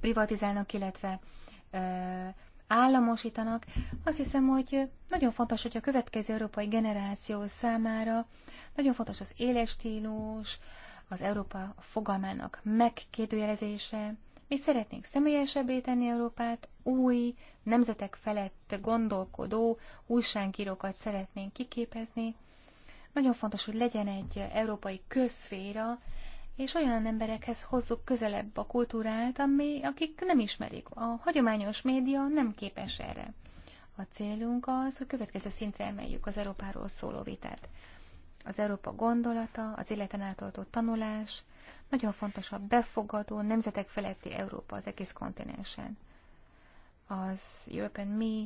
privatizálnak, illetve ö, államosítanak, azt hiszem, hogy nagyon fontos, hogy a következő európai generáció számára nagyon fontos az életstílus, az Európa fogalmának megkérdőjelezése, mi szeretnénk személyesebbé tenni Európát, új, nemzetek felett gondolkodó újságírókat szeretnénk kiképezni. Nagyon fontos, hogy legyen egy európai közszféra, és olyan emberekhez hozzuk közelebb a kultúrát, ami, akik nem ismerik. A hagyományos média nem képes erre. A célunk az, hogy következő szintre emeljük az Európáról szóló vitát. Az Európa gondolata, az életen átoltó tanulás, nagyon fontos a befogadó nemzetek feletti Európa az egész kontinensen. Az European Me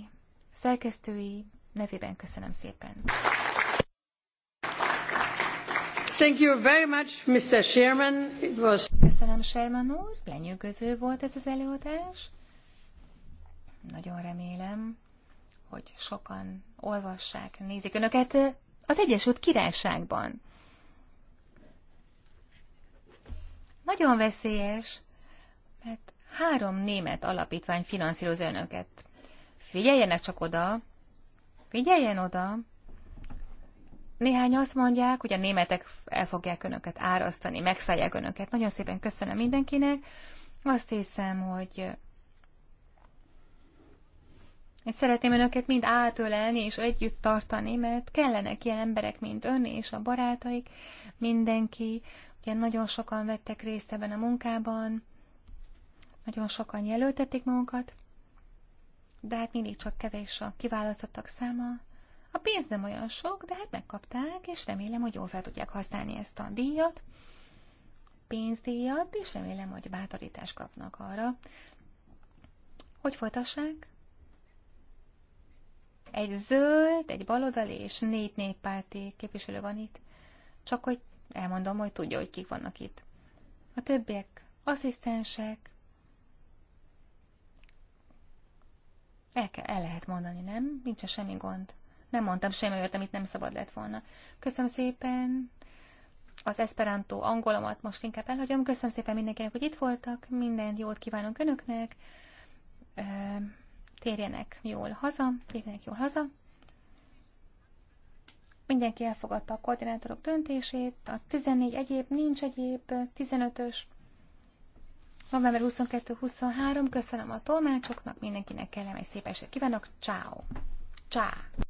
szerkesztői nevében köszönöm szépen. Thank you very much, Mr. Sherman. It was... Köszönöm, Sherman úr. Lenyűgöző volt ez az előadás. Nagyon remélem, hogy sokan olvassák, nézik önöket az Egyesült Királyságban. Nagyon veszélyes, mert három német alapítvány finanszíroz önöket. Figyeljenek csak oda, figyeljen oda. Néhány azt mondják, hogy a németek el fogják önöket árasztani, megszállják önöket. Nagyon szépen köszönöm mindenkinek. Azt hiszem, hogy és szeretném önöket mind átölelni és együtt tartani, mert kellenek ilyen emberek, mint ön és a barátaik, mindenki. Ugye nagyon sokan vettek részt ebben a munkában, nagyon sokan jelöltették magukat, de hát mindig csak kevés a kiválasztottak száma. A pénz nem olyan sok, de hát megkapták, és remélem, hogy jól fel tudják használni ezt a díjat, pénzdíjat, és remélem, hogy bátorítást kapnak arra, hogy folytassák egy zöld, egy baloldali és négy néppárti képviselő van itt. Csak hogy elmondom, hogy tudja, hogy kik vannak itt. A többiek asszisztensek. El, kell, el lehet mondani, nem? Nincs semmi gond. Nem mondtam semmi olyat, amit nem szabad lett volna. Köszönöm szépen az esperanto angolomat most inkább elhagyom. Köszönöm szépen mindenkinek, hogy itt voltak. Minden jót kívánok önöknek térjenek jól haza, térjenek jól haza. Mindenki elfogadta a koordinátorok döntését, a 14 egyéb, nincs egyéb, 15-ös, november 22-23, köszönöm a tolmácsoknak, mindenkinek kellemes szép estét kívánok, ciao, ciao.